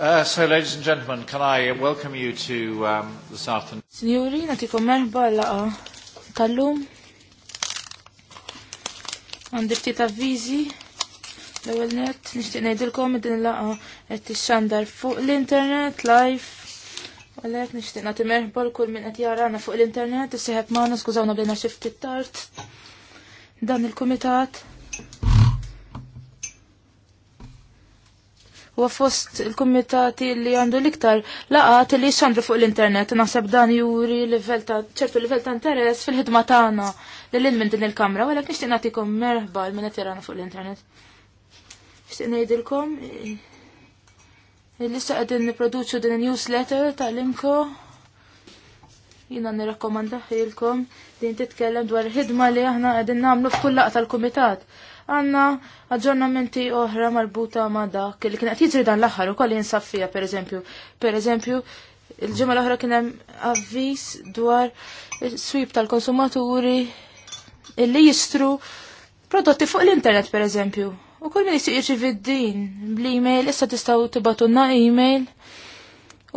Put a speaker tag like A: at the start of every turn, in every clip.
A: Uh, so, ladies and gentlemen, can I welcome you to um, this afternoon?
B: Signori, natikom merħba laqa tal-lum. Għandi ftit L-ewwel net nixtieq ngħidilkom din laqa qed tixxandar fuq l-internet live. Għalek, nixtieq nagħti merħba kull min qed jarana fuq l-internet, isseħeb magħna skużawna bdejna xi ftit tard. Dan il-kumitat u fost il-komitati li għandu liktar laqat li xandru fuq l-internet naħseb dan juri level ta' ċertu level ta' interess fil-ħidma tagħna lil minn din il-kamra, wara nixtieq nagħtikom merħba l minn qed fuq l-internet. Nixtieq ngħidilkom Lissa qegħdin nipproduċu din il-newsletter tal-imko jina nirrakkomanda ħilkom din titkellem dwar ħidma li aħna qegħdin nagħmlu f'kull laqta tal-kumitat għanna aġġornamenti oħra marbuta ma' dak li kien qed jiġri dan l-aħħar jinsaffija, per eżempju. pereżempju. Pereżempju, il-ġimgħa l-oħra kien hemm avviż dwar swip tal-konsumaturi li jistru prodotti fuq l-internet pereżempju. U kull min jisiq jirċivi din bl-email, issa tistgħu tibatunna mail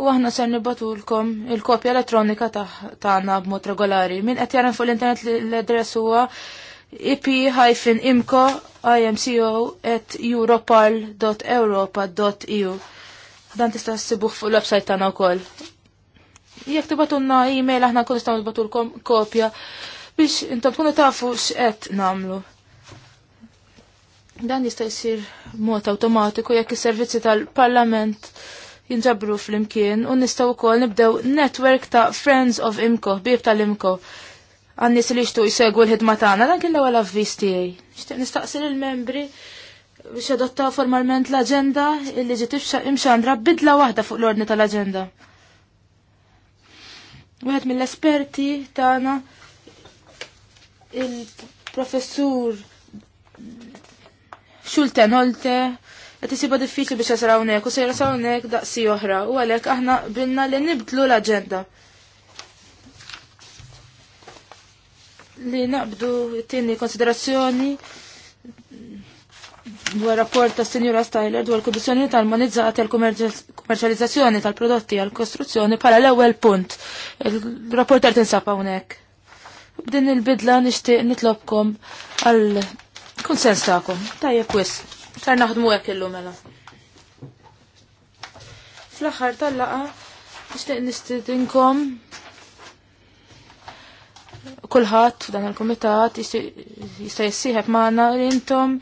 B: U aħna ser nibatulkom il-kopja elettronika tagħna b'mod regolari. Min qed jara fuq l-internet l-adress huwa ip-imco imco at europarl.europa.eu Dan tista' ssibuh fuq l-website tagħna wkoll. Jekk e-mail aħna kol nistgħu nbatulkom kopja biex intom tkunu tafu x'qed namlu. Dan jista' jsir mod awtomatiku jekk is-servizzi tal-Parlament jinġabru fl-imkien u nistgħu wkoll nibdew network ta' Friends of Imco, bib tal-Imco għannis li xtu jisegħu l-ħidma tagħna dan kien l-ewwel avviż tiegħi. Xtieq nistaqsi lill-membri biex adottaw formalment l-aġenda illi ġiet imxandra bidla waħda fuq l-ordni tal-aġenda. Wieħed mill-esperti tagħna il-professur Xulten Holte qed isibha diffiċli biex jasraw hawnhekk u se jasraw hawnhekk daqsi oħra u għalhekk aħna binna li nibdlu l-aġenda. li naqbdu t-tini konsiderazzjoni dwar rapport ta' Sinjura Styler dwar kondizjoni tal-monizzati għal komerċjalizzazzjoni tal-prodotti għal kostruzzjoni pala l-ewwel punt. Il-rapport qed tinsab hawnhekk. B'din il-bidla nixtieq nitlobkom għal konsens tagħkom. Tajjeb wis. Sar naħdmu hekk illu mela. Fl-aħħar tal-laqa nixtieq nistidinkom kulħadd f'dan il-kumitat jista' jissieħeb magħna intom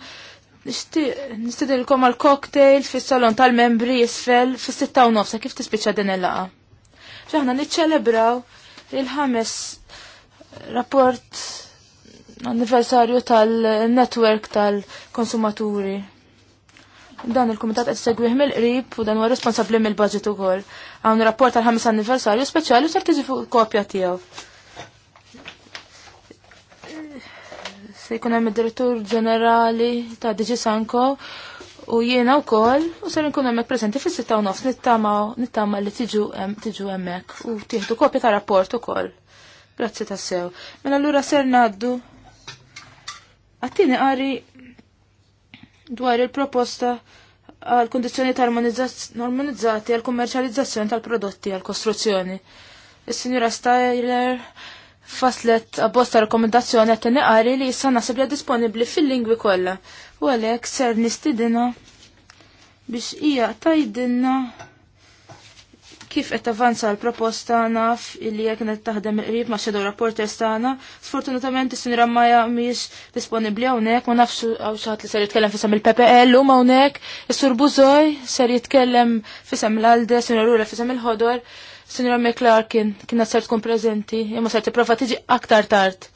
B: nistidilkom għal cocktail fis-salon tal-membri isfel fis 6 ta' nofsa kif tispiċċa din il-laqa. Ġaħna niċċelebraw il-ħames rapport anniversarju tal-network tal-konsumaturi. Dan il-komitat qed segwih mill-qrib u dan huwa responsabbli mill-budget ukoll. Hawn rapport tal-ħames anniversarju speċjali u ser tiġi kopja tiegħu. se jkun hemm id-direttur ġenerali ta' Diġi Sanko u jiena wkoll u ser nkun hemmhekk preżenti fis-sitta u nofs nittama li tiġu tiġu hemmhekk u tieħdu kopja ta' rapport ukoll. Grazzi tassew. Mela allura ser ngħaddu għattini qari dwar il-proposta għal kondizjoni ta' normalizzati għal kummerċializzazzjoni tal-prodotti għal kostruzzjoni. Is-sinjura Styler faslet abbosta rekomendazzjoni għet neqari li jissa nasib li disponibli fil-lingwi kolla. U għalek ser nistidina biex ija tajdinna kif qed avanza l-proposta naf illi jekk qed taħdem qrib ma' xedew rapporters tagħna, sfortunatament is-sinra Maja mhijiex disponibbli hawnhekk ma nafx hawn xaħat li ser jitkellem fisem il-PPL huma hawnhekk, is-Sur Buzoj ser jitkellem fisem l-Alde, Sinra Rura fisem il-Ħodor. il ħodor Sinjora McClarkin kien ser tkun preżenti, imma ser tipprova tiġi aktar tard.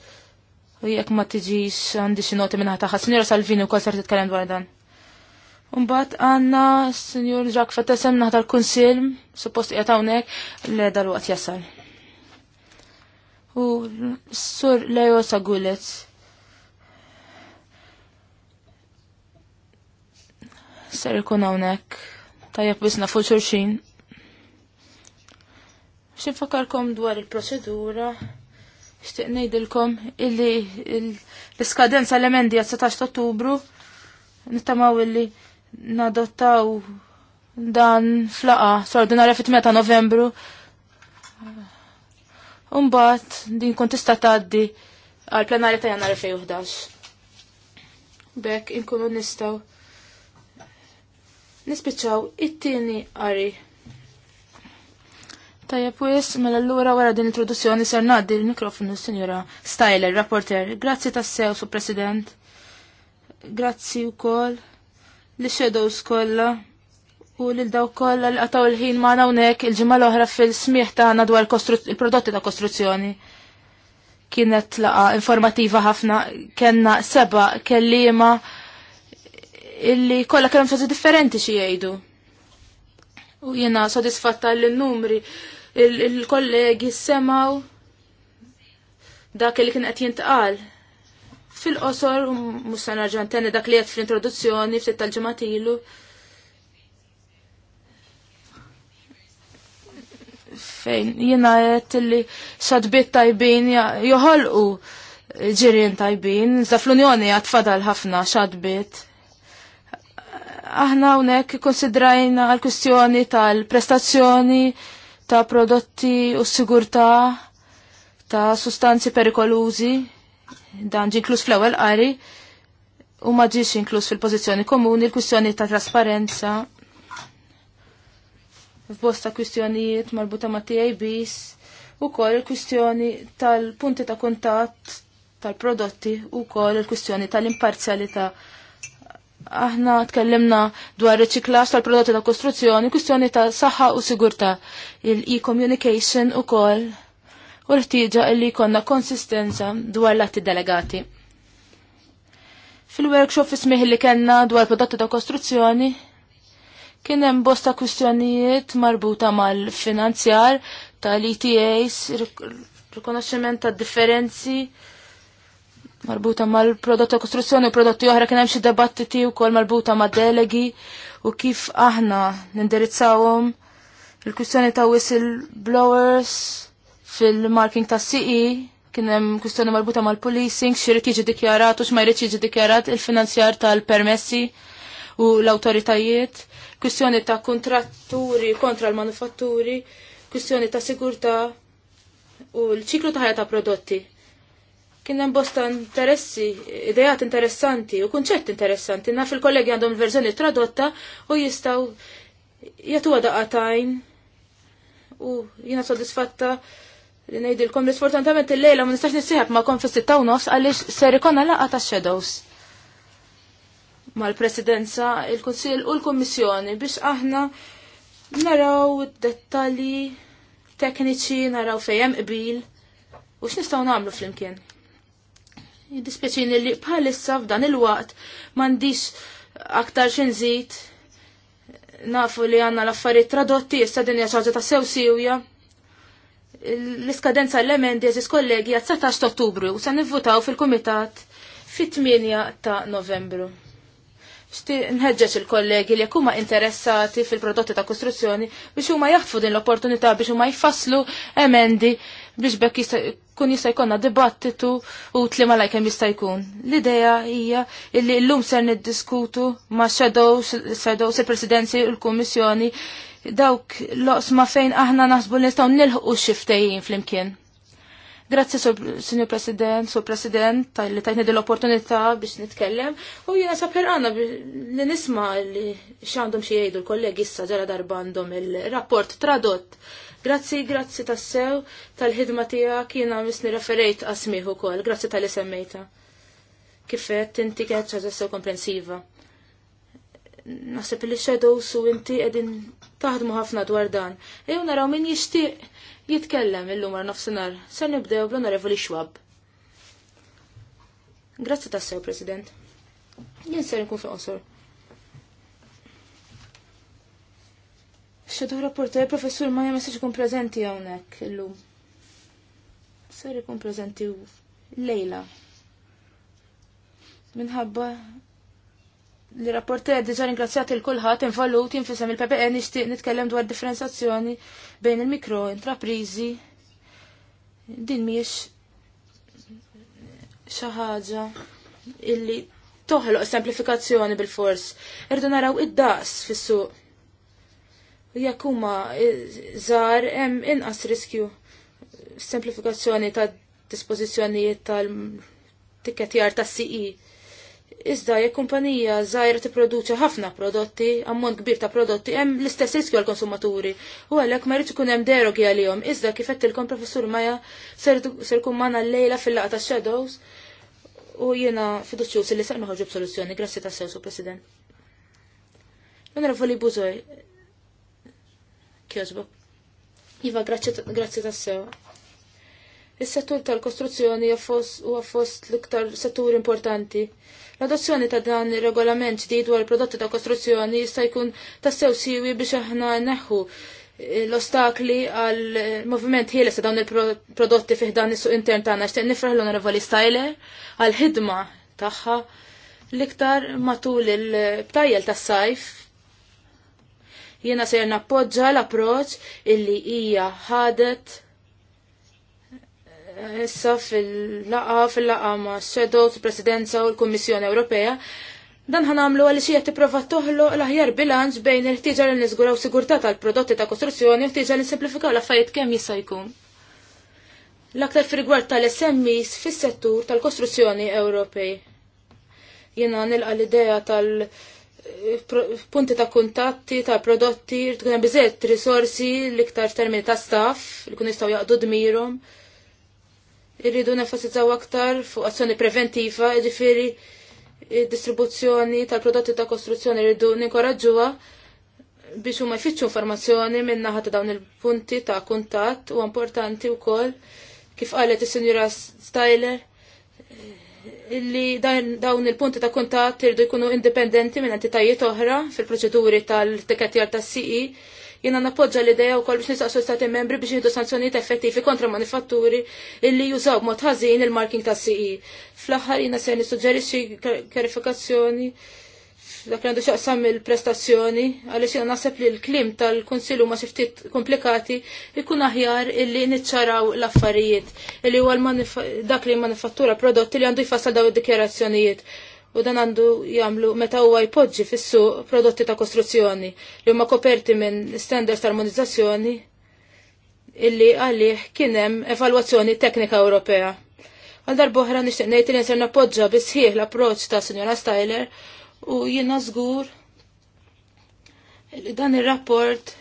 B: U jekk ma tiġix għandi xi noti minn ħataħa. Sinjora Salvini u ser titkellem dwar dan. Umbat għandna Sinjur Jacques Fatesem naħta l-Kunsill, suppost qiegħed hawnhekk le dal-għat jasal. U Sur Leo Sagulet. Ser ikun hawnhekk. Tajjeb bisna fuq xulxin. Xinfakarkom dwar il-proċedura, xtiq nejdilkom illi l-skadenza l-emendi għal 17 ottubru, nittamaw illi nadottaw dan flaqa, sordinarja fit meta ta' novembru. Umbat, din kontista tista' tgħaddi għal plenarja ta' jannar 2011. Bek, inkunu nistgħu nispiċaw it-tieni għari. Tajja pwis, mela l-lura wara din introduzzjoni ser naddi l-mikrofonu s-Sinjora Styler, rapporter. Grazzi tassew, su President. Grazzi u koll li shadows skolla. u li l-daw kolla li għataw il-ħin maħna unek il l oħra fil-smieħ taħna dwar il-prodotti ta' kostruzzjoni. Kienet laqa informativa ħafna, kena seba kellima illi kolla kellhom fazi differenti xi jgħidu. U jena sodisfatta l-numri il-kollegi semaw dak li kien qed jintqal. Fil-qosor, musa narġan tenni dak li qed fl-introduzzjoni, f'sitt tal-ġematilu. Fejn, jena għet li xadbit tajbin joħolqu ġirien tajbin, za fl-Unjoni għat fadal ħafna xadbit. Aħna unek konsidrajna għal-kustjoni tal-prestazzjoni, tal prestazzjoni ta' prodotti u sigurtà ta' sustanzi perikolużi dan ġi inklus fl-ewwel qari u ma ġiex inkluż fil-pożizzjoni komuni l-kwistjoni ta' trasparenza f'bosta kwistjonijiet marbuta ma' TABs u kol il-kwistjoni tal-punti ta' kuntatt tal-prodotti u kol il-kwistjoni tal-imparzjalità. Aħna tkellimna dwar riċiklaġġ tal-prodotti ta' kostruzzjoni, kwistjoni ta' saħħa u sigurtà, il-e-communication ukoll u rtiġa li jkollna konsistenza dwar l-atti delegati. Fil-workshop ismiħ li kellna dwar prodotti ta' kostruzzjoni, kien hemm bosta kwistjonijiet marbuta mal-finanzjar tal-ETAs, rikonoxximent tad differenzi marbuta mal prodotti ta' kostruzzjoni u prodotti oħra kien hemm xi debattiti wkoll marbuta ma' delegi u kif aħna nindirizzawhom il-kwistjoni ta' whistleblowers fil-marking ta' CE kien hemm kwistjoni marbuta mal-policing xi jiġi dikjarat u x'ma jrid jiġi dikjarat il-finanzjar tal-permessi u l-awtoritajiet, kwistjoni ta' kontratturi kontra l-manufatturi, kwistjoni ta' sigurtà u l-ċiklu ta' ħajja ta' prodotti Kien hemm bosta interessi, idejat interessanti u kunċett interessanti. Naf il-kollegi għandhom verżjoni tradotta u jistgħu jagħtuha daqatajn. U jiena sodisfatta li ngħidilkom li sfortunatament il-lejla ma nistax nissieħab ma kon fis-sitta u nofs għaliex ser ikonna laqgħa tax-shadows mal-presidenza, il-Kunsil u l-Kommissjoni biex aħna naraw dettali tekniċi, naraw fejem qbil u x'nistgħu nagħmlu flimkien. Jiddispjaċini li bħalissa f'dan il-waqt m'għandix aktar xinżid nafu li għanna l-affarijiet tradotti issa din hija ċaġa ta' sew siwja. L-iskadenza l-emendi eżis kollegi għat 19 ottubru u se nivvutaw fil-kumitat fit-8 ta' novembru. Nħedġeġ il-kollegi li huma interessati fil-prodotti ta' kostruzzjoni biex huma jaħtfu din l-opportunità biex huma jfasslu emendi biex bekk kun jista' jkollna dibattitu u tlima lajk hemm jista' jkun. L-idea hija li llum ser niddiskutu ma' xedow se il-presidenzi u l-kummissjoni dawk ma fejn aħna naħsbu l nistgħu nilħu xiftejjin flimkien. Grazzi, Signor President, Sur President, tal-li tajtni dell-opportunità biex nitkellem. U jena sabħer għanna li nisma li xandum xie jgħidu l-kollegi issa ġara darba għandhom il-rapport tradott Grazzi, grazzi tassew tal-ħidma tiegħek jiena misni referejt għasmiħu kol, grazzi tal isemmejta semmejta. Kifet, inti kienet ċaġa sew komprensiva. Naħseb li shadows u inti qegħdin taħdmu ħafna dwar dan. Ejw naraw min jixtieq jitkellem illum għar nofsinhar. sen nibdew bl-Onorevoli xwab. Grazzi tassew, President. Jien ser nkun fil Xadu rapporter professur ma jemess ikun prezenti hawnhekk illum. Ser ikun prezenti lejla. Minħabba li rapporter diġa ringrazzjati il kulħadd involut jinfisem il-PPE nixtieq nitkellem dwar differenzazzjoni bejn il-mikro intraprizi din mhijiex xi ħaġa illi toħloq semplifikazzjoni bil-fors. Irdu naraw id-daqs fis-suq jekk huma żgħar hemm inqas riskju semplifikazzjoni ta' dispożizzjonijiet tal-tikketjar tas-CE. Iżda jekk kumpanija żgħira tipproduċi ħafna prodotti, ammont kbir ta' prodotti, hemm l-istess riskju għall-konsumaturi. U għalhekk ma rridx ikun hemm derogi għalihom. Iżda kif qed ilkom professur Maja ser ikun magħna llejla fil-laqgħa tax-shadows u jiena fiduċjuż li ser noħorġu b'soluzzjoni. Grazzi tassew, President. Onorevoli Buzoj, kjoġbok. Iva, grazzi sew. Is-settur tal-kostruzzjoni huwa fost l-iktar settur importanti. L-adozzjoni ta' dan ir-regolament ġdid dwar prodotti ta' kostruzzjoni jista' jkun tas-sew siwi biex aħna neħħu eh, l-ostakli għal moviment ħieles ta' dawn il-prodotti fih dan is-suq intern tagħna għana. nifraħ l-Onorevoli Styler għal ħidma tagħha l-iktar matul il-btajjel tas-sajf Jiena ser nappoġġa l-approċ illi hija ħadet eh, issa fil-laqa fil-laqa ma' s-sedot presidenza u l-Kummissjoni Ewropea. Dan ħan għamlu għalli xie t-prova toħloq l-aħjar bilanċ bejn il-ħtiġa li u sigurtà tal-prodotti ta' kostruzzjoni u ħtiġa li nisimplifika l affajt kemm jista' jkun. L-aktar fil tal smis fis-settur tal-kostruzzjoni Ewropej. Jiena nilqa l-idea tal-, -kostruzzjoni punti ta' kuntatti ta' prodotti, tkun hemm biżgħet risorsi l-iktar termini ta' staff li kun jistgħu jaqdu dmirhom. Irridu nenfasizzaw aktar fuq azzjoni preventiva, jiġifieri distribuzzjoni tal-prodotti ta' kostruzzjoni rridu ninkoraġġuha biex huma jfittxu informazzjoni minn naħa ta' dawn il-punti ta' kuntatt u importanti wkoll kif qalet is-Sinjura Styler li dawn il-punti ta' kuntat irdu jkunu indipendenti minn entitajiet oħra fil-proċeduri tal-tiketjar ta' CE. Jena nappoġġa l-ideja u kol biex nistaqsu stati membri biex jihdu sanzjoniet effettivi kontra manifatturi illi jużaw mod ħażin il-marking ta' CE. Fl-aħħar jena se nissuġġerixxi klarifikazzjoni dak li għandu xaqsam il-prestazzjoni, għalix jena nasib li l-klim tal-konsilu ma xiftit komplikati, ikun aħjar illi nitċaraw l-affarijiet, illi huwa dak li manifattura prodotti li għandu jfassal daw id-dikjerazzjonijiet. U dan għandu jamlu meta huwa jpoġġi fissu prodotti ta' kostruzzjoni li huma koperti minn standards ta' armonizzazzjoni illi għalih kienem evalwazzjoni teknika Ewropea. Għal darbohra nixtieq ngħid li ser nappoġġa bisħiħ l-approċċ ta' Sinjora Styler u jiena żgur li dan ir-rapport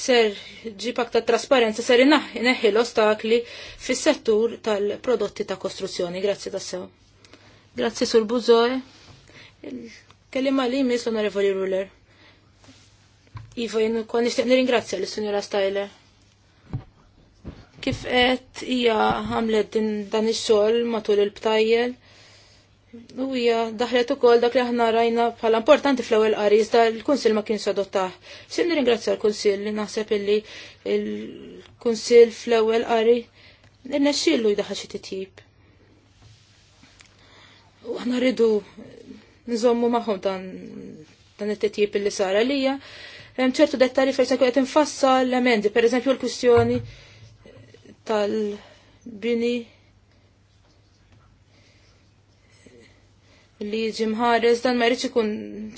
B: ser ġib ta' trasparenza ser ineħħi l-ostakli fis-settur tal-prodotti ta' kostruzzjoni. Grazzi sew. Grazzi sur Buzoe. Kelima li mis l-onorevoli ruler. Iva, jenu kon nishtiq nir-ingrazzja l-Sunjura Styler kif qed hija għamlet din dan ix-xogħol matul il-btajjel Uwija, daħlet daħlet ukoll dak li aħna rajna bħala importanti fl-ewwel qari iżda l-Kunsill ma kienx adottah. Sin nirringrazzja l-Kunsill li naħseb illi l-Kunsill fl-ewwel qari irnexxielu jdaħħal xi titjib. U aħna rridu nżommu magħhom dan dan it-titjib illi sara lija. Hemm ċertu dettali fejn se qed infassal l-emendi, pereżempju l-kwistjoni tal-bini li ġimħares dan ma jridx ikun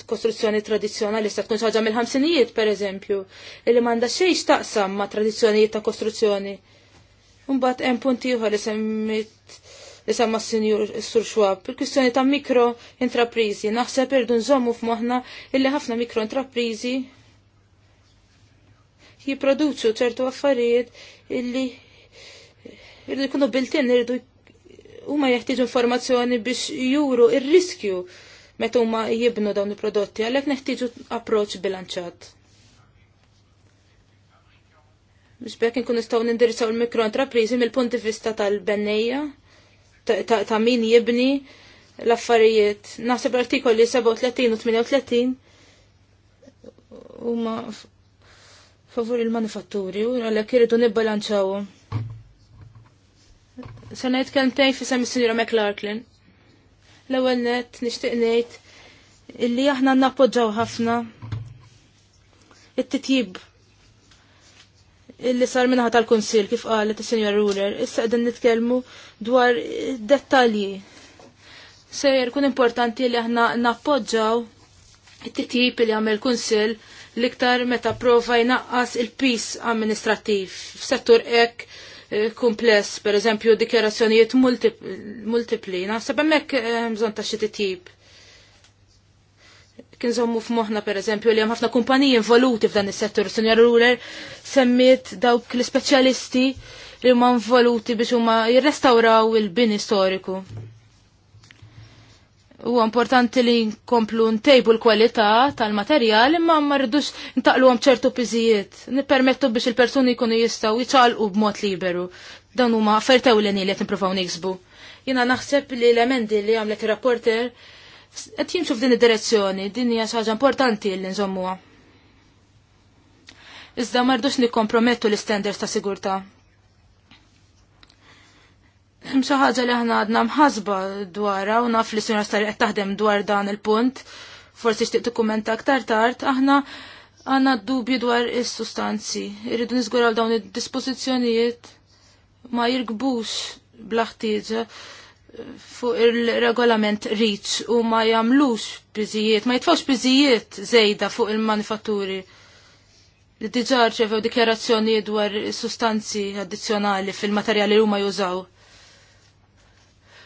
B: kostruzzjoni tradizzjonalista tkun ħaġa mill-ħamsinijiet pereżempju, illi m'għandha xejn x'taqsam ma' tradizzjonijiet ta' kostruzzjoni. Imbagħad hemm punti ieħor li semmit li semma s-sinjur Sur Schwab, il-kwistjoni ta' mikro intraprizi. Naħseb irdu nżommu f'moħħna illi ħafna mikro intraprizi jiproduċu ċertu affarijiet illi irdu jkunu biltin irdu huma jeħtieġu informazzjoni biex juru ir-riskju meta huma jibnu dawn il-prodotti għalhekk neħtieġu approċċ bilanċat. Biex bekk inkun nistgħu nindirizzaw il mikroentrapriżi mill-punti vista tal-bennejja ta' min jibni l-affarijiet. Naħseb artikoli 37 u 38 huma favur il-manifatturi u għalhekk iridu nibbalanċawhom. Se ngħid kemmtejn fi semi Sinjura McLarklin. L-ewwel net nixtieq ngħid illi aħna nappoġġaw ħafna it-titjib illi sar minnaħat tal-Kunsil kif qalet is-Sinjor Ruler. Issa qegħdin nitkellmu dwar dettalji. Sejjer kun importanti li aħna nappoġġaw it-titjib li għamil konsil l-iktar meta prova jnaqqas il-pis amministrativ f'settur ek kumpless, per eżempju, dikjerazzjonijiet multipli, naħseb hemmhekk eh, bżonn ta' xi titjib. Kien żommu f'moħħna per eżempju li hemm ħafna kumpaniji involuti f'dan is-settur, senjar Ruler semmiet dawk l-ispeċjalisti li huma involuti biex huma jirrestawraw il-bini storiku. Huwa importanti li nkomplu ntejbu l-kwalità tal-materjal imma ma rridux ntaqluhom ċertu piżijiet. Nippermettu biex il-persuni jkunu jistgħu jċalqu b'mod liberu. Dan huma fertew l li qed nippruvaw niksbu. Jiena naħseb li l-emendi li għamlet ir-rapporter qed jimxu f'din id-direzzjoni, din hija xi ħaġa importanti li nżommuha. Iżda ma rridux nikkompromettu l-istandards ta' sigurtà Mxa ħaġa li ħna għadna mħasba dwara u naf li s-sinjora stari taħdem dwar dan il-punt, forsi xtiq dokumenta aktar tard, aħna għanna dubju dwar is-sustanzi. Irridu niżguraw dawn id-dispożizzjonijiet ma jirgbux blaħtieġa fuq il-regolament riċ u ma jamlux biżijiet, ma jitfawx biżijiet zejda fuq il-manifatturi li diġar ċevew dikjarazzjoni dwar sustanzi addizzjonali fil-materjali li huma jużaw.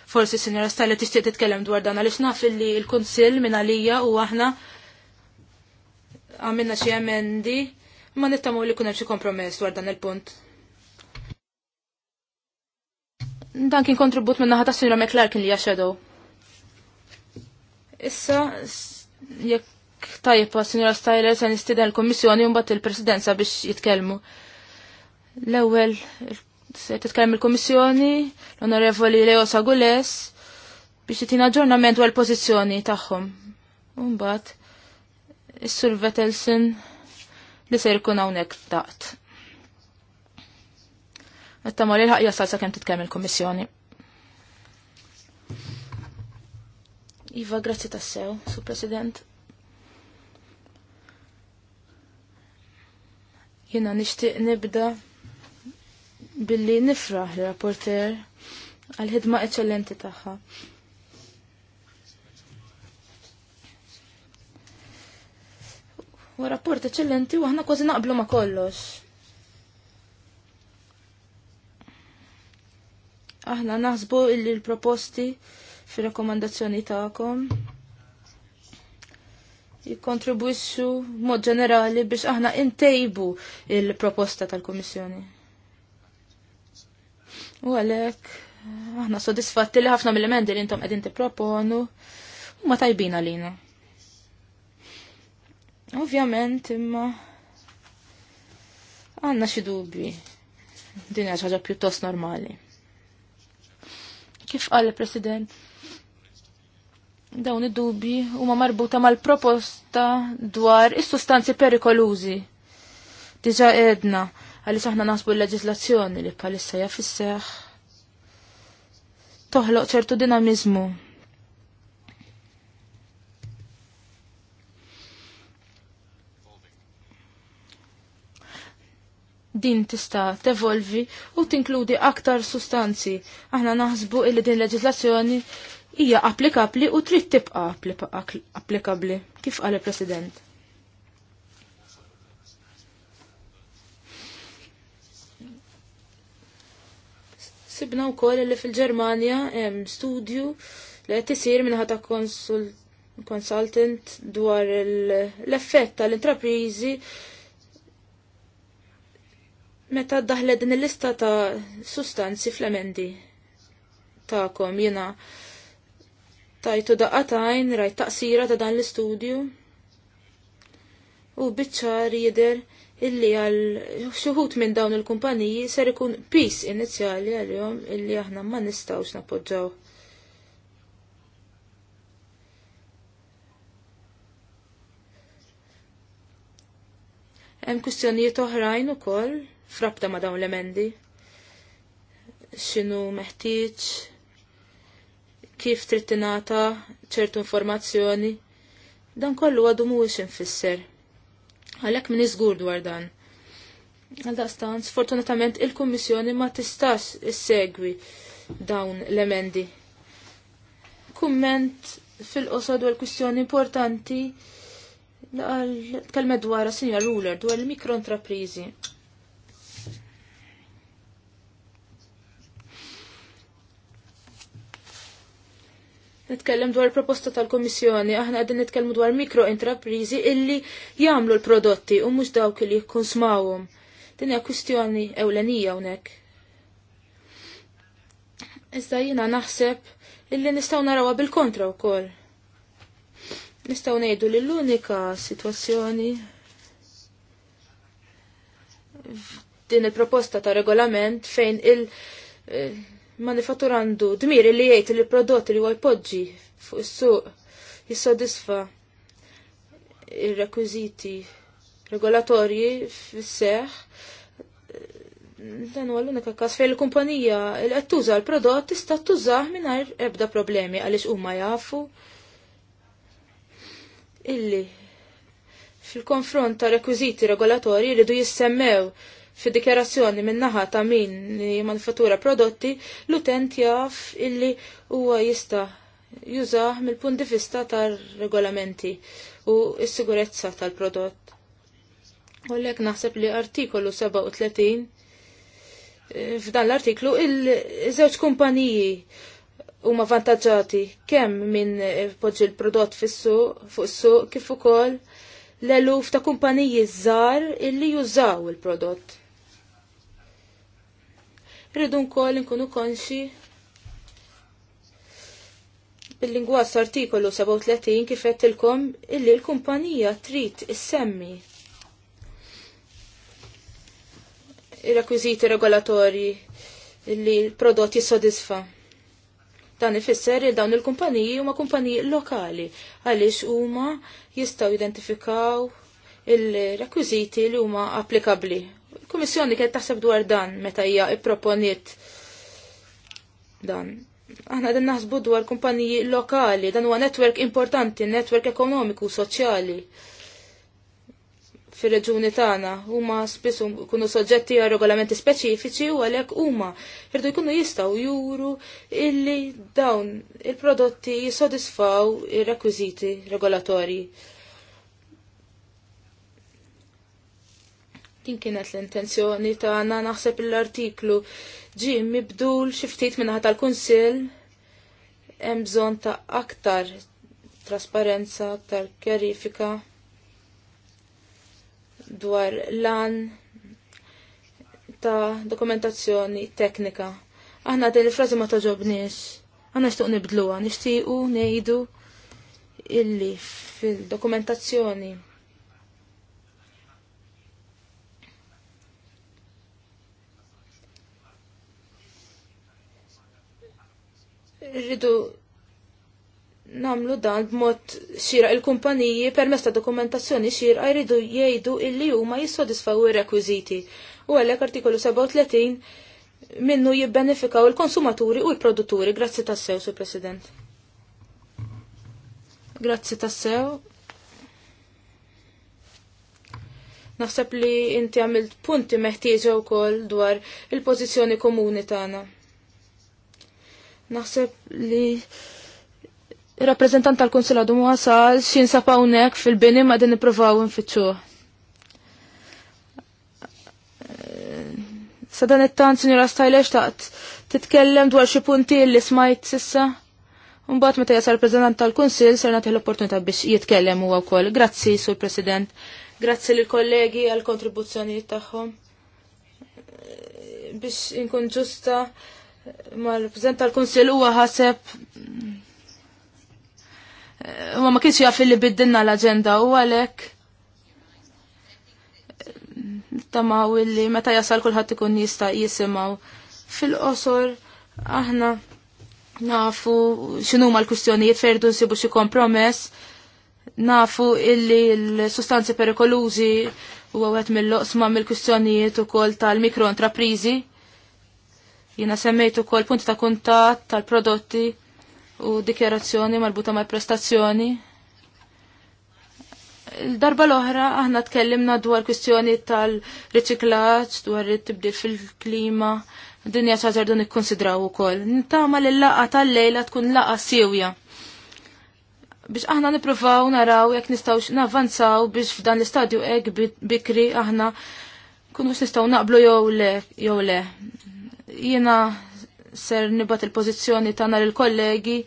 B: Forsi sinjora Stajli tixtieq titkellem dwar dan għaliex naf li l-Kunsill minn għalija u aħna għamilna xi emendi ma nittamu li kunem hemm xi kompromess dwar dan il-punt. Dan kien kontribut minn naħa ta' Sinjora McClarkin li jaxedow. Issa, jekk tajba, Sinjora Stajler, se nistieden l-Kommissjoni mbagħad il-Presidenza biex jitkellmu. L-ewwel se titkellem il-Kummissjoni, l-Onorevoli Leo Sagules, biex titina aġġornament għal pożizzjoni tagħhom. Umbat, is-Sur Vetelsen li se jkun hawnhekk daqt. Għetta ma li l-ħak jasal sa' kem titkem il-Komissjoni. Iva, grazzi sew su President. Jena nishtiq nibda billi nifraħ li rapporter għal-ħidma eċċellenti tagħha. U rapport eċċellenti u aħna kważi naqblu ma' kollox. Aħna naħsbu illi l-proposti fi rakkomandazzjoni tagħkom jikkontribwissu mod ġenerali biex aħna intejbu il-proposta tal-Kummissjoni. U għalek, aħna soddisfatti li ħafna mill-emendi li intom qegħdin tipproponu huma tajbin għalina. Ovvjament imma għandna xi dubbi. Din hija ħaġa pjuttost normali. Kif qal il-President, dawn id-dubbi huma marbuta mal-proposta dwar is-sustanzi perikolużi. Diġa edna għalli aħna naħsbu l-leġislazzjoni li bħalissa hija toħloq ċertu dinamizmu. Din tista' tevolvi u tinkludi aktar sustanzi. Aħna naħsbu illi din leġislazzjoni hija applikabli u trid tibqa' applikabli, kif qal il-President. Sibna wkoll li fil-Ġermanja hemm studju li qed isir ħata consultant dwar l-effett tal-intrapriżi meta daħle din il-lista ta' sustanzi fl-emendi ta'kom jina tajtu daqqatajn rajt taqsira ta' dan l-istudju u biċċar jider illi għal xuħut minn dawn il-kumpaniji ser ikun pis inizjali għal-jom illi aħna ma nistawx napoġġaw. Hemm kwistjonijiet oħrajn ukoll frabta ma dawn l-emendi. X'inhu meħtieġ kif trid ċertu informazzjoni. Dan kollu għadu mhuwiex infisser. Għalhekk min iżgur dwar dan. Għaldaqstan, sfortunatament il-Kummissjoni ma tistax issegwi dawn l-emendi. Kumment fil-qosod u l-kwistjoni importanti għal kelmet dwar Senior Ruler dwar il entreprizi Nitkellem dwar proposta tal-Komissjoni, aħna għedin nitkellmu dwar mikroentreprizi illi jagħmlu l-prodotti u mhux dawk li konsmawum. Din hija kwistjoni ewlenija hawnhekk. Iżda jiena naħseb illi nistgħu narawha bil-kontra wkoll. Nistgħu ngħidu li l-unika sitwazzjoni din il-proposta ta' regolament fejn il- eh, manifattur għandu dmir li jgħid li prodotti li huwa jpoġġi fuq is-suq jissodisfa ir-rekwiżiti regolatorji fis-seħ dan huwa l-unika każ fejn il-kumpanija li qed tuża l-prodott tista' tużah mingħajr ebda problemi għaliex huma jafu illi fil-konfront ta' rekwiżiti regolatorji jridu jissemmew fi dikjarazzjoni min-naħa ta' min manifattura prodotti, l-utent jaf illi huwa jista' jużah mill-punt di vista tar-regolamenti u s-sigurezza tal-prodott. Għollek naħseb li artikolu 37 eh, f'dan l-artiklu il-żewġ kumpaniji huma vantaġġati kemm minn eh, poġġi l-prodott fis-suq fuq s suq kif ukoll l-eluf ta' kumpaniji żgħar illi jużaw il-prodott. Irridu nkoll nkunu konxi bil-lingwas artikolu 37 kif kom illi l-kumpanija trid issemmi ir-rekwiżiti regolatorji illi l-prodott jissodisfa. Dan ifisser il dawn il-kumpaniji huma kumpaniji lokali għaliex huma jistgħu identifikaw il-rekwiżiti li huma applikabbli Kummissjoni kienet taħseb dwar dan meta hija ipproponiet dan. Aħna qegħdin naħsbu dwar kumpaniji lokali, dan huwa netwerk importanti, netwerk ekonomiku, soċjali fir-reġuni tagħna huma spiss kunu soġġetti għal regolamenti speċifiċi u għalhekk huma irdu jkunu jistgħu juru illi dawn il-prodotti jissodisfaw ir-rekwiżiti regolatorji. Din kienet l-intenzjoni tagħna naħseb l-artiklu ġi mibdul xi ftit minnaħa tal-Kunsill hemm bżonn ta' aktar trasparenza, aktar kjarifika dwar lan ta' dokumentazzjoni teknika. Aħna din il-frażi ma toġobniex. Aħna xtuq nibdluha, nixtiequ ngħidu illi fil-dokumentazzjoni Rridu namlu dan b'mod xira il-kumpaniji permess ta' dokumentazzjoni xira jridu jgħidu illi huma jissodisfaw ir-rekwiżiti. U għalhekk artikolu 37 minnu jibbenefikaw il-konsumaturi u l-produtturi. Grazzi tassew, Sur President. Grazzi tassew. Naħseb li inti għamilt punti meħtieġa wkoll dwar il-pożizzjoni komuni tagħna. Naħseb li il-rappresentant tal-Konsil għadu muħasal xin sapawnek fil-bini ma din niprofaw nfittxu. Sadan it-tan, Signora Stajlex, taqt titkellem dwar xi punti li smajt sissa. Mbagħad meta jasal il tal kunsil ser nagħtih l-opportunità biex jitkellem huwa wkoll. Grazzi, Sur President. Grazzi lill kollegi għall kontribuzzjonijiet tagħhom. Biex inkun ġusta mal-President tal konsil huwa ħaseb eh, huwa ma kienx jaf li biddilna l-aġenda u għalhekk tamaw illi meta jasal kulħadd ikun jista' jisimgħu. Fil-qosor aħna nafu x'inhu ma l-kwistjonijiet ferdu nsibu xi kompromess, nafu illi l-sustanzi perikolużi u għet mill-loqsma mill-kwistjonijiet ukoll tal-mikro intraprizi. Jina semmejtu kol punti ta' kuntat tal-prodotti u dikjarazzjoni marbuta mal prestazzjoni. Il-darba l-oħra aħna tkellimna dwar kwistjoni tal-riċiklaġġ, dwar it-tibdil fil-klima, dinja ċaġardu nikkonsidraw u kol. Nintama li laqa tal-lejla tkun laqa siwja. Biex aħna niprofaw naraw jek nistaw navanzaw biex f'dan l-istadju ek bikri aħna kunux nistaw naqblu jew le, jew le. Jiena ser nibat il-pozizjoni nar il kollegi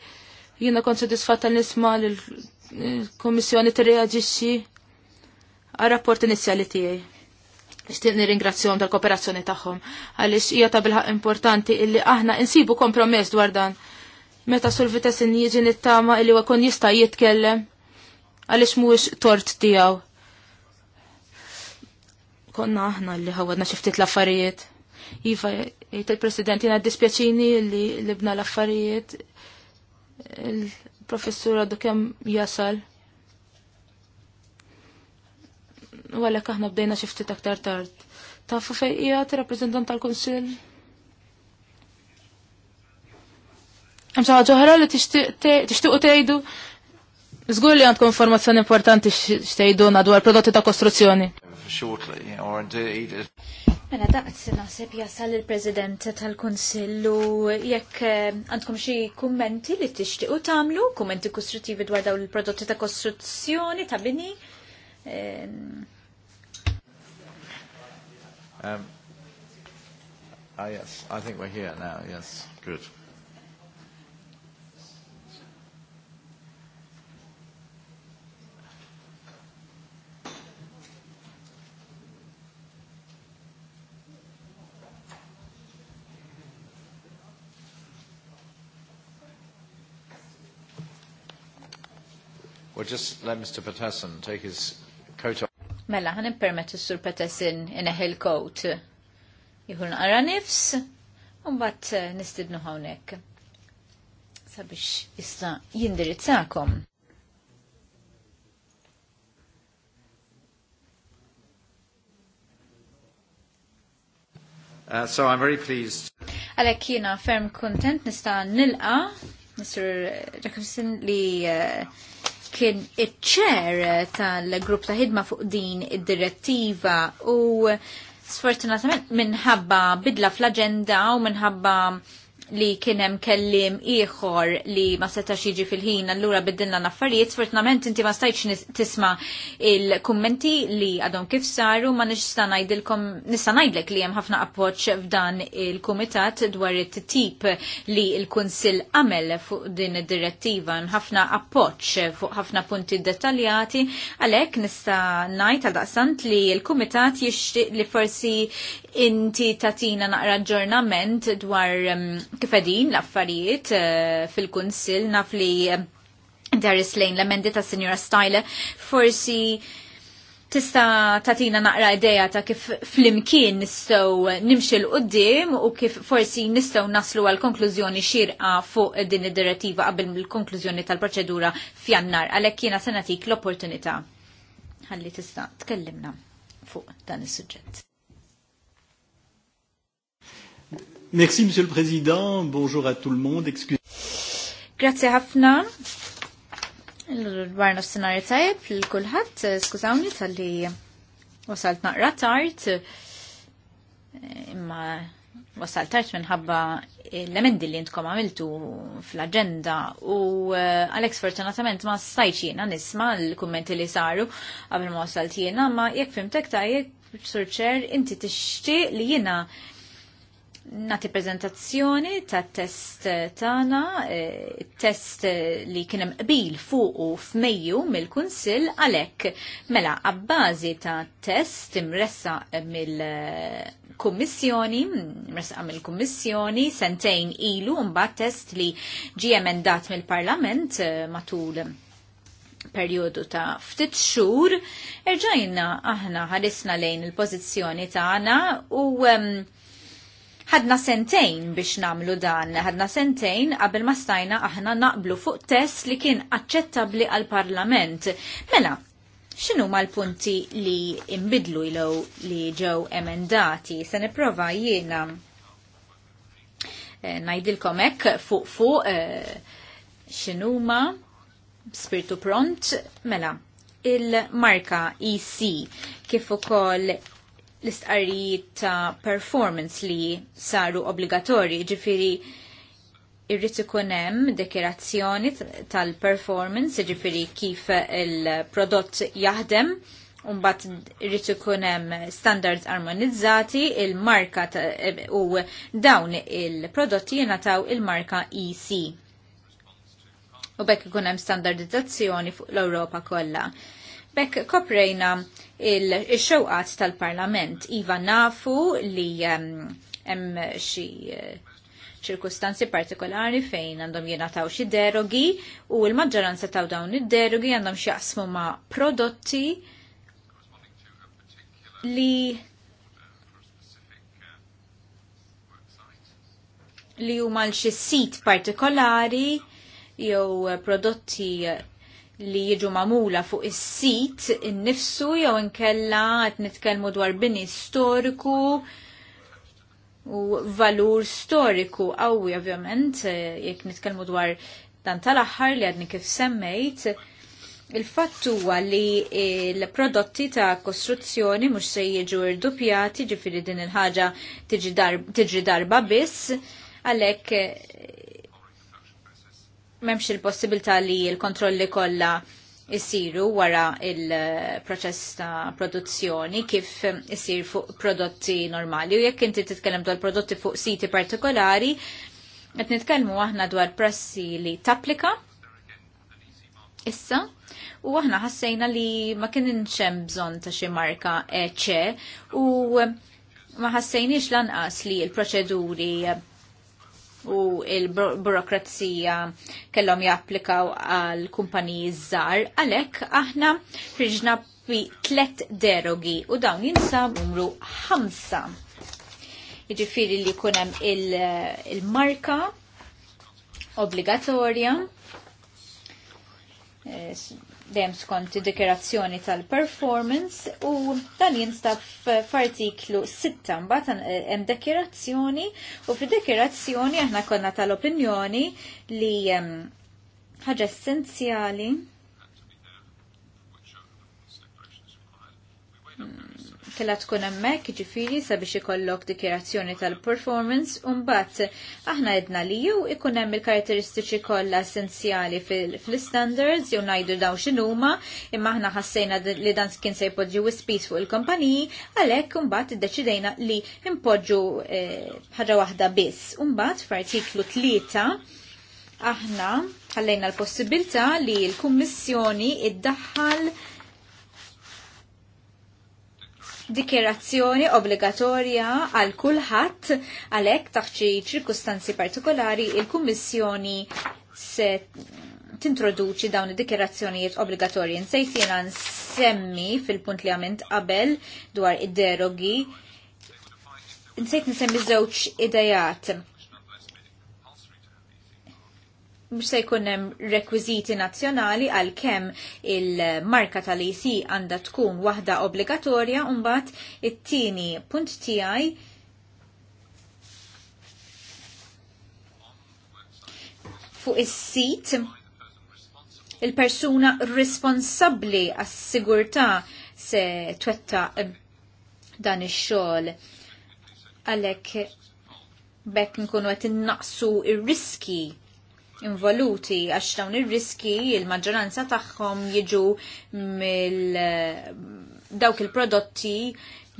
B: jiena kon sodisfatta nisma' l-Kommissjoni eh, reagġiċi għal rapport inizjali tiegħi. nir nirringrazzjahom tal-kooperazzjoni tagħhom għaliex hija ta' bilħaq importanti illi aħna insibu kompromess dwar dan. Meta sul jieġin jiġi nittama illi għakon jista' jitkellem għaliex mhuwiex tort tiegħu. Konna aħna li ħawadna xi ftit l-affarijiet. Iva, jgħid il-President, jena dispjaċini li libna l-affarijiet. Il-professur du kem jasal. U għalek aħna bdejna xifti aktar tard. Tafu jgħat il-reprezentant tal-Konsil? Għamsa ġoħra li t-ixtiqu t-ejdu? Zgur li għandkom informazzjoni importanti xtejduna dwar prodotti ta' kostruzzjoni.
C: Mela daqt naħseb jasal il-President tal-Konsillu jekk eh, għandkom xi kummenti li tixtiequ tagħmlu, kummenti kostruttivi dwar dawn il-prodotti ta' kostruzzjoni ta' bini. Ehm. Um, ah, yes, I think we're here now, yes, good.
A: Well, just let Mr.
C: Patterson take his coat off. Mela, ħan permettu sur Patterson in a hill coat. Jihun għara nifs, un-bat eh, nistidnu għonek. Sabiex jista jindirizzakom. Uh, so I'm very pleased. Għalek jina ferm kontent nista nilqa Mr. Jacobson li uh, kien iċ tal-grupp ta' ħidma fuq din id-direttiva u sfortunatament minħabba bidla fl-agenda u minħabba li kienem kellim ieħor li ma setax jiġi fil-ħin allura biddilna naffariet, sfortunament inti ma stajċ tisma il-kummenti li għadhom kif saru ma nista ngħidilkom ngħidlek li hemm ħafna appoġġ f'dan il-kumitat dwar it-tip li l-Kunsill għamel fuq din id-direttiva hemm ħafna appoċ fuq ħafna punti dettaljati għalhekk nista' ngħid għal daqsant li l-kumitat jiex li forsi inti tatina naqra ġornament dwar mm, kif l-affarijiet eh, fil-kunsill naf li eh, Darius Lane l-emendi ta' Sinjora Style forsi tista' tatina naqra ideja ta' kif flimkien nistgħu nimxi l qoddim u kif forsi nistgħu naslu għal konklużjoni xirqa fuq din id-direttiva qabel mill-konklużjoni tal-proċedura f'jannar għalhekk kiena se l-opportunità ħalli tista' tkellimna fuq dan is-suġġett. Merci, Monsieur le Président. Bonjour à tout le monde. Excusez. Grazie ħafna. Il-dwar senarja tajb, l kulħat skużawni tal-li wasalt naqra tart, imma wasalt tart minħabba l-emendi li jintkom għamiltu fl-agenda u eh, Alex fortunatament ma stajċ jena nisma l-kummenti li saru qabel ma wasalt jena, ma jek fimtek ta' jek surċer inti tixti li jena nati prezentazzjoni ta' test tana, eh, test li kienem qbil fuq u f'Mejju mill-Kunsill għalek mela għabbazi ta' test imressa mill-Kummissjoni, imressa mill-Kummissjoni sentejn ilu mbagħad test li ġie emendat mill-Parlament eh, matul periodu ta' ftit xhur, erġajna aħna ħarisna lejn il-pożizzjoni tagħna u um, ħadna sentejn biex namlu dan, ħadna sentejn qabel ma stajna aħna naqblu fuq test li kien aċċettabbli għal parlament. Mela, xinu l-punti li imbidlu ilow li ġew emendati, se niprofa jiena ngħidilkom eh, najdilkom fuq fuq e, eh, xinu ma spiritu pront, mela, il-marka EC kif ukoll l-istqarrijiet ta' performance li saru obbligatorji, ġifiri irrit ikun hemm dekirazzjoni tal-performance, ġifiri kif il-prodott jaħdem, Umbat irrit ikun hemm standards armonizzati, il-marka u dawn il-prodotti jingħataw il-marka EC. U bekk ikun hemm standardizzazzjoni fuq l-Ewropa kollha. Bekk koprejna il-xewqat tal-Parlament. Iva nafu li um, hemm xi eh, ċirkustanzi partikolari fejn għandhom jenataw xi derogi u l-maġġoranza ta' dawn id-derogi għandhom jaqsmu ma' prodotti li li huma l xi sit partikolari jew prodotti li jiġu mamula fuq is-sit innifsu jew inkella qed nitkellmu dwar bini storiku u valur storiku qawwi ovvjament eh, jekk nitkellmu dwar dan tal-aħħar li għadni kif semmejt Il-fatt huwa li l-prodotti ta' kostruzzjoni mhux se jiġu irdupjati ġifieri din il-ħaġa tiġi darba biss għalhekk memx il-possibilità li l-kontrolli kollha jisiru wara il-proċess ta' produzzjoni kif jisir fuq prodotti normali u jekk inti titkellem dwar prodotti fuq siti partikolari, qed nitkellmu aħna dwar pressi li tapplika issa u aħna ħassejna li ma kienx hemm bżonn ta' xi marka eċe u ma ħassejniex lanqas li l-proċeduri u il-burokrazija kellhom japplikaw għal kumpaniji żgħar, għalhekk aħna ħriġna bi tlet derogi u dawn jinsab numru ħamsa. Jiġifieri li jkun hemm il-marka il obbligatorja eh, dem skont dekorazzjoni tal-performance u dan jinstab f'artiklu 6 mbagħad eh, hemm dekorazzjoni u fid dekorazzjoni aħna konna tal-opinjoni li ehm, ħaġa essenzjali kella tkun hemmhekk ġifieri sabiex ikollok dikjerazzjoni tal-performance u aħna edna li jew ikun hemm il-karatteristiċi kollha essenzjali fl-standards jew ngħidu dawn x'inhuma imma aħna ħassejna li dan kien se jpoġġi wispis fuq il-kumpaniji għalhekk imbagħad iddeċidejna li impoġġu eh, ħaġa waħda biss. Mbagħad f'artiklu tlieta aħna ħallejna l-possibilità li l-Kummissjoni iddaħħal Dikerazzjoni obbligatorja għal kulħadd għalhekk taħt xi ċirkustanzi partikolari il-Kummissjoni se tintroduċi dawn id dikerazzjonijiet obbligatorji. Nsejt jiena nsemmi fil-punt li għamilt qabel dwar id-derogi. Nsejt nsemmi żewġ idejat mux se jkunem rekwiziti nazjonali għal kem il-marka tal-IC għanda tkun wahda obbligatorja unbat it-tini punt tijaj fuq is-sit il-persuna responsabli għas-sigurtà se twetta dan ix-xogħol għalhekk bekk nkunu qed innaqsu ir-riski involuti għax dawn ir-riski il-maġġoranza tagħhom jiġu mill eh, dawk il-prodotti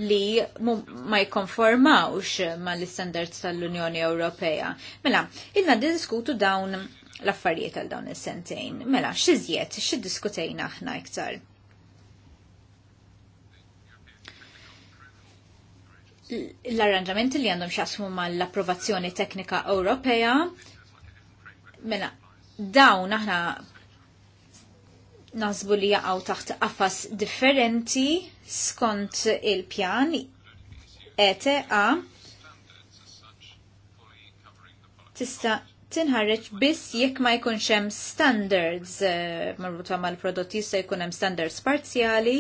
C: li ma jikkonformawx ma l-standards tal-Unjoni Ewropea. Mela, illa diskutu dawn l-affarijiet għal dawn is-sentejn. Mela, x'iżjed, x'iddiskutejna aħna iktar? L-arranġamenti li għandhom xasmu mal-approvazzjoni teknika Ewropea Mela, dawn aħna nasbu li jaqaw taħt qafas differenti skont il-pjan ETA tista' tinħarreġ biss jekk ma jkunx hemm standards eh, marbuta mal-prodotti jista' jkun hemm standards parzjali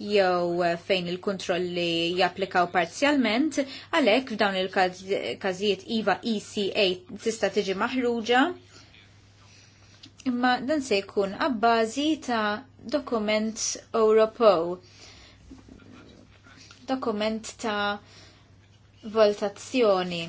C: jew fejn il-kontrolli japplikaw parzjalment, għalhekk f'dawn il-każijiet IVA ECA tista' tiġi maħruġa. Imma dan se jkun abbażi ta' dokument Europow. Dokument ta' valutazzjoni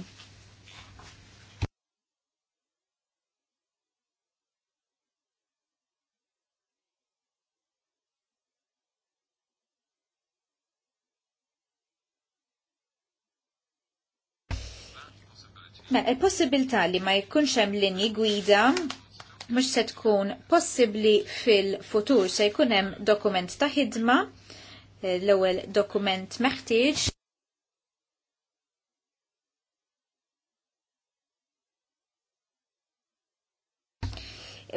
C: Ma mela, il-possibilità li ma jkunx hemm linji gwida mhux se tkun possibbli fil-futur se jkun hemm dokument ta' ħidma l-ewwel dokument meħtieġ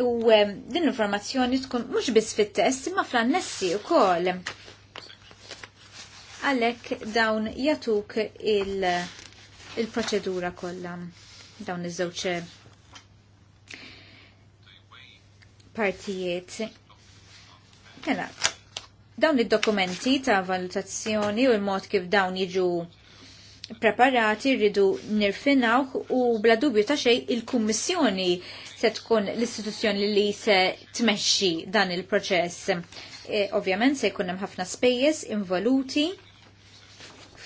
C: U din l-informazzjoni tkun mhux biss fit-test imma fl-annessi wkoll. Għalhekk dawn jatuk il- il-proċedura kollha dawn iż-żewġ eh, partijiet. Mela, dawn id-dokumenti ta' valutazzjoni u l-mod kif dawn jiġu preparati rridu nirfinaw u bla dubju ta' xej il-Kummissjoni se tkun l-istituzzjoni li se tmexxi dan il-proċess. E, ovvjament se jkun hemm ħafna spejjeż involuti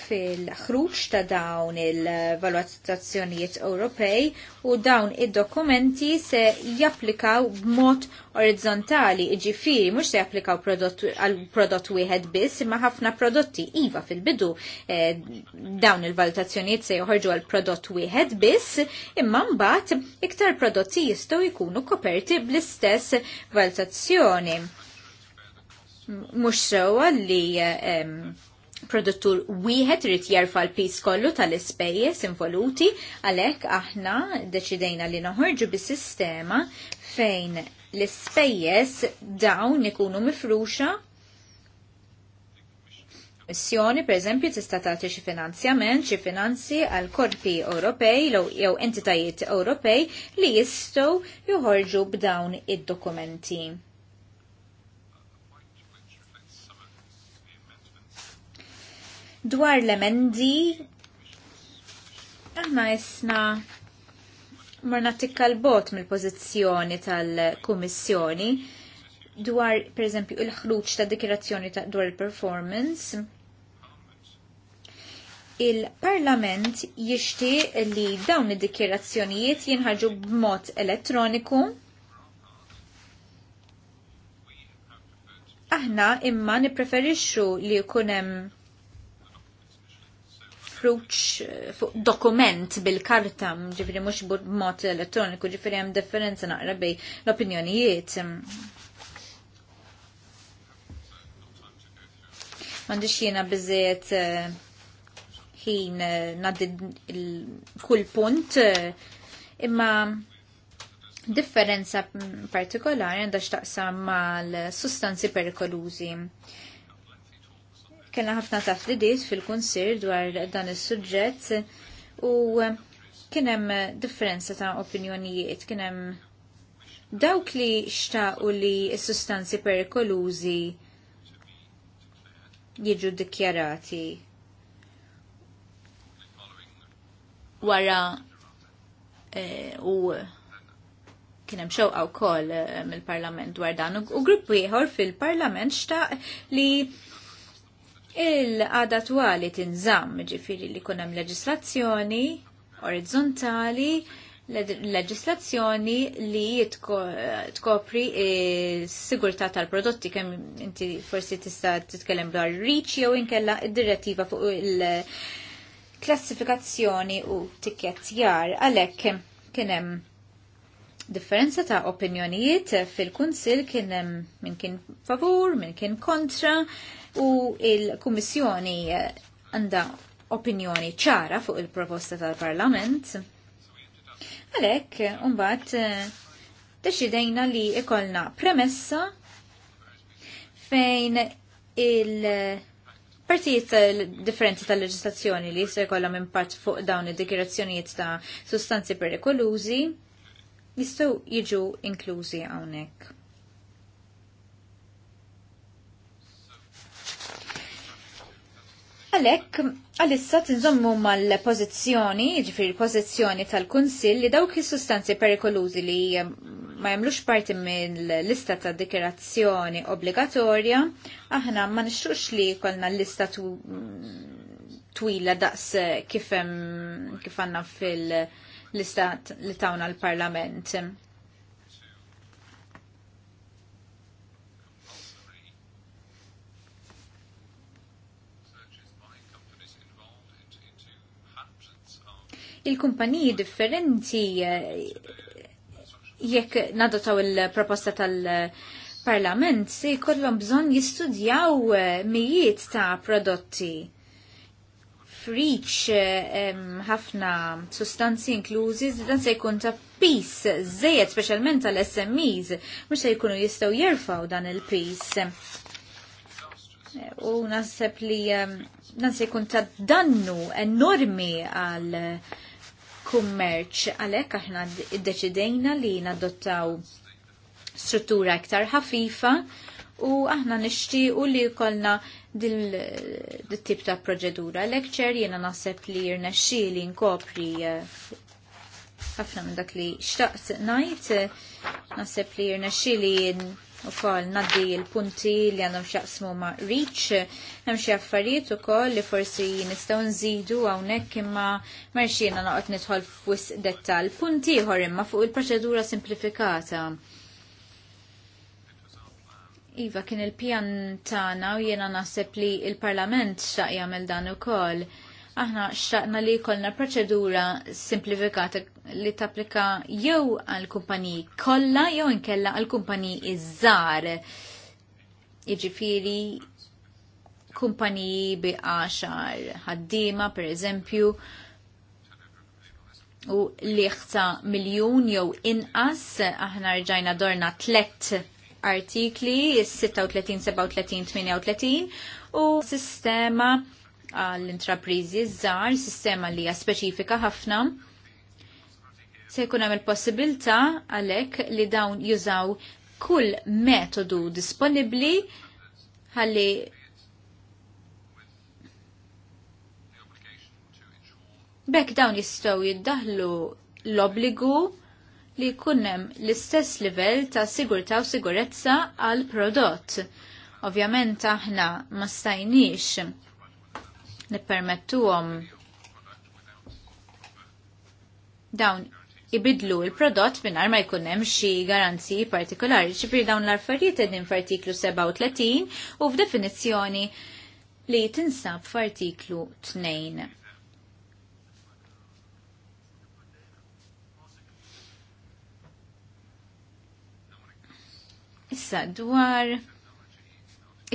C: fil-ħruġ ta' dawn il-valutazzjonijiet Ewropej u dawn id-dokumenti se japplikaw b'mod orizzontali, iġifiri, mux se japplikaw għal prodott wieħed biss, imma ħafna prodotti iva fil-bidu eh, dawn il-valutazzjonijiet se joħorġu għal prodott wieħed biss, imma mbagħad iktar prodotti jistgħu jkunu koperti bl-istess valutazzjoni. Mhux sewwa li eh, produttur wieħed irid jarfa l-pis kollu tal-ispejjeż involuti għalhekk aħna deċidejna li noħorġu bis-sistema fejn l-ispejjeż dawn ikunu mifruxa Missjoni, per eżempju, tista' tagħti xi finanzjament, xi finanzi għal korpi Ewropej jew entitajiet Ewropej li jistgħu joħorġu b'dawn id-dokumenti. Dwar l-emendi, aħna jisna marna tikkal bot mill-pozizjoni tal-Kummissjoni dwar, per eżempju, il-ħruġ ta' dikirazzjoni ta' dwar il-performance. Il-Parlament jishti li dawn id-dikirazzjonijiet jinħarġu b'mod elettroniku aħna imma nipreferixxu li jkun hemm mifruċ eh, fuq dokument bil-karta, ġifiri mux mod elettroniku, ġifiri hemm differenza naqra bej l-opinjonijiet. Mandi xiena bizziet eh, ħin eh, naddi kull punt, imma differenza partikolari għandha xtaqsam mal sustanzi perikolużi. Kellna ħafna tafdidiet fil konsir dwar dan is-suġġett u eh, kien hemm differenza ta' opinjonijiet, kien hemm dawk li xtaqu li s-sustanzi perikolużi jiġu dikjarati wara eh, u kien hemm xewqa wkoll eh, mill-Parlament dwar dan u grupp ieħor fil-Parlament xtaq li il-għada twali tinżamm ġifiri li kunem leġislazzjoni orizzontali leġislazzjoni li tkopri s-sigurtà tal-prodotti kemm inti forsi tista' titkellem dwar reach jew inkella id-direttiva fuq il-klassifikazzjoni u tikketjar għalhekk kien hemm differenza ta' opinjonijiet fil-Kunsil kien min kien favur, min kien kontra u il-Kummissjoni eh, għanda opinjoni ċara fuq il-proposta tal-Parlament. Għalek, unbat, teċidejna eh, li ikolna premessa fejn il- partijiet differenti tal-leġislazzjoni li se jkollhom part fuq dawn id-dikirazzjonijiet ta' sustanzi perikolużi jistgħu jiġu inklużi hawnhekk. Għalek, għalissa tinżommu mal-pozizjoni, ġifir pozizjoni tal-Kunsill li dawk il-sustanzi perikolużi li ma jamlux parti mill lista ta' dikerazzjoni obbligatorja, aħna ma nixxux li kolna lista mm, twila daqs kifem għandna fil- l-istat li tawna l-Parlament. il-kumpaniji differenti eh, jekk nadotaw il-proposta tal-parlament se jkollhom bżonn jistudjaw eh, mijiet ta' prodotti reach eh, ħafna sustanzi inklużi, dan se jkun ta' peace, żejjed speċjalment tal-SMEs, mhux se jkunu jistgħu jerfgħu dan il peace eh, U naħseb li dan se jkun ta' dannu enormi għal kummerċ għalhekk aħna ddeċidejna li nadottaw struttura iktar ħafifa u aħna nixtiequ li jkollna dil-tip ta' proċedura. Lecture jena naħseb li jirna xili nkopri eh, ħafna minn dak li xtaqt najt, eh, naħseb li jirna xili u kol naddi il-punti li għandhom xaqsmu ma' reach, hemm xi affarijiet ukoll li forsi nistgħu nżidu hawnhekk imma marxina noqgħod nidħol f'wisq dettal. Punti ieħor imma fuq il-proċedura simplifikata. Iva kien il-pjan tagħna u jiena naħseb li l parlament xaq jagħmel dan ukoll. Aħna x'aqna li jkollna proċedura simplifikata li tapplika jew għall kumpaniji kollha jew inkella għall kumpaniji iż-żgħar. Jiġifieri kumpani bi ħaddima, ħaddiema pereżempju u liħta miljun jew inqas aħna rġajna dorna tlett artikli 36, 37, 38 u sistema għall-intraprizi ah, żgħar, sistema li hija speċifika ħafna se jkun hemm il-possibilità għalhekk li dawn jużaw kull metodu disponibbli ħalli bekk dawn jistgħu jiddaħlu l-obbligu li kunnem l-istess livell ta' sigurta u sigurezza għal prodott. Ovvjament aħna ma stajniex nippermettuhom dawn ibidlu il-prodott minnar ma jkun hemm xi garanziji partikolari. Ċipri dawn l-affarijiet qegħdin f'artiklu 37 u f'definizzjoni li tinsab f'artiklu 2. Issa dwar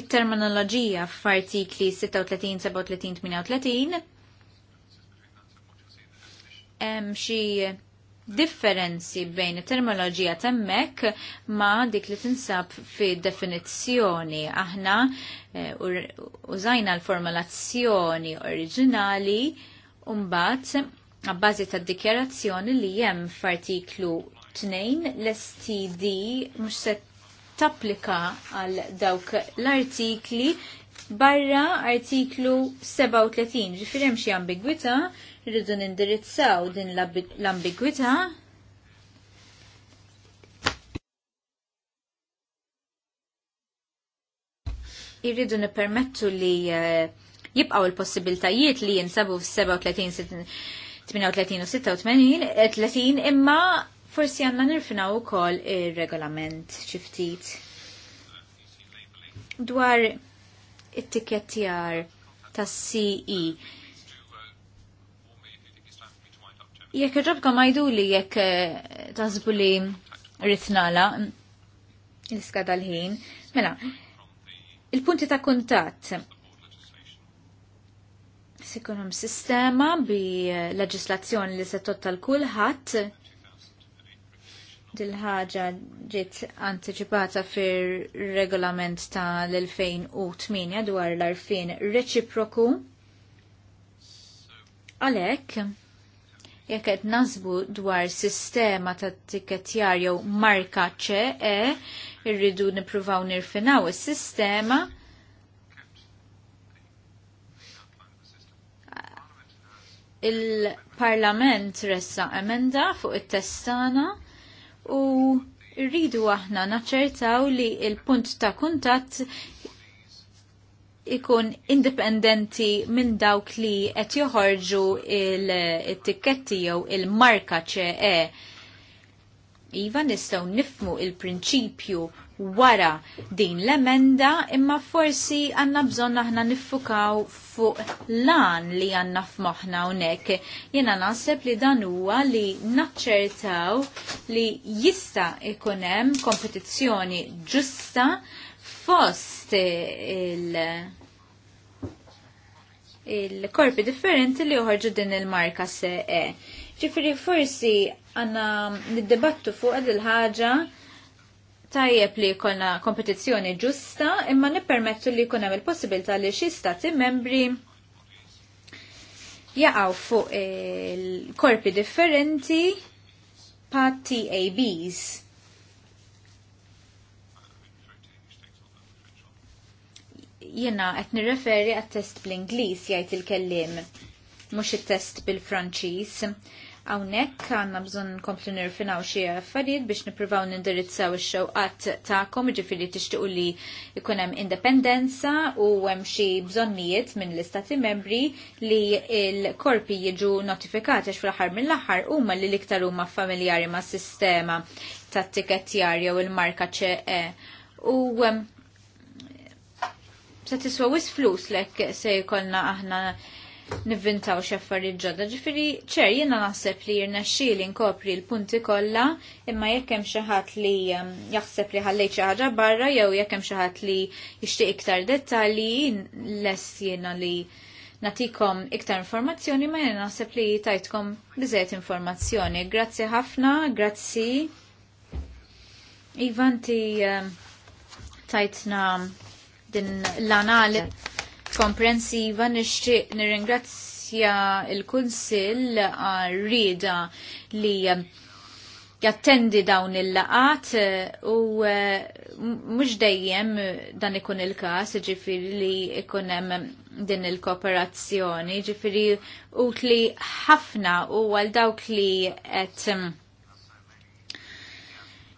C: it-terminoloġija f'artikli 36, 37, 38 hemm xi differenzi bejn it-terminoloġija temmek ma dik li tinsab fi definizzjoni. Aħna eh, użajna l-formulazzjoni oriġinali umbat għabbażi ta' dikjarazzjoni li jem f'artiklu 2 l-STD mux set tapplika għal dawk l-artikli barra artiklu 37, ġifir xie xi ambigwità, rridu nindirizzaw din l-ambigwità irridu nipermettu li eh, jibqaw il-possibiltajiet li jinsabu f-37, 38 u 86, 30 eh, imma Forsi għanna u ukoll ir-regolament ċiftit dwar it-tikettjar tas CE. Jekk irrobka ma jdu li jekk eh, tasbu li ritnala l-iskada l-ħin, mela, il-punti ta' kuntat sikunum sistema bi eh, leġislazzjoni li se tottal kulħadd dil-ħaġa ġiet anticipata fir regolament ta' l-2008 dwar l-arfin reċiproku. Għalhekk, jekk qed nażbu dwar sistema ta' tikketjar jew marka ċe rridu irridu nippruvaw nirfinaw is-sistema il-Parlament ressa emenda fuq it-testana il u rridu aħna naċċertaw li il-punt ta' kuntatt ikun indipendenti minn dawk li qed joħorġu il-tikketti jew il-marka ċe. Iva nistgħu nifmu il-prinċipju wara din l-emenda imma forsi għanna bżon aħna niffukaw fuq lan li għanna f'moħna unek. Jena naħseb li dan huwa li naċċertaw li jista' ikunem kompetizzjoni ġusta fost il- il-korpi differenti li uħarġu din il-marka se e. Ġifiri forsi għanna nid-debattu fuq għad il-ħagġa tajjeb li jkollna kompetizzjoni ġusta imma nippermettu li jkun hemm il-possibilità li xi stati membri jaqgħu fuq il-korpi differenti pa' TABs. jena qed nirreferi għat-test bl-Ingliż jgħid il-kellim mhux it-test bil-Franċiż. Hawnhekk għandna bżonn nkomplu nirfinaw xi affarijiet biex nippruvaw nindirizzaw ix-xewqat tagħkom, jiġifieri tixtiequ li jkun hemm indipendenza u hemm xi bżonnijiet minn l-istati membri li l-korpi jiġu notifikati għax fl l mill-aħħar huma li l-iktar huma familjari ma' sistema tat-tikettjar jew il-marka ċe. U se tiswa wis flus lek se jkollna aħna nivvintaw il ġodda. Ġifiri, ċer, jina naħseb li jirna xili nkopri l-punti kolla, imma jekkem xaħat li um, jaħseb li ħallej ħaġa barra, jew jekkem xaħat li jishtiq iktar dettali, l-ess jina li natikom iktar informazzjoni, ma jina naħseb li tajtkom bizet informazzjoni. Grazzi ħafna, grazzi. Ivan ti um, tajtna din l-analiz komprensiva nixtieq nirringrazzja il-Kunsill għal rieda li eh, jattendi dawn il-laqat eh, u eh, mhux dejjem dan ikun il-każ ġifiri li ikun hemm din il-kooperazzjoni ġifieri utli ħafna u għal dawk li qed mm,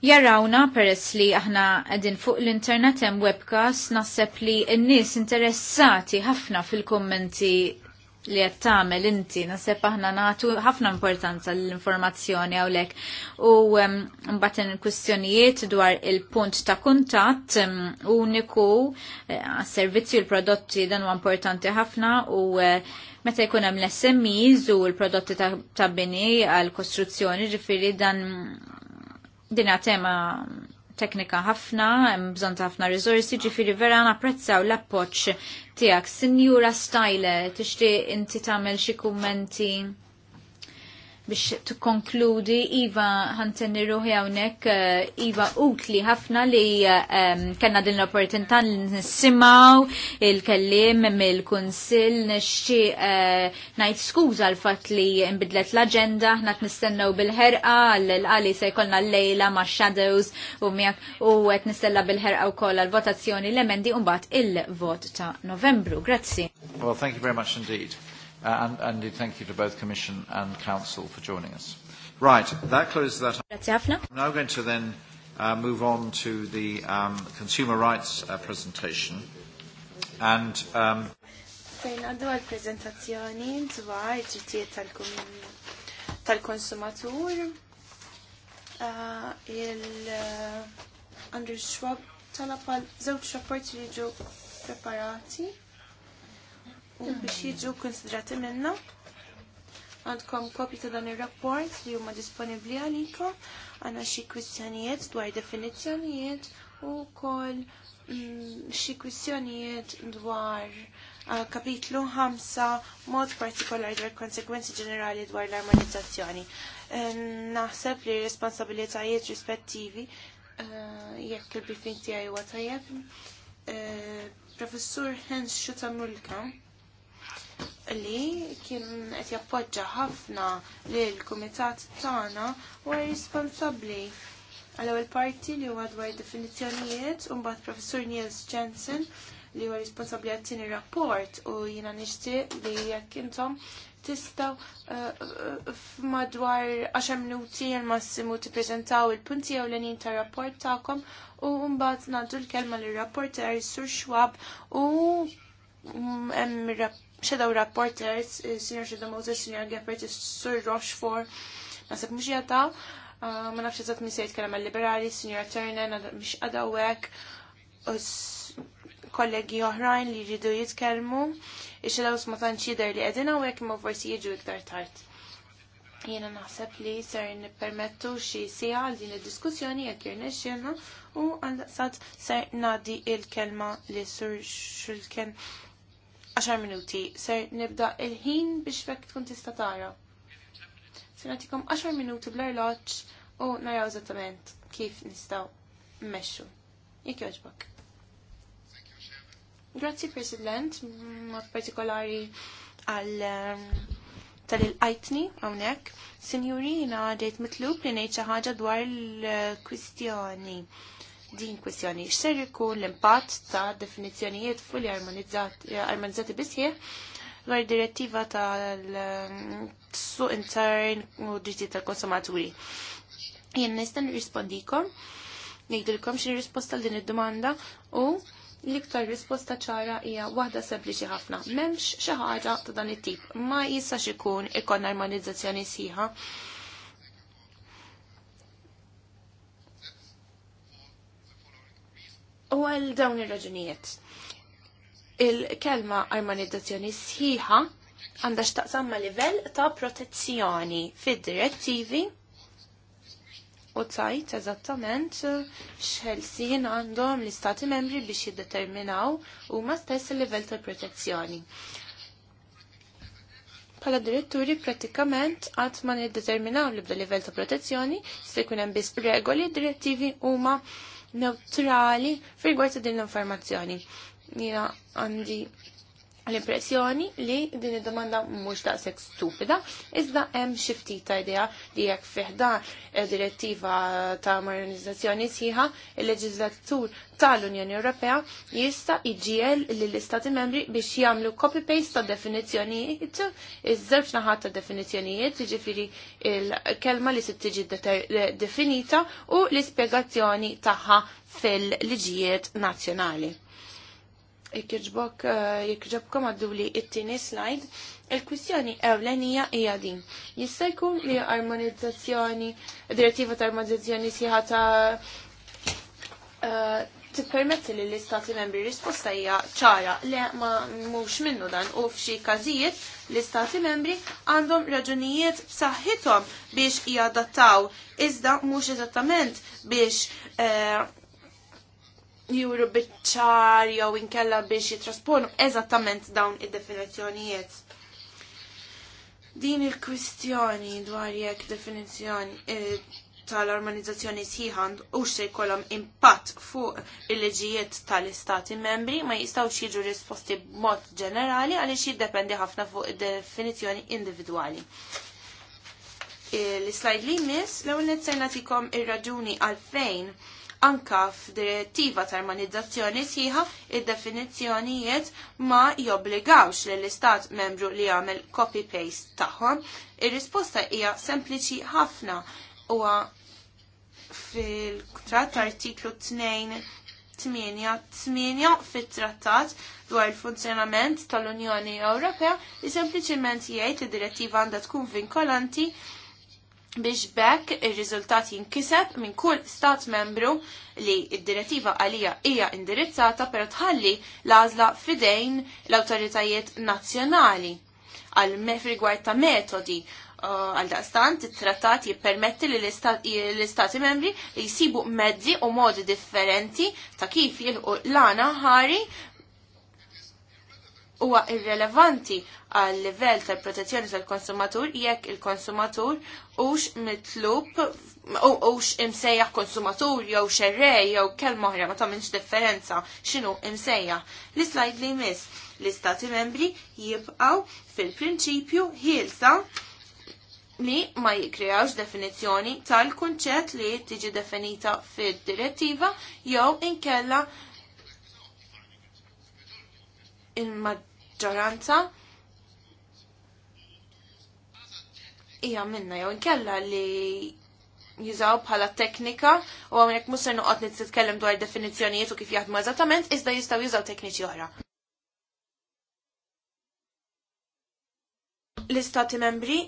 C: jarawna peress li aħna għedin fuq l-internet hemm webcast naħseb li n-nies interessati ħafna fil-kommenti li qed tagħmel inti naħseb aħna nagħtu ħafna importanza l-informazzjoni hawnhekk. U mbagħad il-kwistjonijiet dwar il-punt ta' kuntatt uniku eh, għas-servizzi u l-prodotti dan huwa importanti ħafna u eh, meta jkun hemm l-SMEs u l-prodotti ta' bini għall kostruzzjoni ġifieri dan Dina tema teknika ħafna, hemm bżonn ta' ħafna rizorsi, ġifieri vera napprezzaw l-appoġġ tiegħek. Sinjura Style, tixtieq inti tagħmel xi kummenti? biex tikkonkludi Iva ħantenni ruħi hawnhekk eh, Iva utli ħafna li eh, kellna din l-opportunità li nissimaw il-kellim mill-kunsill nixtieq eh, ngħid skuża l fatt li nbidlet l-aġenda ħna nistennew bil-ħerqa l-qali se jkollna l-lejla ma' shadows u miak u qed nistella bil-ħerqa wkoll għall votazzjoni l-emendi u mbagħad il-vot ta' Novembru. Grazzi. Well, thank you very much indeed. Uh, and, and thank you to both Commission and Council for joining us. Right, that closes that. I'm now going to then uh, move on to the um, consumer rights uh, presentation. And um,
A: għandu uh, uh, għal prezentazzjoni dwar ġittijiet tal-konsumatur il-Andrew Schwab tal għal zewċ rapporti li ġu preparati biex jiġu konsidrati minna. Għandkom kopji ta' dan ir-rapport li huma disponibbli għalikom, għandna xi kwistjonijiet dwar definizzjonijiet u wkoll mm, xi kwistjonijiet dwar eh, kapitlu 5 mod partikolari dwar konsekwenzi ġenerali dwar l-armonizzazzjoni. Eh, naħseb li responsabilitajiet rispettivi eh, jekk il-briefing tiegħi huwa tajjeb. Professur Hens Schutamulka li kien qed jappoġġa ħafna lil kumitat tagħna u responsabbli għal ewwel parti li huwa dwar definizzjonijiet u mbagħad professur Niels Jensen li huwa responsabbli għat tieni rapport u jiena nixtieq li jekk intom tistgħu uh, uh, f'madwar 10 minuti l-massimu tippreżentaw il-punti jew l-għenin rapport tagħkom u mbagħad nagħtu l-kelma lir rapporter Sur Schwab u mm, hemm rapport. Shadow Rapporters, eh, Sr. Shadow Moses, Sr. Geffert, Sir Rochefort, nasib mux jata, eh, ma nafx jazat mi sejt kalem liberali Sr. Turner, mux għadawek, kollegi oħrajn li rridu jitkelmu, ix-xedaw smatan ċider li għedina u jek ma forsi jġu iktar tard. Jena naħseb li ser nippermettu xi sija għal din id-diskussjoni jekk jirnexxilna u għal sad ser nadi il-kelma li sur xulken 10 minuti ser nibda il-ħin biex fekk tkun tista' tara. Ser nagħtikom 10 minuti bl-arloġġ u naraw eżattament kif nistgħu mmexxu. Jekk jogħġbok. Grazzi President, mod partikolari għal ehm, tal-il-qajtni hawnhekk. Sinjuri, jina għadejt mitlub li ngħid xi ħaġa dwar il-kwistjoni din kwestjoni x'ser jkun l-impatt ta' definizzjonijiet fully armonizzati eh, bisħieħ dwar direttiva tal-suq intern u dritti tal-konsumaturi. Jien nistan nirrispondikom, ngħidilkom xi risposta din id-domanda u l-iktar risposta ċara hija waħda sempliċi ħafna. M'hemmx xi ħaġa ta' dan it-tip. Ma jistax ikun ikon armonizzazzjoni sħiħa U għal dawn ir-raġunijiet. Il-kelma armonizzazzjoni sħiħa għandha x'taqsam ma' livell ta' protezzjoni fid-direttivi u tajt eżattament x'ħelsien għandhom l-istati membri biex jiddeterminaw huma stess il-livell ta' protezzjoni. Pala diretturi pratikament għat ma niddeterminaw l-ibda livell ta' protezzjoni se jkun hemm biss regoli direttivi huma ma neutrali fil-gwerta din l-informazzjoni. Nina, għandi l-impressjoni li din id-domanda mhux daqshekk stupida, iżda hemm xi ftit ta' idea li jekk fiħda eh, direttiva ta' modernizzazzjoni sħiħa, il-leġislatur tal-Unjoni Ewropea jista' iġiel lill-Istati membri biex jagħmlu copy-paste ta' definizzjonijiet, iż-żewġ naħat ta' definizzjonijiet, jiġifieri il-kelma li se tiġi definita u l-ispjegazzjoni tagħha fil-liġijiet nazzjonali ikġbok eh, jikġbkom għadduli it-tini slide, il-kwistjoni ewlenija hija din. Jista' jkun li armonizzazzjoni, direttiva ta' armonizzazzjoni sieħa ta' eh, tippermetti li l-istati membri risposta hija ċara le ma mhux minnu dan u f'xi każijiet l-istati membri għandhom raġunijiet b'saħħithom biex jadattaw iżda mhux eżattament biex eh, juru bitċar jew inkella biex jitrasponu eżattament dawn id-definizzjonijiet. Din il-kwistjoni dwar jekk definizzjoni eh, tal-armonizzazzjoni sħiħand u se jkollhom impatt fuq il-liġijiet tal-istati membri ma jistgħux jiġu risposti b'mod ġenerali għaliex jiddependi ħafna fuq id-definizzjoni individwali l-slide li jmiss, l-ewwel nitsejna tikom ir-raġuni għalfejn anka f'direttiva tal armonizzazzjoni siħa id-definizzjonijiet ma jobligawx lill istat membru li jagħmel copy-paste tagħhom. Ir-risposta hija sempliċi ħafna huwa fil-trat artiklu 2 fit-trattat dwar il-funzjonament tal-Unjoni Ewropea li sempliċiment jgħid id-direttiva għandha tkun vinkolanti biex bekk ir-riżultat jinkiseb minn kull stat membru li id-direttiva għalija hija indirizzata per tħalli l-għażla fidejn l-awtoritajiet nazzjonali għal rigward ta' metodi uh, għal daqstant it-trattat jippermetti li l-istati membri li jisibu mezzi u modi differenti ta' kif jilqu l-għana ħari huwa irrelevanti għal livell tal-protezzjoni tal-konsumatur jekk il-konsumatur hux mitlub hux imsejjaħ konsumatur jew xerrej jew kelma oħra ma tagħmilx differenza x'inhu imsejjaħ. L-islajd li jmiss l-istati membri jibqgħu fil-prinċipju ħielsa li ma jikreawx definizzjoni tal-kunċett li tiġi definita fid-direttiva jew inkella il-maġġoranza hija minna jew inkella li jużaw bħala teknika u għamnek musser nuqot nitkellem dwar definizzjonijiet u kif jaħdmu eżattament, iżda jistgħu jużaw tekniċi oħra. L-istati membri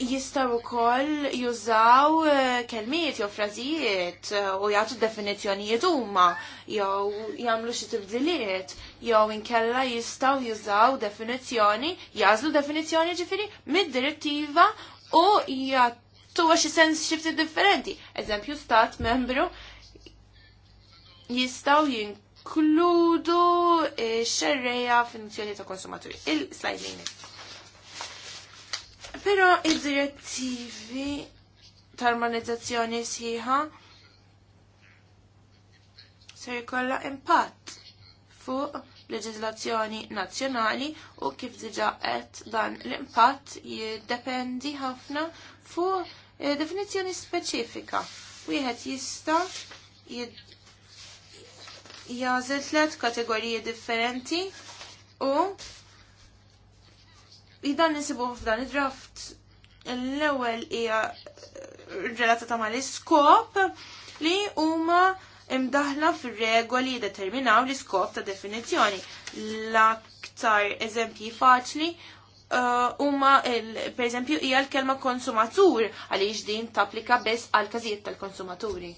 A: jistaw koll jużaw eh, kelmiet jew frażijiet eh, u jagħtu definizzjonijiet huma jew jagħmlu xi tibdiliet jew inkella jistaw jużaw definizzjoni, jażlu definizzjoni ġifieri mid-direttiva u jagħtuha xi sens xifti differenti. Eżempju stat membru jistaw jinkludu eh, xerreja f'inzjoni ta' konsumaturi. Il-slide Però id-direttivi tal-monetizzazzjoni siħa se jkollha impatt fuq leġiżlazzjoni nazzjonali u kif diġà qed dan l-impatt jiddependi ħafna fuq eh, definizzjoni speċifika. Wieħed jista' jażel tliet kategoriji differenti u dan nisibu f'dan id-draft l-ewwel hija eh, relatata mal-iskop li huma imdaħla fir-regoli determinaw l-iskop ta' definizzjoni. L-aktar eżempji faċli eh, huma per eżempju hija l-kelma konsumatur għaliex din tapplika biss għal każijiet tal-konsumaturi.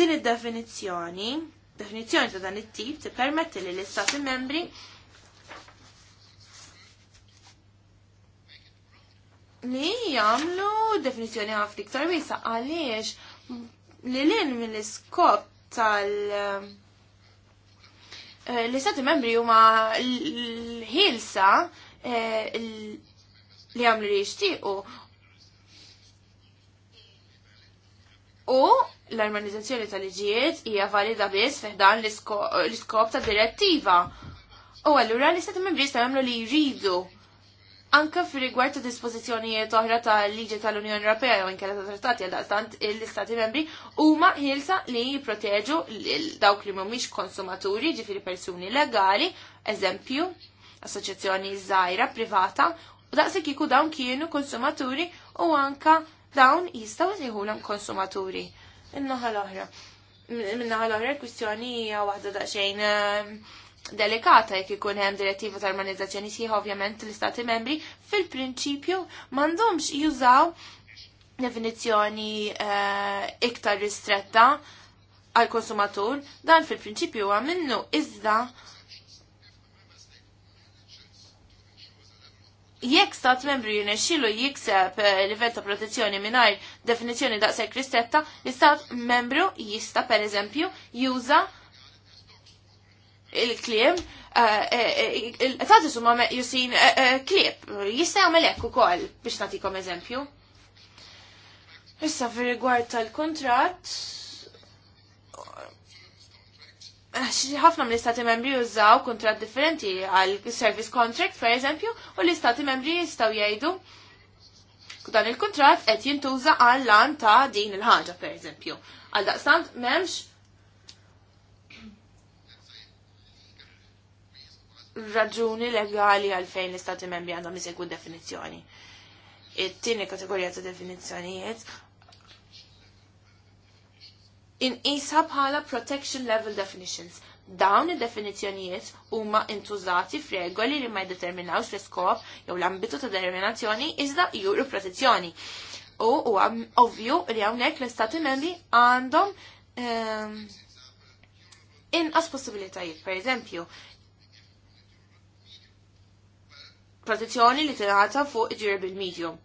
A: Din id-definizzjoni, definizzjoni ta' dan it-tip permetti li l-istati membri li jamlu definizjoni ħafna iktar wiesa għaliex li lin mill-iskop tal- tal-l-istati eh, membri huma l-ħilsa eh, li għamlu li jixtiequ. U l-armonizzazzjoni tal-liġijiet hija valida biss fiħdan l-iskop tad direttiva. U allura l-istati membri jistgħu jagħmlu li jridu Anka f'rigward ta' dispożizzjonijiet oħra ta' liġi tal-Unjoni Ewropea jew inkella ta' trattati għal daqstant l-Istati membri huma ħilsa li jipproteġu dawk li mhumiex konsumaturi, ġifieri persuni legali, eżempju, assoċjazzjoni żgħira privata, u daqshekk kieku dawn kienu konsumaturi u anka dawn jistgħu jieħulhom konsumaturi. In-naħa l-oħra. Min-naħa l-oħra kwistjoni hija waħda daqsxejn delikata jekk ikun hemm direttiva ta' armonizzazzjoni sħiħa ovvjament l-Istati membri fil-prinċipju m'għandhomx jużaw definizzjoni uh, iktar ristretta għal konsumatur dan fil-prinċipju huwa minnu iżda jekk stat membri jinexxilu jikseb eh, livell ta' protezzjoni mingħajr definizzjoni daqshekk ristretta, l-istat membru jista' pereżempju juża il-kliem, tazzi summa jusin klip, jista' jagħmel hekk ukoll biex nagħtikom eżempju. Issa fir rigward tal kontrat eh, ħafna mill-istati membri użaw kontrat differenti għal service contract, per eżempju, u l-istati membri jistaw jgħidu dan il-kontrat qed jintuża għal lan ta' din il-ħaġa, per eżempju. Għal daqstant memx raġuni legali għalfejn l-istati membri għandhom jisegwu definizzjoni. It-tieni kategorija ta' definizzjonijiet isa bħala protection level definitions. Dawn id-definizzjonijiet huma intużati f'regoli li ma jiddeterminawx l-iskop jew l-ambitu ta' determinazzjoni iżda juru protezzjoni. U huwa ovvju li hawnhekk l-istati membri għandhom um, inqas possibilitajiet. Per eżempju, protezzjoni li tingħata fuq durable medium.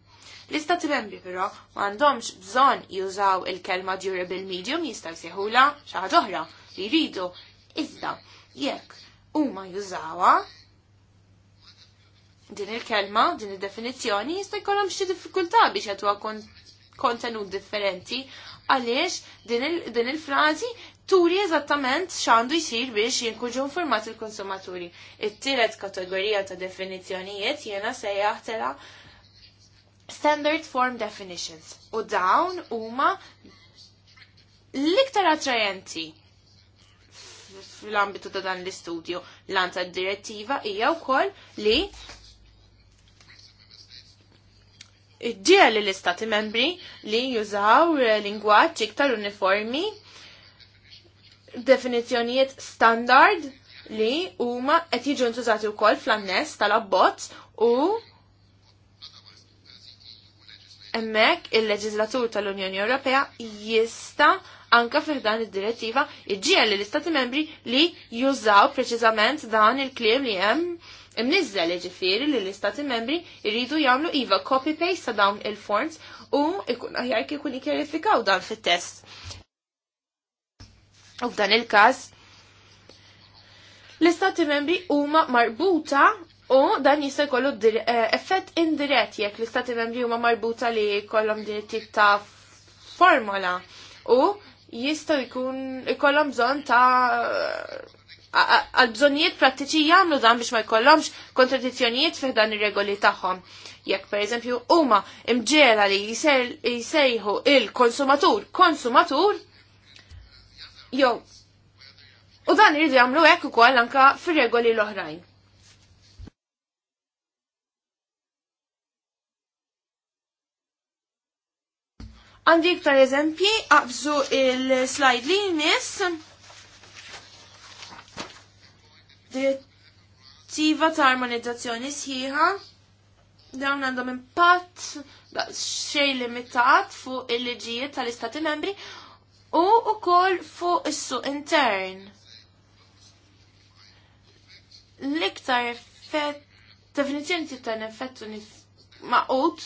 A: L-istati membri però m'għandhomx bżonn jużaw il-kelma durable medium jista' jsejħula xi ħaġa oħra li jridu. Iżda jekk huma jużawha din il-kelma, din id-definizzjoni jista' jkollhom xi diffikultà biex jagħtuha kontenut differenti għaliex din il-frażi turi eżattament x'għandu jsir biex jinkuġu informat il-konsumaturi. It-tielet kategorija ta' definizzjonijiet jiena se jaħtela standard form definitions u dawn huma l-iktar attrajenti fl-ambitu ta' dan l-istudju l-an ta' direttiva hija wkoll li ġiel l-istati membri li jużaw lingwaġġ iktar uniformi definizjonijiet standard li huma qed jiġu ntużati wkoll fl-annes tal-abbozz u hemmhekk il-leġislatur tal-Unjoni Ewropea jista' anka fih dan id-direttiva iġġiel l-istati membri li jużaw preċiżament dan il-kliem li hemm imnizzel ġifiri li l-istati membri jridu jagħmlu iva copy-paste ta' dawn il-forms u ikun aħjar ikun ikjerifikaw dan fit-test. U f'dan il-każ l-istati membri huma marbuta U dan jista' jkollu eh, effett indirett jekk l-istati membri huma marbuta li jkollhom din it ta' formola. U jista' jkun ikollhom bżonn ta' għal bżonnijiet prattiċi jagħmlu dan biex ma jkollhomx kontradizzjonijiet fih dan ir-regoli tagħhom. Jekk pereżempju huma imġela li jsejħu il-konsumatur konsumatur, Jo, u dan irridu jagħmlu hekk ukoll anke fir-regoli l-oħrajn. Għandik iktar eżempji, qabżu il-slide li nis. Direttiva ta' armonizzazzjoni sħiħa. Dawn għandhom impatt xej limitat fuq il-liġijiet tal-Istati membri u ukoll fuq is-suq intern. L-iktar effett, definizjoni ta' effettu maqut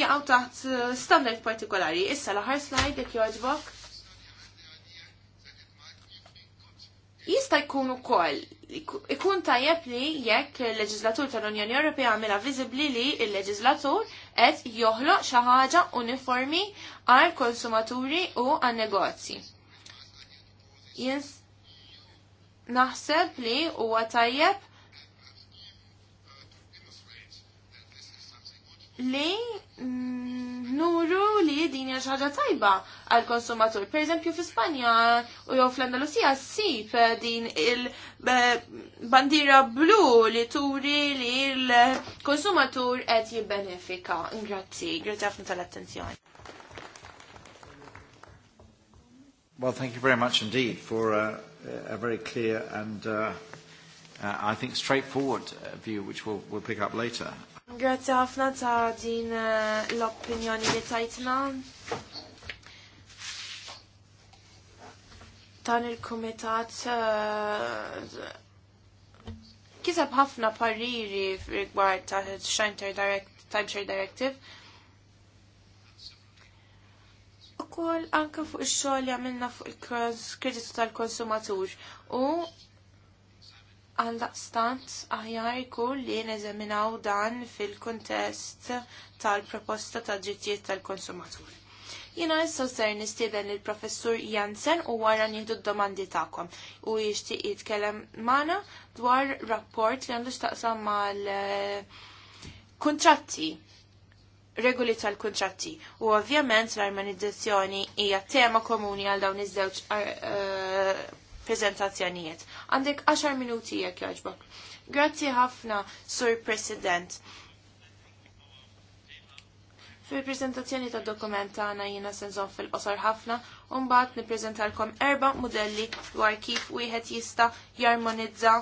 A: jgħaw taħt standard partikolari. Issa l-aħħar slide jekk jogħġbok. Jista' jkun ukoll ikun tajjeb li jekk il-leġislatur tal-Unjoni Ewropea għamela viżibbli li il-leġislatur qed joħloq xi ħaġa uniformi għal konsumaturi u għan negozji. Jens naħseb li huwa tajjeb li nuru li din hija ħaġa tajba għal konsumatur. Per eżempju fi u jew fl-Andalusija ssib din il-bandira eh, blu li turi li l-konsumatur qed jibbenefika. Grazzi, grazzi ħafna tal-attenzjoni.
C: Well, thank you very much indeed for uh, a very clear and uh, uh, I think straightforward uh, view, which we'll, we'll pick up later.
A: Grazzi ħafna ta' din eh, l-opinjoni li tajtna. Dan il-komitat eh, kiseb ħafna pariri rigward ta' Timeshare Directive. U kol anka fuq il-xogħol li għamilna fuq il-kreditu tal-konsumatur u għal stant aħjar jkun li neżaminaw dan fil-kontest tal-proposta ta' ġittijiet tal-konsumatur. Jina issa ser nistieden lill professur Jansen u wara nieħdu d-domandi tagħkom u jixtieq jitkellem Mana dwar rapport li għandu x'taqsam mal kuntratti regoli tal-kontratti u ovvjament l-armonizzazzjoni hija tema komuni għal dawn iż-żewġ eh, prezentazzjonijiet. Għandek 10 minuti jekk jaġbok. Grazzi ħafna, Sur President. Fil-prezentazzjoni ta' dokumenta għana jina senżon fil-qosor ħafna, unbat niprezentalkom erba modelli dwar kif wieħed jista jarmonizza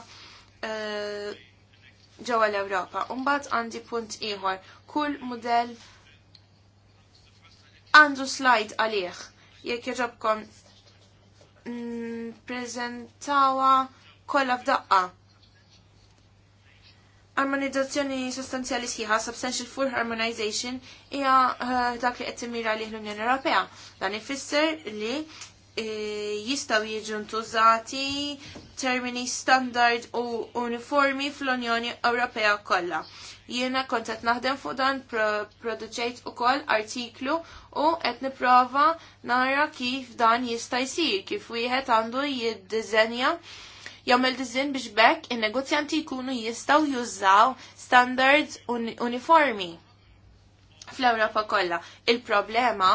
A: eh, ġewwa l-Ewropa. Unbat għandi punt ieħor. Kull modell għandu slajd għalih. Jekk jaġobkom prezentawa kollha f'daqqa. Armonizzazzjoni sostanzjali sħiħa, substantial full harmonization, hija eh, dak li qed timira li l-Unjoni Ewropea. Dan ifisser li eh, jistaw jiġu ntużati termini standard u uniformi fl-Unjoni Ewropea kollha. Jiena kont qed naħdem fuq dan produċejt ukoll artiklu u qed nipprova nara kif dan jista' jsir, kif wieħed għandu jiddiżenja jagħmel diżin biex bekk in-negozjanti jkunu jistgħu jużaw standards un uniformi fl-Ewropa kollha. Il-problema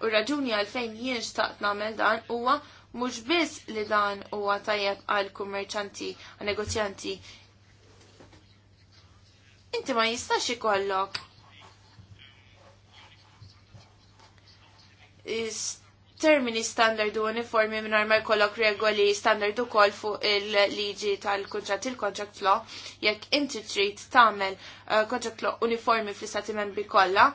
A: u raġuni għalfejn jien xtaqt nagħmel dan huwa Mhux biss li dan huwa tajjeb għal kummerċanti għal negozjanti. Inti ma jistax ikollok termini standard u uniformi minn ma jkollok regoli standard ukoll fuq il-liġi tal kontrat il kontrat law jekk inti trid tagħmel uh, law uniformi fl-istati membri kollha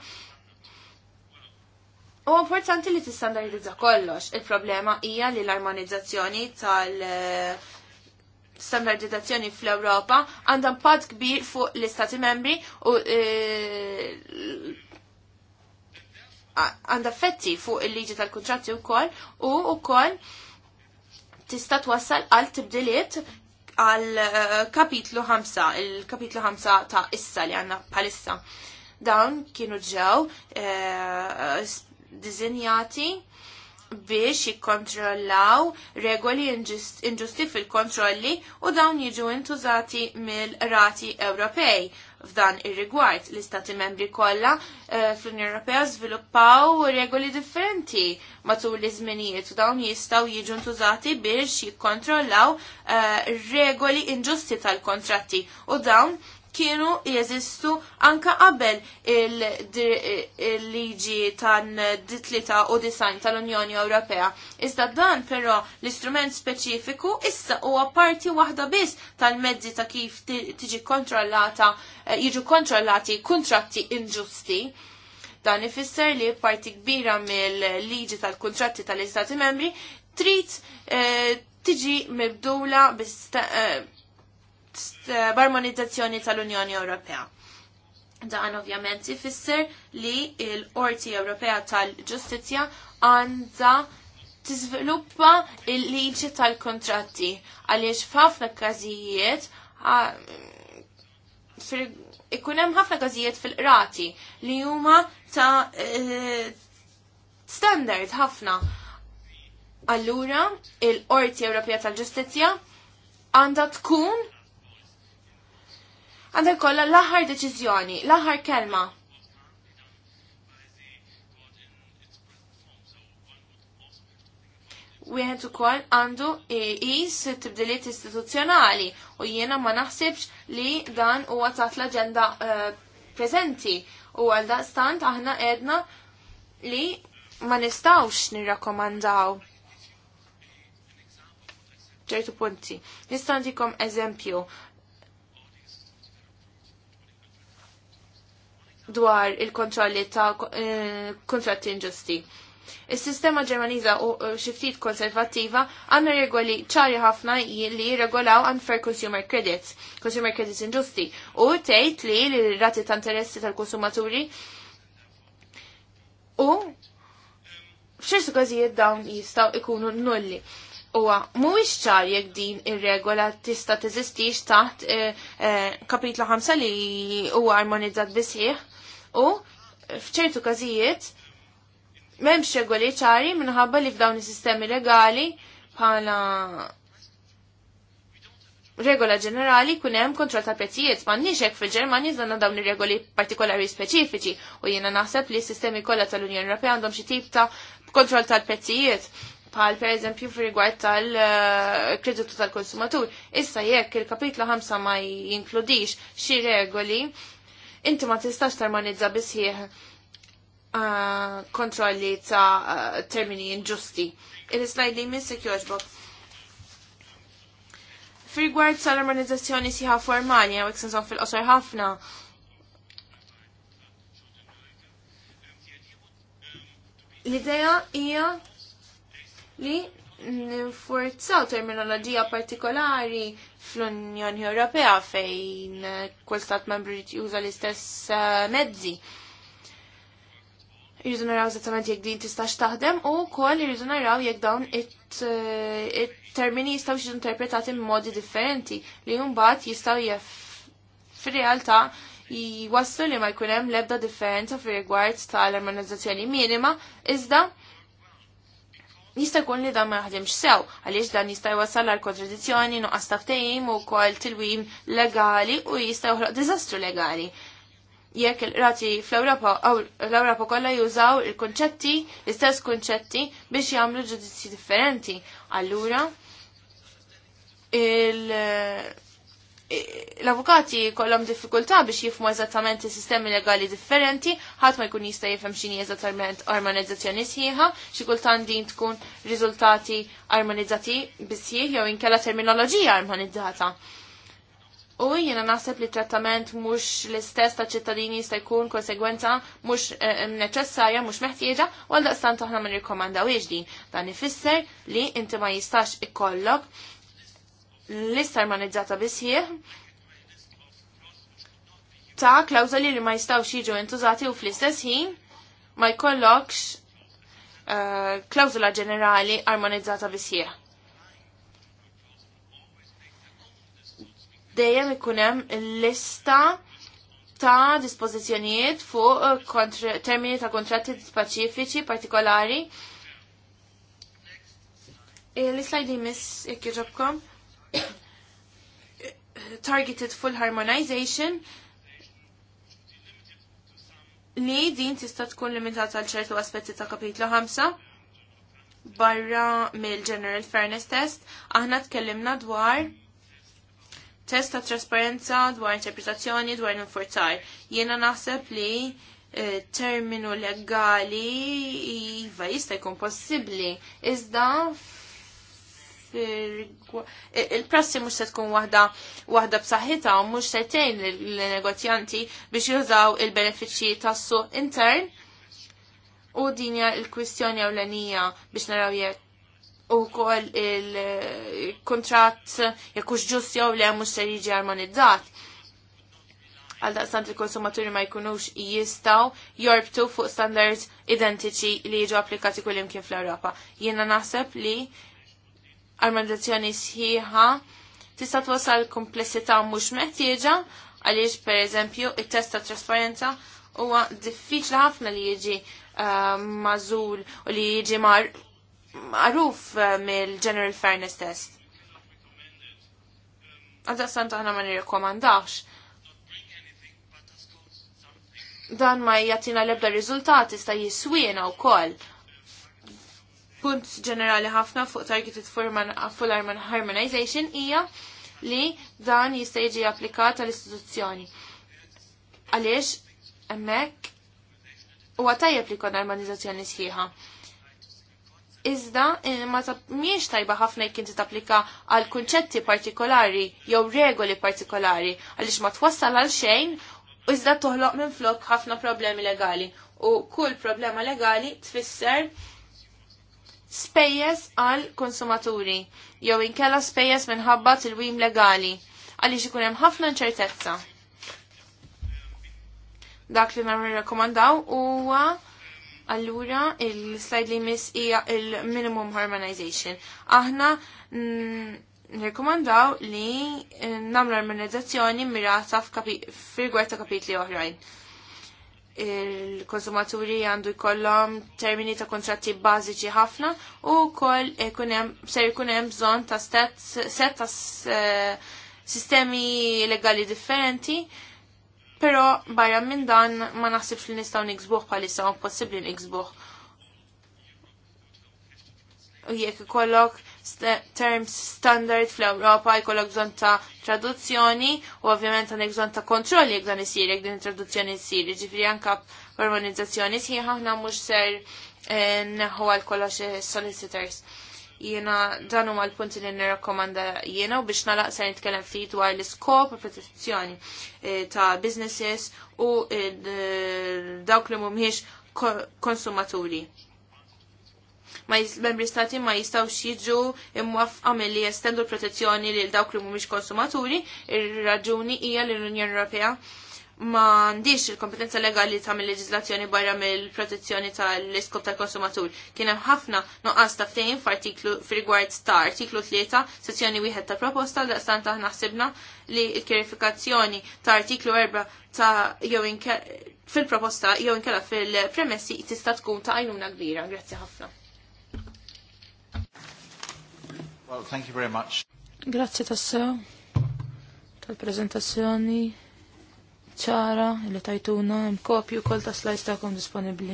A: U importanti li t-standardizza kollox. Il-problema hija li l-armonizzazzjoni tal- eh, standardizzazzjoni fl-Europa għandha impatt kbir fuq l-Istati membri u eh, għandha effetti fuq il-liġi tal-kontratti wkoll u wkoll tista' twassal għal tibdiliet għal eh, kapitlu 5, il-kapitlu 5 ta' issa li għanna palissa. Dawn kienu ġew dizinjati biex jikkontrollaw regoli inġusti fil-kontrolli u dawn jiġu intużati mill-rati Ewropej. F'dan ir-rigward l-istati membri kollha eh, fl-Unjoni Ewropea żviluppaw regoli differenti matul l-iżminijiet u dawn jistgħu jiġu ntużati biex jikkontrollaw eh, regoli inġusti tal-kontratti u dawn kienu jeżistu anka qabel il-liġi tan ditlita u design tal-Unjoni Ewropea. Iżda dan però l-istrument speċifiku issa huwa parti waħda biss tal-mezzi ta' kif tiġi kontrollata, eh, jiġu kontrollati kontratti inġusti. Dan ifisser li parti kbira mill-liġi tal-kontratti tal-Istati membri trid eh, tiġi mibdula bis eh, barmonizzazzjoni tal-Unjoni Ewropea. Dan ovvjament ifisser li l-Qorti Ewropea tal-Ġustizzja għandha tiżviluppa il-liġi tal-kontratti għaliex f'ħafna każijiet ikun hemm ħafna każijiet fil-qrati li huma ta' eh, standard ħafna. Allura, il-Qorti Ewropea tal-Ġustizzja għandha tkun Għandek kolla l-aħħar deċiżjoni, l-aħħar kelma. Wieħed ukoll għandu qis tibdiliet istituzzjonali u jiena ma naħsibx li dan huwa taħt l-aġenda eh, preżenti u għal stant aħna edna li ma nistawx nirrakkomandaw ċertu punti. Nistantikom eżempju, dwar il-kontrolli ta' eh, kontratti inġusti. Is-sistema Ġermaniża u eh, xiftit konservattiva għanna regoli ċari ħafna li jirregolaw unfair consumer credits, consumer credits inġusti, u tgħid li l-rati ta' interessi tal-konsumaturi u f'xi każijiet dawn jistgħu ikunu nulli. Uwa, mhuwiex ċar jekk din ir-regola tista' teżistix taħt eh, kapitla 5 li huwa armonizzat bisħieħ u fċertu każijiet m'hemmx regoli ċari minħabba li f'dawn is-sistemi legali bħala regola ġenerali kun hemm kontroll ta' prezzijiet m'għandniex hekk fil-Ġermanja żanna dawn ir-regoli partikolari speċifiċi u jiena naħseb li s-sistemi kollha tal-Unjoni Ewropea għandhom xi tip ta' kontroll tal-prezzijiet bħal per eżempju f'rigward tal-kreditu tal-konsumatur. Issa jekk il-kapitlu 5 ma jinkludix xi regoli Inti ma tistax tarmanizza bisħieħ uh, kontrolli ta' uh, termini inġusti. Il-slajd li minn sekjoġbok. fil sa' l armonizzazzjoni siħa formali, għawek senson fil-qosor ħafna, L-ideja hija li nifurzaw terminoloġija partikolari fl-Unjoni Ewropea fejn kull stat membru juża l-istess eh, mezzi. Irridu naraw eżattament jekk din tistax taħdem u wkoll irridu naraw jekk dawn eh, it-termini jistgħu jiġu interpretati modi differenti li mbagħad jistgħu jef fir-realtà jwasslu li ma jkun hemm l-ebda differenza fir rigward tal-armonizzazzjoni minima iżda Jista' jkun li dan ma jaħdimx sew, għaliex dan jista' jwassal għal kontradizzjoni nuqqas taftejim u kol tilwim legali u jista' joħloq diżastru legali. Jekk il-rati fl-Ewropa aw l-Ewropa kollha jużaw il-kunċetti, l-istess kunċetti biex jagħmlu ġudizzji differenti. Allura il- l-avukati kollom diffikultà biex jifmu eżattament sistemi legali differenti, ħadd ma jkun jista' jifhem x'inhi eżattament armonizzazzjoni sħiħa, xi kultant din tkun riżultati armonizzati bisħieħ jew inkella terminoloġija armonizzata. U jiena naħseb li trattament mhux l-istess ta' ċittadini jista' jkun konsegwenza mhux eh, neċessarja, mhux meħtieġa, u għal daqstant aħna ma nirkomandawiex din. Dan ifisser li inti ma jistax ikollok l-istarmanizzata bisħieħ ta' klawżoli li ma jistaw xieġu intużati u fl-istess ħin ma jkollokx uh, klawżola ġenerali armonizzata bisħieħ. Dejjem ikun hemm lista ta' dispożizzjonijiet fuq eh, termini ta' kontratti speċifiċi partikolari. E, eh, L-slajdi miss jekk jġobkom targeted full harmonization li din tista' tkun limitata għal ċertu aspetti ta' kapitlu 5 barra mill-General Fairness Test, aħna tkellimna dwar test ta' trasparenza dwar interpretazzjoni dwar l-infurzar. Jiena naħseb li eh, terminu legali iva jista' jkun possibbli iżda il-prassi mhux se tkun waħda waħda b'saħħitha u mhux se tgħin lill-negozjanti biex jużaw il-benefiċċji tassu intern u dinja il-kwistjoni ewlenija biex naraw jekk u kol il-kontrat jekux ġus jew le mhux se jiġi armonizzat. Għal sant il-konsumaturi ma jkunux jistaw jorbtu fuq standards identiċi li jiġu applikati kull imkien fl-Ewropa. Jiena naħseb li armandazzjoni sħiħa tista' twasal komplessità mhux meħtieġa għaliex pereżempju it-test ta' trasparenza huwa diffiċli ħafna li jiġi uh, mażul u li jiġi
B: magħruf
A: eh, mill-General Fairness Test. sant aħna ma nirrekomandax. Dan ma jagħtina l-ebda riżultati sta jiswiena wkoll punt ġenerali ħafna fuq Targeted Full Harmonization hija li dan jista' jiġi applikat għall istituzzjoni Għaliex hemmhekk huwa tajjeb li jkun armonizzazzjoni sħiħa. Iżda eh, ma miex tajba ħafna jekk inti tapplika għal kunċetti partikolari jew regoli partikolari għaliex ma twassal għal xejn iżda toħloq minn flok ħafna problemi legali u kull problema legali tfisser spejjeż għal konsumaturi jew inkella spejjeż minħabba tilwim legali għaliex ikun hemm ħafna inċertezza. Dak li rakkomandaw huwa allura il-slide li miss hija il-minimum harmonization. Aħna nirkomandaw li nagħmlu armonizzazzjoni mirata f'rigward ta' kapitli oħrajn il-konsumaturi għandu jkollhom termini ta' kontratti bażiċi ħafna u wkoll ser jkun hemm bżonn ta' set ta' eh, sistemi legali differenti, però barra minn dan ma naħsibx li nistgħu niksbuh bħalissa ma possibbli niksbuh. U jekk ikollok terms standard fl-Europa jkollok bżon ta' traduzzjoni u ovvjament għandek bżon ta' kontrolli jekk dan isir jekk din traduzzjoni isir. ġifri anke organizzazzjoni sħiħ aħna mhux ser eh, neħu għal kollox eh, solicitors. Jiena dan huma l-punti li nirrakkomanda jiena u biex nalaq se nitkellem ftit dwar l-iskop u protezzjoni eh, ta' businesses u dawk li mhumiex konsumaturi membri stati ma jistawx jiġu imwafqa li jestendu l-protezzjoni lil dawk li mhumiex konsumaturi, ir-raġuni hija l-Unjoni Ewropea ma għandix il-kompetenza legali ta' mill-leġizlazzjoni barra mill-protezzjoni tal-iskop tal-konsumatur. Kien hemm ħafna nuqqas ta' ftehim f'artiklu f'rigward ta' artiklu 3 sezzjoni wieħed ta' proposta da' aħna ħsibna li l-kjerifikazzjoni ta' artiklu 4 ta' jew fil-proposta jew inkella fil-premessi tista' tkun ta' għajnuna kbira. Grazzi ħafna.
C: Well, thank you very much.
B: Grazie tassew tal-prezentazzjoni ċara li tajtuna hemm kopju wkoll ta' slides tagħkom disponibbli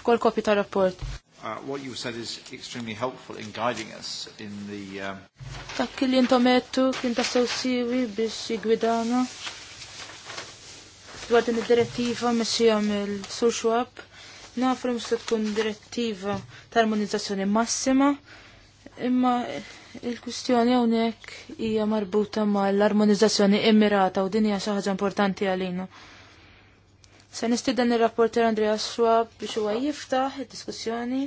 B: f'kol kopju ta' rapport.
A: Uh, what you said is extremely helpful in guiding us in the...
B: ta' um, Dak intomettu kien ta' sew siwi biex jigwidana dwar din id-direttiva mexxija mill-Sur Schwab nafru mistu tkun direttiva tal-armonizzazzjoni massima imma il-kustjoni hawnhekk hija marbuta mal-armonizzazzjoni immirata u din hija xi ħaġa importanti għalina. Se nistieden ir-rapporter Andrea Schwab biex huwa jiftaħ id-diskussjoni.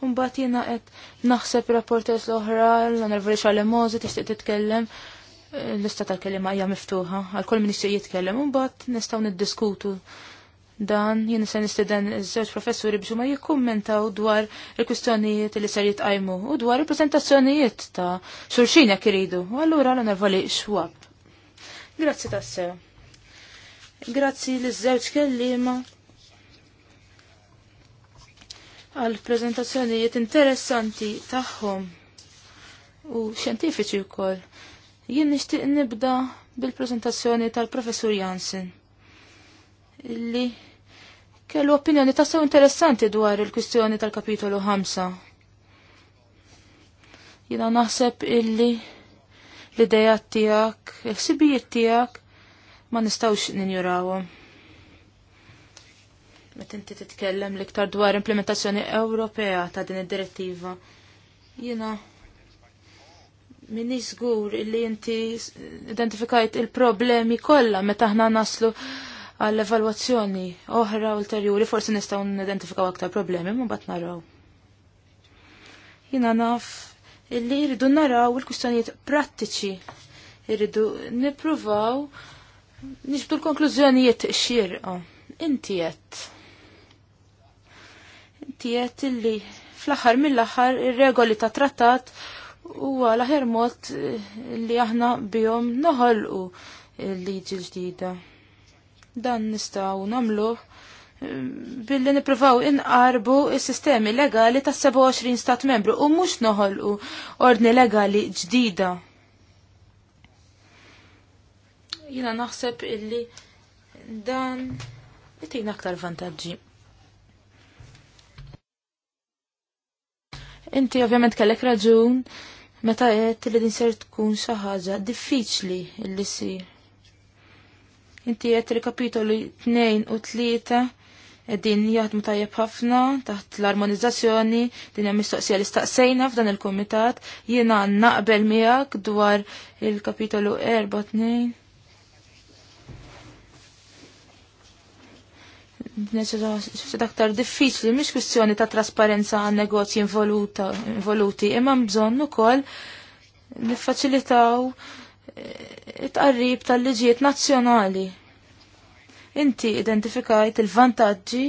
B: Mbagħad jiena qed naħseb rapporters l-oħra l-onorevoli Charlie Mose tixtieq titkellem eh, l-lista tal-kelima hija miftuħa għal kull min jitkellem u mbagħad nistgħu niddiskutu dan jien se nistedan iż-żewġ professuri biex ma jikkummentaw dwar il-kwistjonijiet li ser jitqajmu u dwar il-preżentazzjonijiet ta' xulxin jekk iridu. U allura l-onorvoli xwab. Grazzi sew. Grazzi li żewġ kellima għal preżentazzjonijiet interessanti tagħhom u xjentifiċi wkoll. Jien nixtieq nibda bil-preżentazzjoni tal-professur Jansen illi kellu opinjoni tassew interessanti dwar il-kwistjoni tal-kapitolu 5. Jina naħseb illi l-ideja tijak, il-sibijiet tijak, ma nistawx ninjurawom. Met inti titkellem liktar dwar implementazzjoni Ewropea ta' din id-direttiva. Jina, minni zgur illi inti identifikajt il-problemi kollha meta aħna naslu għall evalwazzjoni oħra ulterjuri forsi nistgħu nidentifikaw aktar problemi ma bat naraw. Jina naf illi jridu naraw il-kustjonijiet prattiċi jridu nippruvaw nixbdu l-konklużjonijiet xirqa. Inti qed. Inti qed illi fl-aħħar mill-aħħar ir-regoli ta' trattat huwa l-aħjar mod li aħna bihom noħolqu l-liġi ġdida. Dan nistaw namlu eh, billi niprofaw inqarbu s-sistemi legali ta' 27 stat membru u mux noħolqu ordni legali ġdida. Jina naħseb illi dan jitina aktar vantaġġi. Inti ovvjament kellek raġun meta qed li din ser tkun xi ħaġa diffiċli li sir. Inti qed il-kapitoli 2 u 3 din jaħdmu tajjeb ħafna taħt l-armonizzazzjoni din hemm mistoqsija li staqsejna f'dan il-kumitat jiena naqbel miegħek dwar il-kapitolu 4-2. Neċċed aktar diffiċli, mhix kwistjoni ta' trasparenza għan negozji involuti, imma bżonn ukoll niffaċilitaw it-qarrib tal-liġijiet nazzjonali. Inti identifikajt il-vantaġġi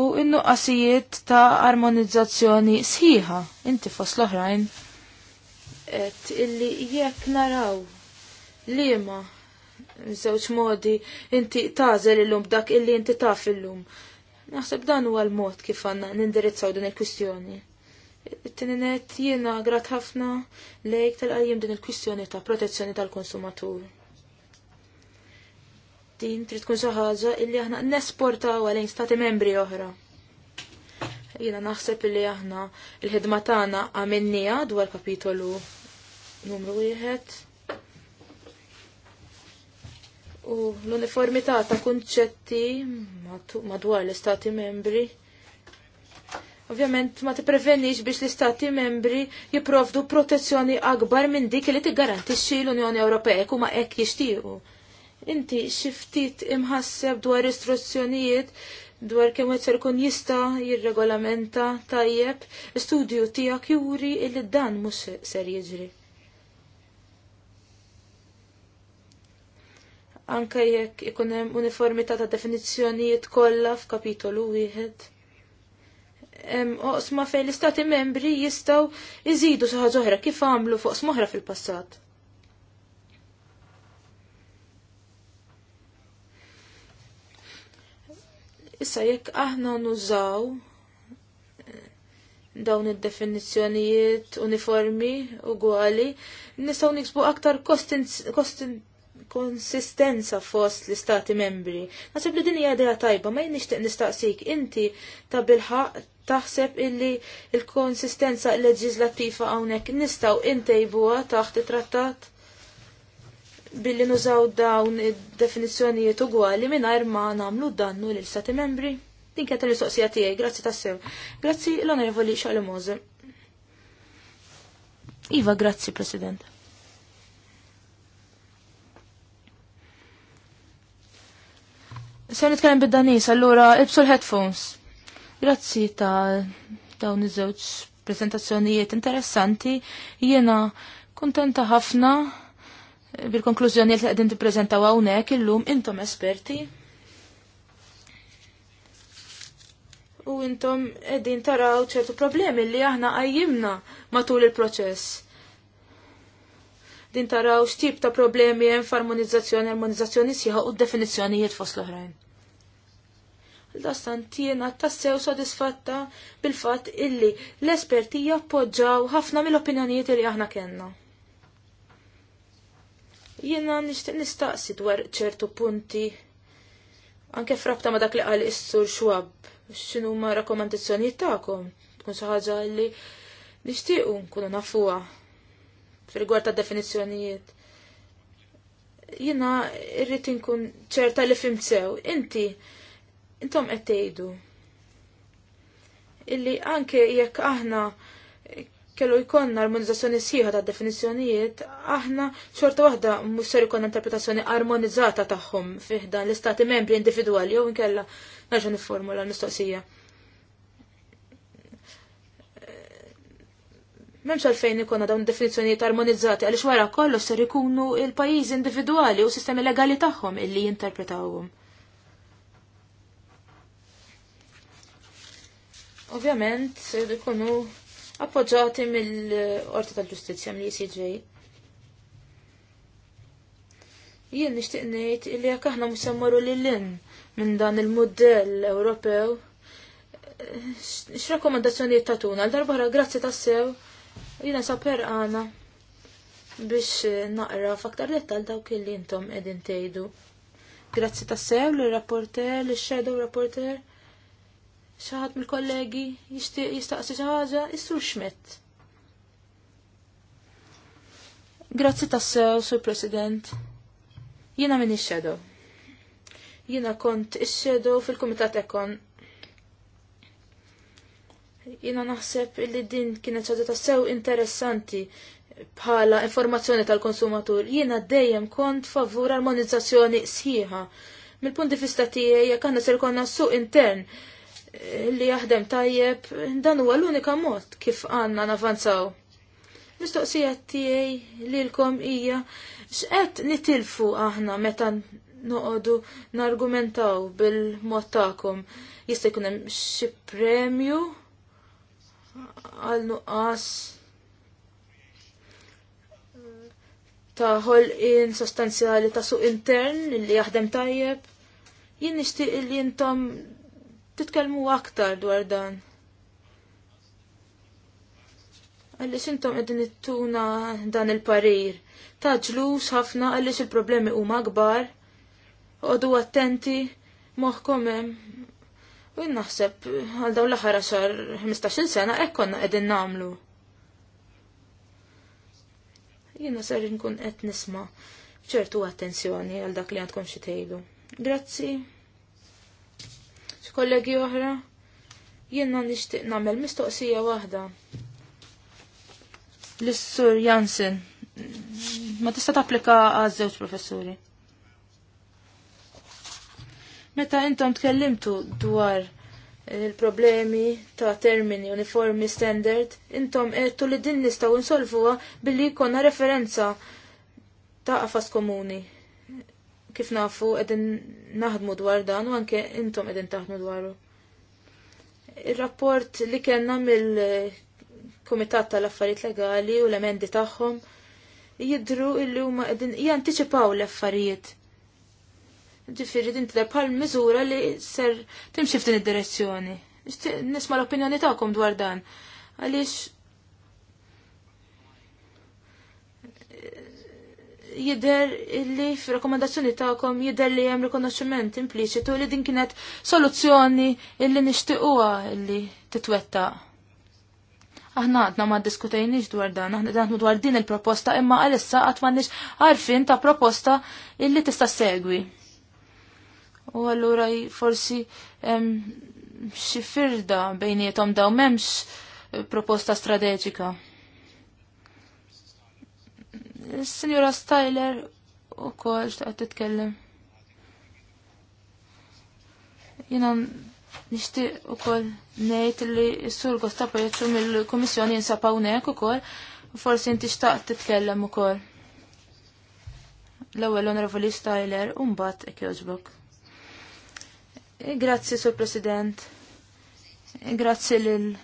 B: u n nuqqasijiet ta' armonizzazzjoni sħiħa. Inti fost l-oħrajn et illi jekk naraw liema żewġ modi inti tażel illum b'dak illi inti taf illum. Naħseb dan huwa l-mod kif għandna nindirizzaw din il-kwistjoni. Tinnet jiena grat ħafna lejk tal-qajjem din il-kwistjoni ta' protezzjoni tal-konsumatur. Din trid tkun xi ħaġa illi aħna nesportaw għalejn stati membri oħra. Jiena naħseb illi aħna il-ħidma tagħna għamennija dwar kapitolu numru wieħed. U l-uniformità ta' kunċetti madwar l-istati membri Ovvjament ma tipprevenix biex l-istati membri jiprovdu protezzjoni akbar minn dik li tiggarantixxi l-Unjoni Ewropea huma hekk jixtiequ. Inti xi ftit imħasseb dwar istruzzjonijiet dwar kemm qed ikun jista' jirregolamenta tajjeb, studju tiegħek juri li dan mhux ser jiġri. Anke jekk ikun hemm uniformità ta' definizzjonijiet kollha f'kapitolu wieħed oqsma fejn l-istati membri jistgħu iżidu saħħa oħra kif għamlu fuq smoħra fil-passat. Issa jekk aħna nużaw eh, dawn id-definizzjonijiet uniformi u għali, nistgħu niksbu aktar konsistenza fost l-istati membri. Nasib li din hija idea tajba, ma jien nistaqsik inti ta' bilħaq taħseb illi il-konsistenza leġislattiva hawnhekk nistgħu intejbuha taħt it-trattat billi nużaw dawn id-definizzjonijiet ugwali mingħajr ma nagħmlu dannu lil stati membri. Din kienet il-mistoqsija tiegħi, grazzi tassew. Grazzi l-Onorevoli Charles Iva, grazzi, President. Se nitkellem bid-Danis, allura ibsu l-headphones. Grazzi ta' dawn iż-żewġ prezentazzjonijiet interessanti. Jiena kontenta ħafna bil-konklużjoni li qegħdin tippreżentaw hawnhekk illum intom esperti. U intom qegħdin taraw ċertu problemi li aħna qajjimna matul il-proċess din taraw x'tip ta' problemi hemm f'armonizzazzjoni, armonizzazzjoni sieħa u d definizzjonijiet fost l-oħrajn. Dastantina tassew sodisfatta bil-fatt illi l-esperti jappoġġaw ħafna mill-opinjonijiet li aħna kenna. Jiena nixtieq nistaqsi dwar ċertu punti anke frabta ma dak li qal is-sur xwab x'inhu ma rakkomandazzjonijiet tagħkom tkun xi ħaġa li nixtiequ nkunu nafuha fil-gwar ta' definizzjonijiet Jiena irrit inkun ċerta li fimsew, inti Intom qed tgħidu illi anke jekk aħna kellu jkollna armonizzazzjoni sħiħa ta' definizzjonijiet, aħna xorta waħda mhux ser jkollna interpretazzjoni armonizzata tagħhom fih dan l-istati membri individwali jew inkella nerġa' niformula l-mistoqsija. Memx għalfejn ikonna dawn definizzjonijiet armonizzati għaliex wara kollox ser ikunu il-pajjiżi individwali u sistemi legali tagħhom illi jinterpretawhom. Ovvjament, ikunu appoġġati mill-Qorti tal-Ġustizzja mill-ECJ. Jien nixtieq ngħid li jekk aħna mhux semmorru lil-lin minn dan il-mudell Ewropew, x-rakkomandazzjonijiet tatuna, l-darbara grazzi tassew, jina saper għana biex naqra faktar dettal dawk li intom edin tejdu. Grazzi tassew l-rapporter, l-shadow rapporter, Xaħat mill-kollegi jistaqsi xaħġa, jistur xmet. Grazzi tassew, Sur President. Jiena min ix-shadow. Jiena kont ix-shadow fil-Kumitat Ekon. Jiena naħseb illi din kienet ċaġa tassew interessanti bħala informazzjoni tal-konsumatur, jiena dejjem kont favur armonizzazzjoni sħiħa. Mill-punt di vista tiegħi jekk għandna ser konna suq intern li jaħdem tajjeb, dan huwa l-unika mod kif għanna navanzaw. Mistoqsija tiegħi lilkom hija x'qed nitilfu aħna meta noqogħdu nargumentaw bil-mod tagħkom. Jista' jkun hemm xi premju għal nuqqas ta' ħolqien sostanzjali ta' suq intern li jaħdem tajjeb. Jien nixtieq li intom titkellmu aktar dwar dan. Għalix intom it-tuna dan il-parir. Taġlus ħafna għalli il-problemi u magbar. Għodu attenti, moħkomem. U naħseb għal daw l-ħara xar 15 sena ekkonna għedin namlu. Jina sar nkun qed nisma ċertu attenzjoni għal dak li għandkom xi tgħidu. Grazzi kollegi oħra, jenna nishtiq namel mistoqsija wahda. L-Sur Jansen, ma tista tapplika għaż-żewġ professuri. Meta intom tkellimtu dwar il-problemi ta' termini uniformi standard, intom għedtu li din nistaw insolvuha billi jkollna referenza ta' qafas komuni kif nafu qegħdin naħdmu dwar dan u anke intom qegħdin taħdmu dwaru. Ir-rapport li kellna mill-Kumitat tal-Affarijiet Legali u l-emendi tagħhom jidru illi huma qegħdin jantiċipaw l-affarijiet. Ġifieri din tidher bħal miżura li ser timxi f'din id-direzzjoni. Nisma' l-opinjoni tagħkom dwar dan. Għaliex jider li f-rekomendazzjoni ta'kom jider li jem rikonoxximent impliċitu li din kienet soluzzjoni illi nishtiquwa illi titwetta. Aħna għadna ma diskutajniġ dwar dan, aħna għadna dwar din il-proposta imma għalissa għat ma għarfin ta' proposta illi tista' segwi. U għallura forsi xifirda bejnietom daw memx proposta strateġika. Signora Styler u kol t titkellem. Jena nishti u kol nejt li s-sur Gosta Pajeċu mill-Komissjoni jinsapaw nek u kol, forsi inti xtaqt titkellem u kol. L-ewel onorevoli Styler un bat e joġbok. Grazzi, sur President. E, grazzi l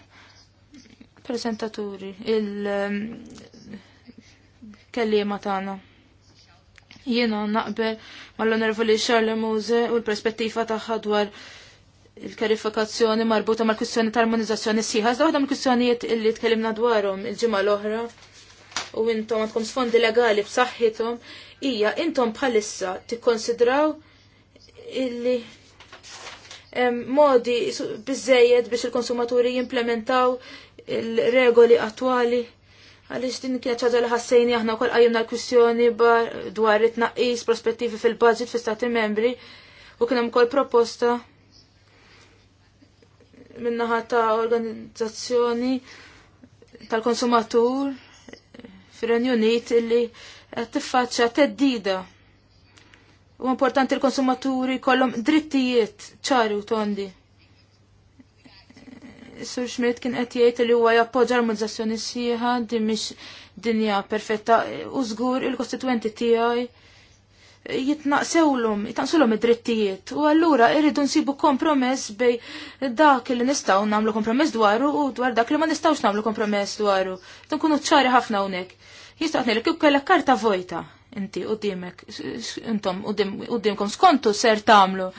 B: presentaturi, il kellima tagħna. Jiena naqbel mal-onorevoli Charles Muse u l-perspettiva tagħha dwar il-karifikazzjoni marbuta mal-kwistjoni tal-armonizzazzjoni sħiħa. Iżda mal mill-kwistjonijiet illi tkellimna dwarhom il-ġimgħa l-oħra u intom għandkom sfondi legali b'saħħithom hija intom bħalissa tikkonsidraw illi modi bizzejed biex il-konsumaturi jimplementaw il-regoli attwali Għalix din kienet ċaġa li ħassejni aħna kol għajumna l-kwistjoni dwar it-tnaqqis prospettivi fil-budget fil stati membri u kien hemm ukoll proposta minnaħa ta' organizzazzjoni tal-konsumatur fir-Renju Unit illi qed tiffaċċja teddida. U importanti l-konsumaturi kollom drittijiet ċari u tondi. Sur Schmidt kien qed jgħid li huwa jappoġġa l-modizzazzjoni sieħa din mhix dinja perfetta u żgur il-kostituenti tiegħi jitnaqsewlhom, jitnaqsulhom id-drittijiet. U allura irridu nsibu kompromess bej dak li nistgħu nagħmlu kompromess dwaru u dwar dak li ma nistgħux nagħmlu kompromess dwaru. Nkunu ċari ħafna hawnhekk. Jista' tnejlek kif kellek karta vojta inti qudiemek intom qudiemkom skontu ser tagħmlu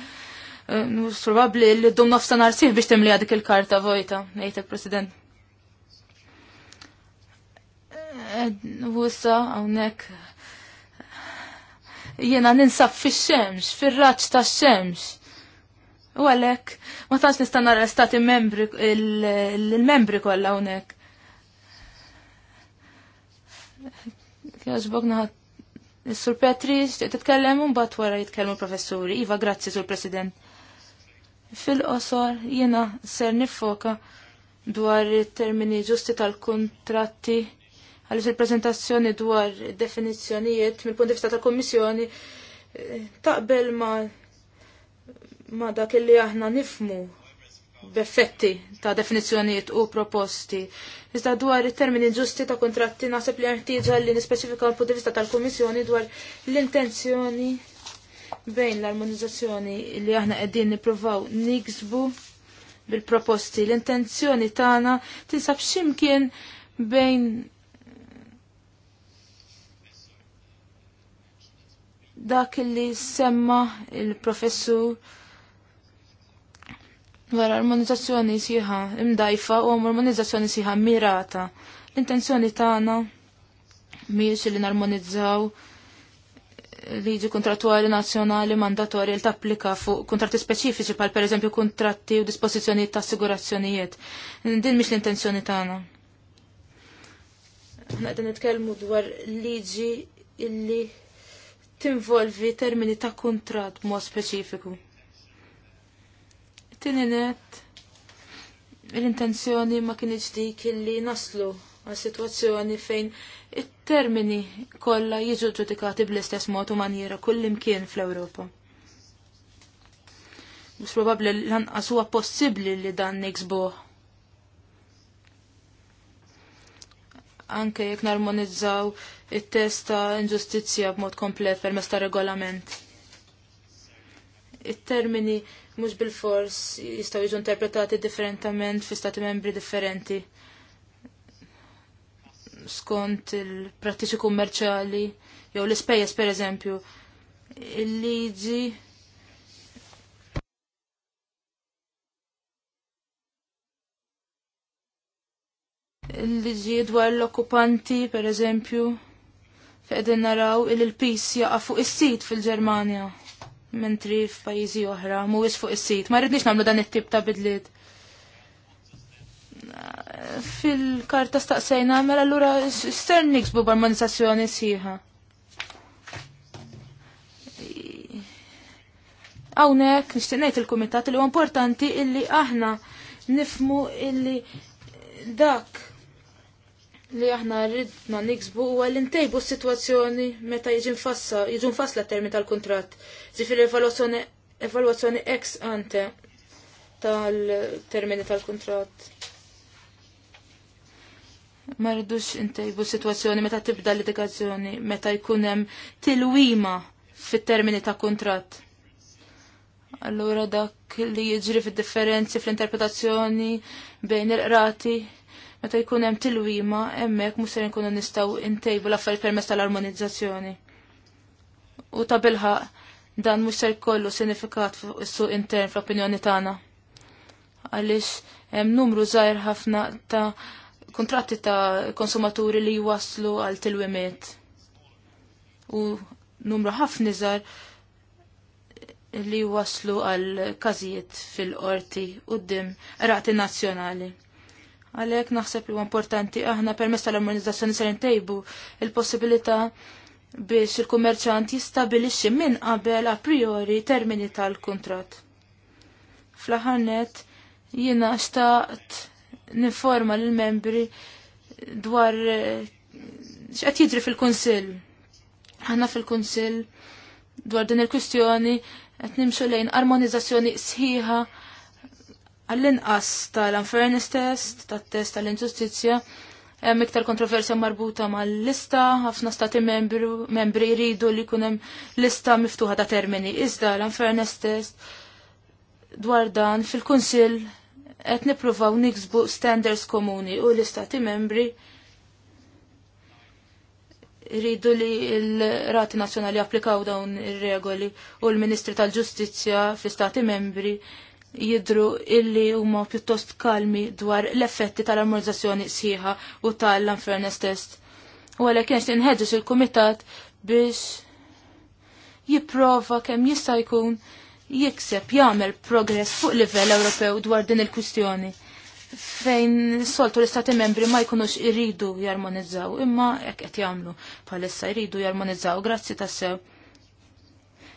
B: Probabli li d-dum nofsa narsih biex temli għadik il-karta vojta, nejtek president. Eh, wussa, għawnek. Jena ninsab fi xemx, fi raċ ta' xemx. U għalek, ma tantx nistan nara l il-membri kolla unek. Kjaġbok naħat. Sur Petri, titkellem un bat wara jitkellmu professuri. Iva, grazzi, sur President. Fil-qosor jiena ser nifoka dwar termini ġusti tal-kontratti għaliex il-prezentazzjoni dwar definizzjonijiet mill-punt vista tal-Kommissjoni eh, taqbel ma ma dak li aħna nifmu b'effetti ta' definizzjonijiet u proposti. Iżda dwar it-termini ġusti ta' kontratti naħseb li artiġa li nispeċifika l-punt vista tal-Kommissjoni dwar l-intenzjoni bejn l-armonizzazzjoni li aħna qegħdin nippruvaw niksbu bil-proposti l-intenzjoni tagħna tinsab x'imkien bejn dak li semma il-professur wara armonizzazzjoni siħa imdajfa u armonizzazzjoni siħa mirata. L-intenzjoni tagħna mhijiex li narmonizzaw liġi kontrattuali nazzjonali mandatorja li tapplika fuq kontratti speċifiċi pal per eżempju kontratti u dispożizzjonijiet ta' assigurazzjonijiet. Din mhix l-intenzjoni tagħna. Aħna nitkellmu dwar liġi illi tinvolvi termini ta' kuntratt mod speċifiku. Tieni l-intenzjoni ma kienx dik illi naslu għal sitwazzjoni fejn it-termini kollha jiġu ġudikati bl-istess mod u maniera kullimkien fl-Ewropa. Mhux probabbli lanqas huwa possibbli li dan niksbuh. Anke jekk narmonizzaw it-test ta' inġustizzja b'mod komplet permezz ta' regolament. It-termini mhux bil-fors jistgħu jiġu interpretati differentament fi stati membri differenti skont il-prattiċi kummerċali jew l-ispejjeż pereżempju il-liġi il-liġi dwar l-okkupanti pereżempju fedin naraw il il-pis jaqa' fuq is-sit fil-Ġermanja mentri f'pajjiżi oħra mhuwiex fuq is-sit. Ma rridniex nagħmlu dan it-tip ta' bidliet fil-karta staqsejna, mela allura ser niksbu barmonizzazzjoni siħa. Hawnhekk nixtieq ngħid il komitat li huwa importanti illi aħna nifmu illi dak li aħna rridna niksbu u li ntejbu s-sitwazzjoni meta jiġi nfassa, jiġu nfassla termi tal-kuntratt. evaluazzjoni evalwazzjoni ex ante tal-termini tal-kuntratt. Ma rridux intejbu situazzjoni meta tibda litigazzjoni, meta jkun hemm tilwima fit-termini ta' kuntratt. Allura dak li jiġri fid-differenzi fl-interpretazzjoni bejn il-qrati, meta jkun hemm tilwima, hemmhekk mhux se nkunu nistgħu intejbu l-affarijiet permezz tal-armonizzazzjoni. U ta' bilħaq dan mhux se jkollu sinifikat fuq is-suq intern fl-opinjoni tagħna. Għaliex hemm numru żgħir ħafna ta' kontratti ta' konsumaturi li jwaslu għal tilwimiet. U numru ħafna iżgħar li jwaslu għal każijiet fil-qorti quddiem rati nazzjonali. Għalhekk naħseb li huwa importanti aħna permezz tal-armonizzazzjoni ser ntejbu il-possibilità biex il-kummerċant jistabilixxi minn qabel a priori termini tal-kuntratt. Fl-aħħar jiena xtaqt niforma l-membri dwar eh, x'qed jiġri fil-Kunsill. Aħna fil-Kunsill dwar din il-kwistjoni qed nimxu lejn armonizzazzjoni sħiħa għall-inqas tal-unfairness test, tat-test tal-inġustizzja, hemm iktar kontroversja marbuta mal-lista, ħafna stati membri jridu li jkun hemm lista miftuħa ta' termini. Iżda l-unfairness test dwar dan fil-Kunsill qed nippruvaw niksbu standards komuni u l-istati membri rridu li l-rati nazzjonali applikaw dawn ir-regoli u l-Ministri tal-Ġustizzja fl-istati membri jidru illi huma pjuttost kalmi dwar l-effetti tal-armonizzazzjoni sħiħa u tal-unfairness test. U għalhekk kienx inħeġġeġ il-kumitat biex jipprova kemm jista' jkun jikseb jagħmel progress fuq livell Ewropew dwar din il-kwistjoni fejn soltu l-istati membri ma jkunux irridu jarmonizzaw, imma jekk qed jagħmlu bħalissa jridu jarmonizzaw, grazzi ta' sew.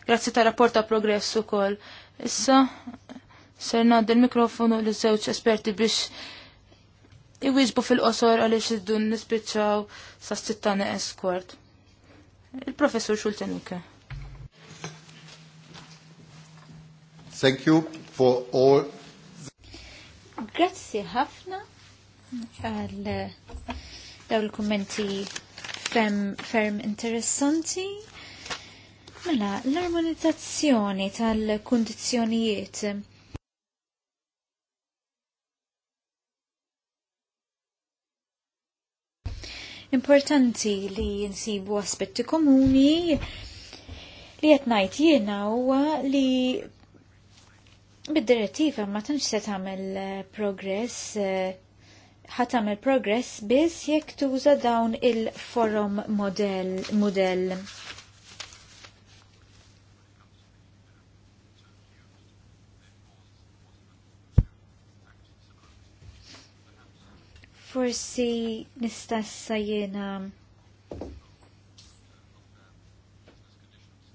B: Grazzi ta' rapporta progress ukoll. Issa ser ngħaddi l-mikrofonu li żewġ esperti biex iwiġbu fil-qosor għaliex iddu nispiċċaw sa' sittane eskort. Il-professur Xultenuke.
C: Thank you for all. Grazzi ħafna għal daw il-kommenti ferm interessanti. Mela, l-armonizzazzjoni tal-kondizjonijiet importanti li nsibu aspetti komuni li jatnajt jiena u li bid-direttiva ma tantx se tagħmel eh, progress eh, ħat tagħmel progress biss jekk tuża dawn il-forum model model. Forsi nista' sajjena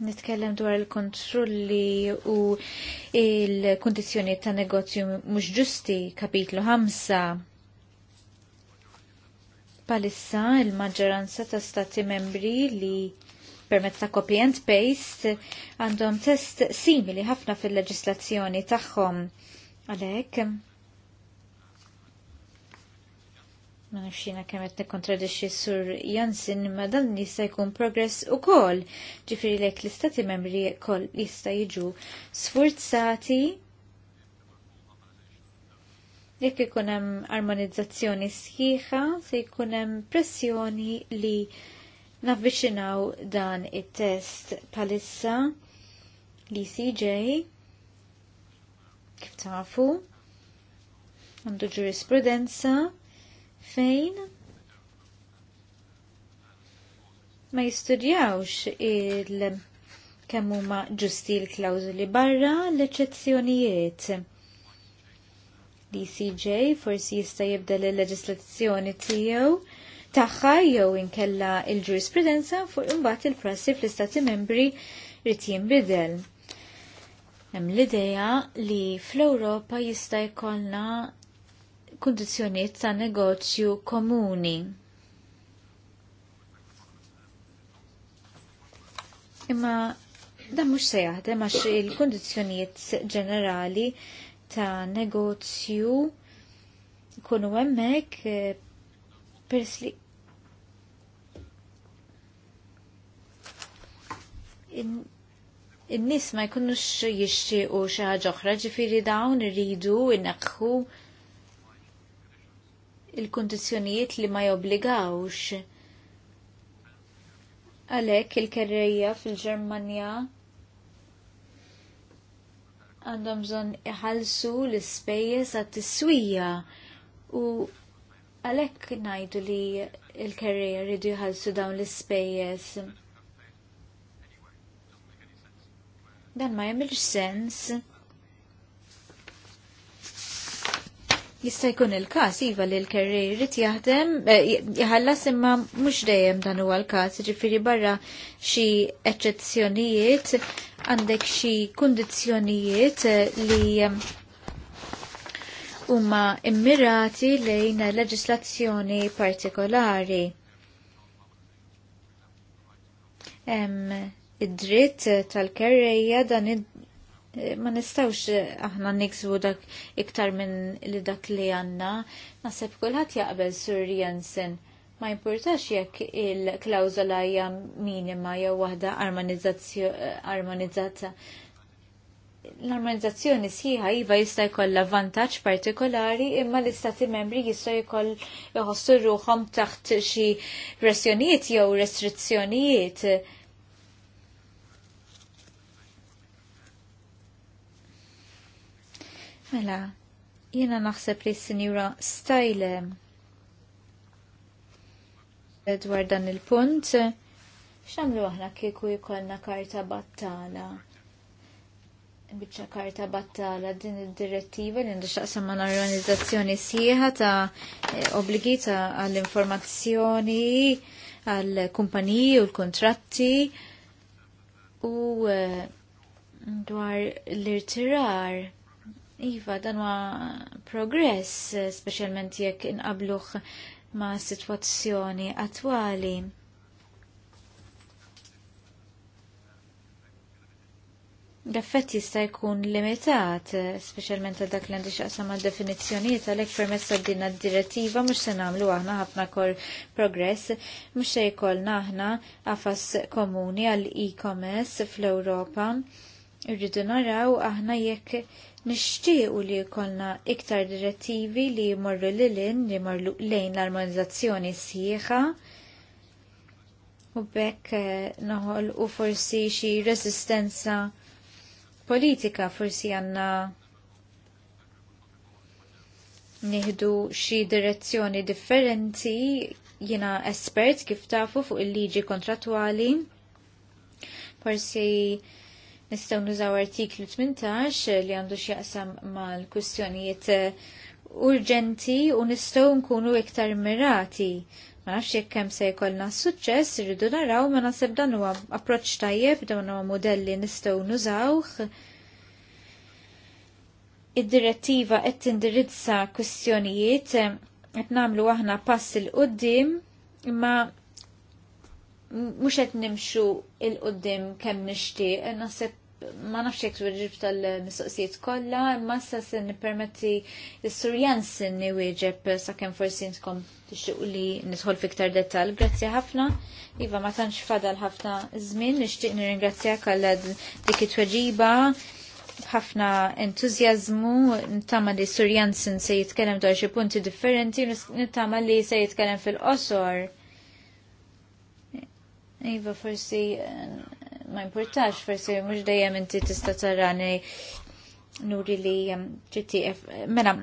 C: nitkellem dwar il-kontrolli u il-kondizjoni ta' negozju mhux ġusti, kapitlu 5. Palissa il-maġġoranza ta' stati membri li permezz ta' copy and paste għandhom test simili ħafna fil-leġislazzjoni tagħhom. Għalhekk, Ma nafxina jiena kemm qed nikkontradixxi sur Jansin ma dan jista' jkun progress ukoll. Ġifieri lek l-istati membri kol jista' jiġu sfurzati jekk ikun hemm armonizzazzjoni sħiħa se jkun hemm pressjoni li navviċinaw dan it-test palissa li e CJ kif tafu għandu ġurisprudenza fejn ma jistudjawx il- kemm huma ġusti l-klawżuli barra l-eċezzjonijiet. DCJ forsi jista' jibdel il-leġislazzjoni tiegħu tagħha jew inkella il-ġurisprudenza fuq imbagħad il-prassi fl-istati membri rid jinbidel. Hemm l-idea li fl-Ewropa jista' jkollna kundizzjonijiet ta' negozju komuni. Imma dan mhux se jaħdem għax il-kundizzjonijiet ġenerali ta' negozju kunu hemmhekk eh, persli in-nis ma jkunux jixtiequ xi ħaġa oħra, ġifieri dawn iridu inaqqu il-kondizjonijiet li ma jobbligawx. Għalhekk il-kerreja fil-Ġermanja għandhom bżonn iħalsu l-ispejjeż għat-tiswija u għalhekk ngħidu li l kerreja jridu jħallsu dawn l-ispejjeż. Dan ma jemilx sens. Jista' jkun il-każ iva li l-kerri jrid jaħdem eh, jħallas imma mhux dejjem dan huwa l-każ, jiġifieri barra xi eċċezzjonijiet għandek xi kundizzjonijiet eh, li eh, huma immirati lejn leġislazzjoni partikolari. Hemm id-dritt tal-kerreja dan id ma nistawx eh, aħna niksbu dak iktar minn li dak li għanna, nasib kullħat jaqbel Sur Jensen. Ma jimportax jekk il-klawzola hija minima jew waħda eh, armonizzata. L-armonizzazzjoni sħiħa iva jista' jkollha vantaġġ partikolari imma l-istati membri jista' jkoll jħossu ruħhom taħt xi pressjonijiet jew restrizzjonijiet Mela, jiena naħseb li s-sinjura stajle dwar dan il-punt, xamlu aħna kieku jkollna karta battala. Bicċa karta battala din id-direttiva li ndaxaqsam samma l-organizzazzjoni sieħa ta' obbligita għall-informazzjoni, għall-kumpaniji u l-kontratti u eh, dwar l-irtirar Iva, dan huwa progress, eh, speċjalment jekk inqabluħ ma' situazzjoni attwali. L-effett jista' jkun limitat, eh, speċjalment għal dak li għandix għasam għal definizzjonijiet għalhekk permezz għal din id-direttiva mhux se nagħmlu aħna ħafna kol progress, mhux se jkollna aħna għafas komuni għall e-commerce fl-Ewropa. Irridu naraw aħna jekk Nixtiequ li jkollna iktar direttivi li jmorru lilin li jmorru lejn l-armonizzazzjoni sħiħa u bekk eh, noħol u forsi xi resistenza politika forsi għanna nieħdu xi direzzjoni differenti jiena espert kif tafu fuq il-liġi kontratwali. Forsi Nistgħu nużaw artiklu 18 li għandu x'jaqsam mal-kwistjonijiet eh, urġenti u nistgħu nkunu iktar mirati. Ma nafx jekk hemm se jkollna suċċess irridu naraw ma naħseb dan huwa approċċ tajjeb dawn huwa modelli nistgħu nużawh id-direttiva qed tindirizza kwistjonijiet eh, qed nagħmlu aħna pass il qudiem ma mhux qed nimxu il qudiem kemm nixtieq naħseb ma nafx jek wieġib tal-mistoqsijiet kollha, imma sa se nippermetti l-Sur Jansen sa sakemm forsi intkom tixtiequ li nidħol fiktar detal. Grazie ħafna. Iva ma tantx fadal ħafna żmien, nixtieq nirringrazzjak kalla dik it-tweġiba ħafna entużjażmu nittama li Sur Jansen se jitkellem dwar xi punti differenti, nittama li se jitkellem fil-qosor. Iva forsi eh, ma importax, forsi mhux dejjem inti tista' tarani nuri li GTF. Ehm, ehm, mela,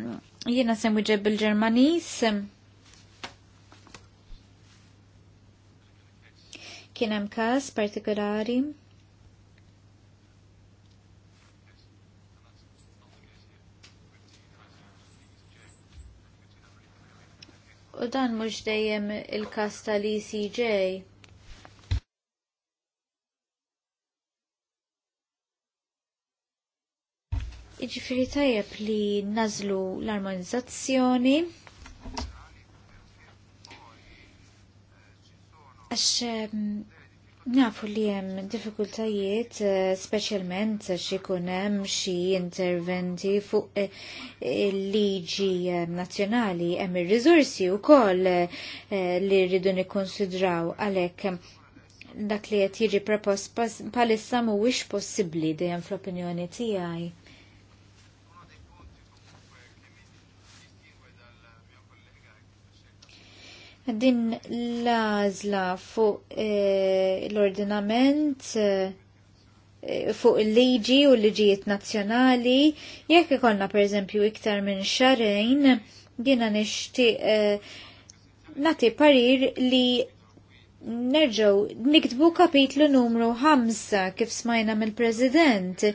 C: jiena semmu ġeb bil ġermanis Kien hemm każ partikolari. U dan mhux dejjem il-każ tal-ECJ. Iġifiri tajjeb li nażlu l-armonizzazzjoni. Għax ehm, nafu li hemm diffikultajiet eh, speċjalment għax ikun hemm xi interventi fuq eh, liġi eh, nazzjonali hemm ir u wkoll li rridu nikkonsidraw għalhekk dak li qed jiġi propost palissa mhuwiex possibbli dejjem fl-opinjoni tiegħi. Din l-għażla fuq eh, l-ordinament eh, fuq il-liġi u l-liġijiet nazzjonali, jekk ikollna pereżempju iktar minn xarejn, jiena nixtieq eh, nagħti parir li nerġaw niktbu kapitlu numru 5 kif smajna mill-President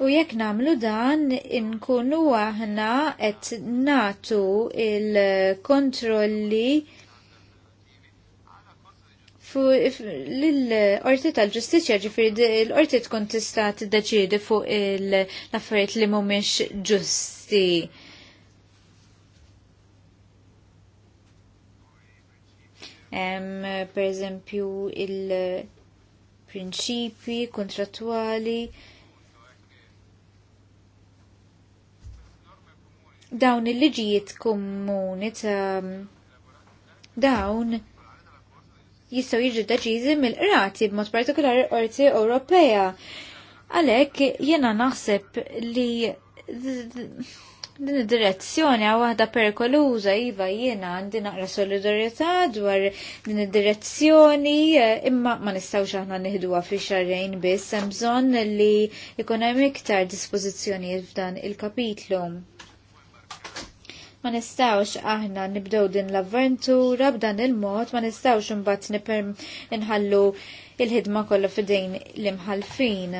C: U jekk namlu dan inkunu aħna qed natu il-kontrolli l-orti tal-ġustizja ġifiri l-orti tkun tista' tiddeċiedi fuq l-affarijiet li mhumiex ġusti. Hemm per eżempju il-prinċipi kontrattwali dawn il-liġijiet komuni ta' dawn jistaw jiġu deċiżi mill-qrati b'mod partikolari orti Ewropea. Għalek jena naħseb li din id-direzzjoni għaw waħda perikoluża iva jiena għandi naqra solidarieta dwar din id-direzzjoni imma ma nistgħux aħna nieħduha fi xarrejn biss hemm bżonn li ikun hemm iktar dispożizzjonijiet f'dan il-kapitlu. Ma nistawx aħna nibdew din l-avventura b'dan il-mod, ma nistawx imbagħad niperm inħallu il-ħidma kollha f'idejn l-imħalfin.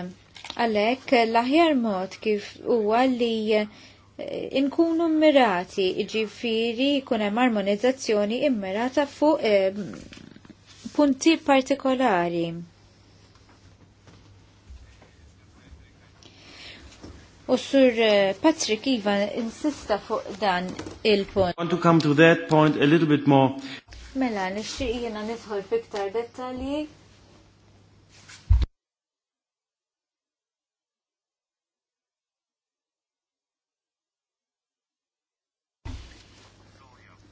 C: Għalhekk l-aħjar mod kif huwa li eh, inkunu mmirati, ġifiri kuna hemm armonizzazzjoni immirata fuq eh, punti partikolari. U sur eh, Patrick Ivan insista fuq dan il-punt. Want to come to that
B: point a little bit more.
C: Mela, nixtieq jiena nidħol fiktar dettalji.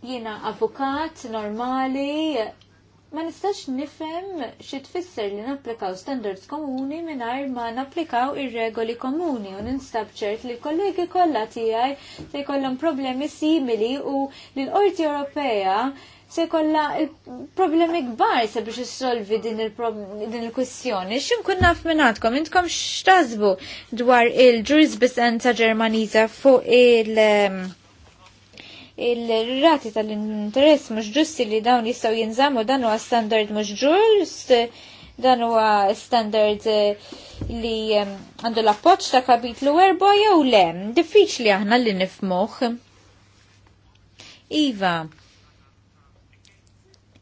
C: Jiena avukat normali, ma nistax nifhem xi tfisser li napplikaw standards komuni mingħajr ma napplikaw ir-regoli komuni u ninstab ċert li l-kollegi kollha tiegħi se jkollhom problemi simili u li l-Qorti Ewropea se jkollha problemi kbar sabiex issolvi din il-kwistjoni. X'inkun naf minn għandkom intkom x'tażbu dwar il-jurisbis ta' Ġermaniża fuq il- il-rati tal-interess mhux ġusti li dawn jistgħu jinżammu dan huwa standard mhux ġust, dan huwa standard eh, li għandu l-appoġġ ta' kapitlu erba' jew le, diffiċli aħna li nifmuh. Iva,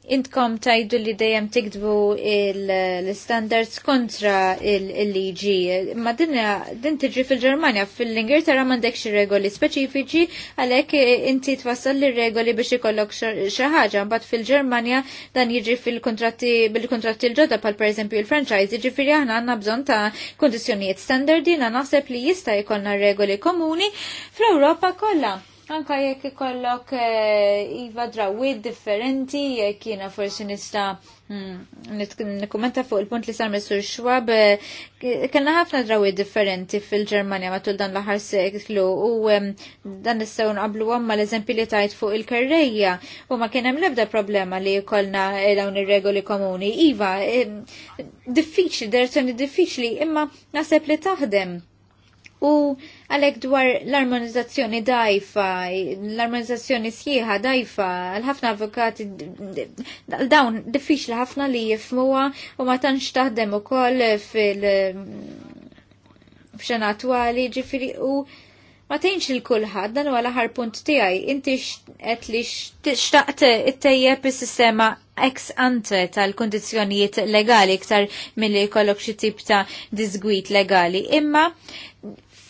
C: intkom tajdu li dejjem tikdbu l-standards kontra il-liġi. Ma din tiġri fil-Ġermanja, fil-Ingilterra m'għandek xi regoli speċifiċi għalhekk inti twassal l-regoli biex ikollok xi ħaġa, mbagħad fil-Ġermanja dan jiġi fil-kontratti bil-kontratti l-ġodda bħal pereżempju il-franchise, jiġifieri aħna għandna bżonn ta' kundizzjonijiet standardi, naħseb li jista' jkollna regoli komuni fl-Ewropa kollha Anka jekk ikollok eh, iva drawid differenti, jekk jiena forsi nista' hmm, nikkumenta fuq il-punt li sar Messur xwab, eh, kellna ħafna drawid differenti fil-Ġermanja matul dan l-aħħar seklu u dan nistaw nqablu għamma l-eżempji li tajt fuq il karreja u ma kien hemm l-ebda problema li jkollna eh, dawn ir-regoli komuni. Iva, diffiċli, direzzjoni diffiċli, imma naħseb li taħdem. U Għalek dwar l-armonizzazzjoni dajfa, l-armonizzazzjoni sħiħa dajfa, l-ħafna avokati, dawn diffiċli ħafna li jifmuwa u ma tanx taħdem u koll fil-xena attuali ġifiri u ma tgħinx il kulħadd dan huwa l-aħħar punt tiegħi. Inti qed li xtaqt ittejjeb is-sistema ex ante tal-kundizzjonijiet legali iktar milli jkollok xi tip ta' disgwit legali. Imma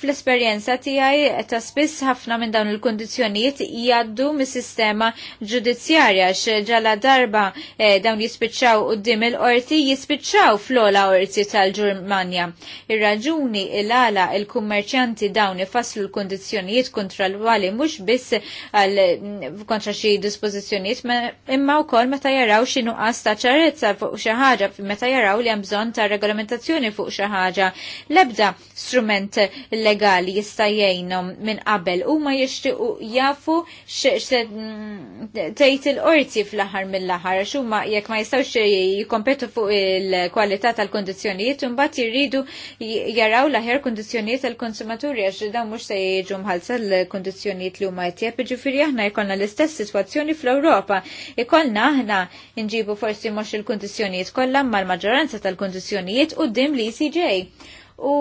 C: fl-esperjenza tiegħi ta' spiss ħafna minn dawn il kondizjoniet jgħaddu mis-sistema ġudizzjarja x'ġala darba eh, dawn jispiċċaw quddiem il-qorti jispiċċaw fl-ola qorti tal-Ġermanja. Ir-raġuni il għala il-kummerċjanti dawn ifasslu l kondizjoniet kontra l-wali mhux biss għal mm, kontra xi dispożizzjonijiet imma wkoll meta jaraw xi nuqqas ta' ċarezza fuq xi ħaġa meta jaraw li hemm bżonn ta' regolamentazzjoni fuq xi ħaġa. L-ebda strument legali legali jista' jgħinhom minn qabel huma jixtiequ jafu tgħid il-qorti fl-aħħar mill-aħħar għax huma jekk ma jistgħux jikkompetu fuq il-kwalità tal kundizzjonijiet imbagħad jiridu jaraw l-aħjar kundizzjonijiet tal-konsumaturi għax dawn mhux se jiġu mħallsa l-kondizzjonijiet li huma jtjeb, jiġifieri aħna jkollna l-istess sitwazzjoni fl-Ewropa. Ikollna aħna nġibu forsi mhux il kundizzjonijiet kollha mal-maġġoranza tal kundizzjonijiet quddiem li ECJ. U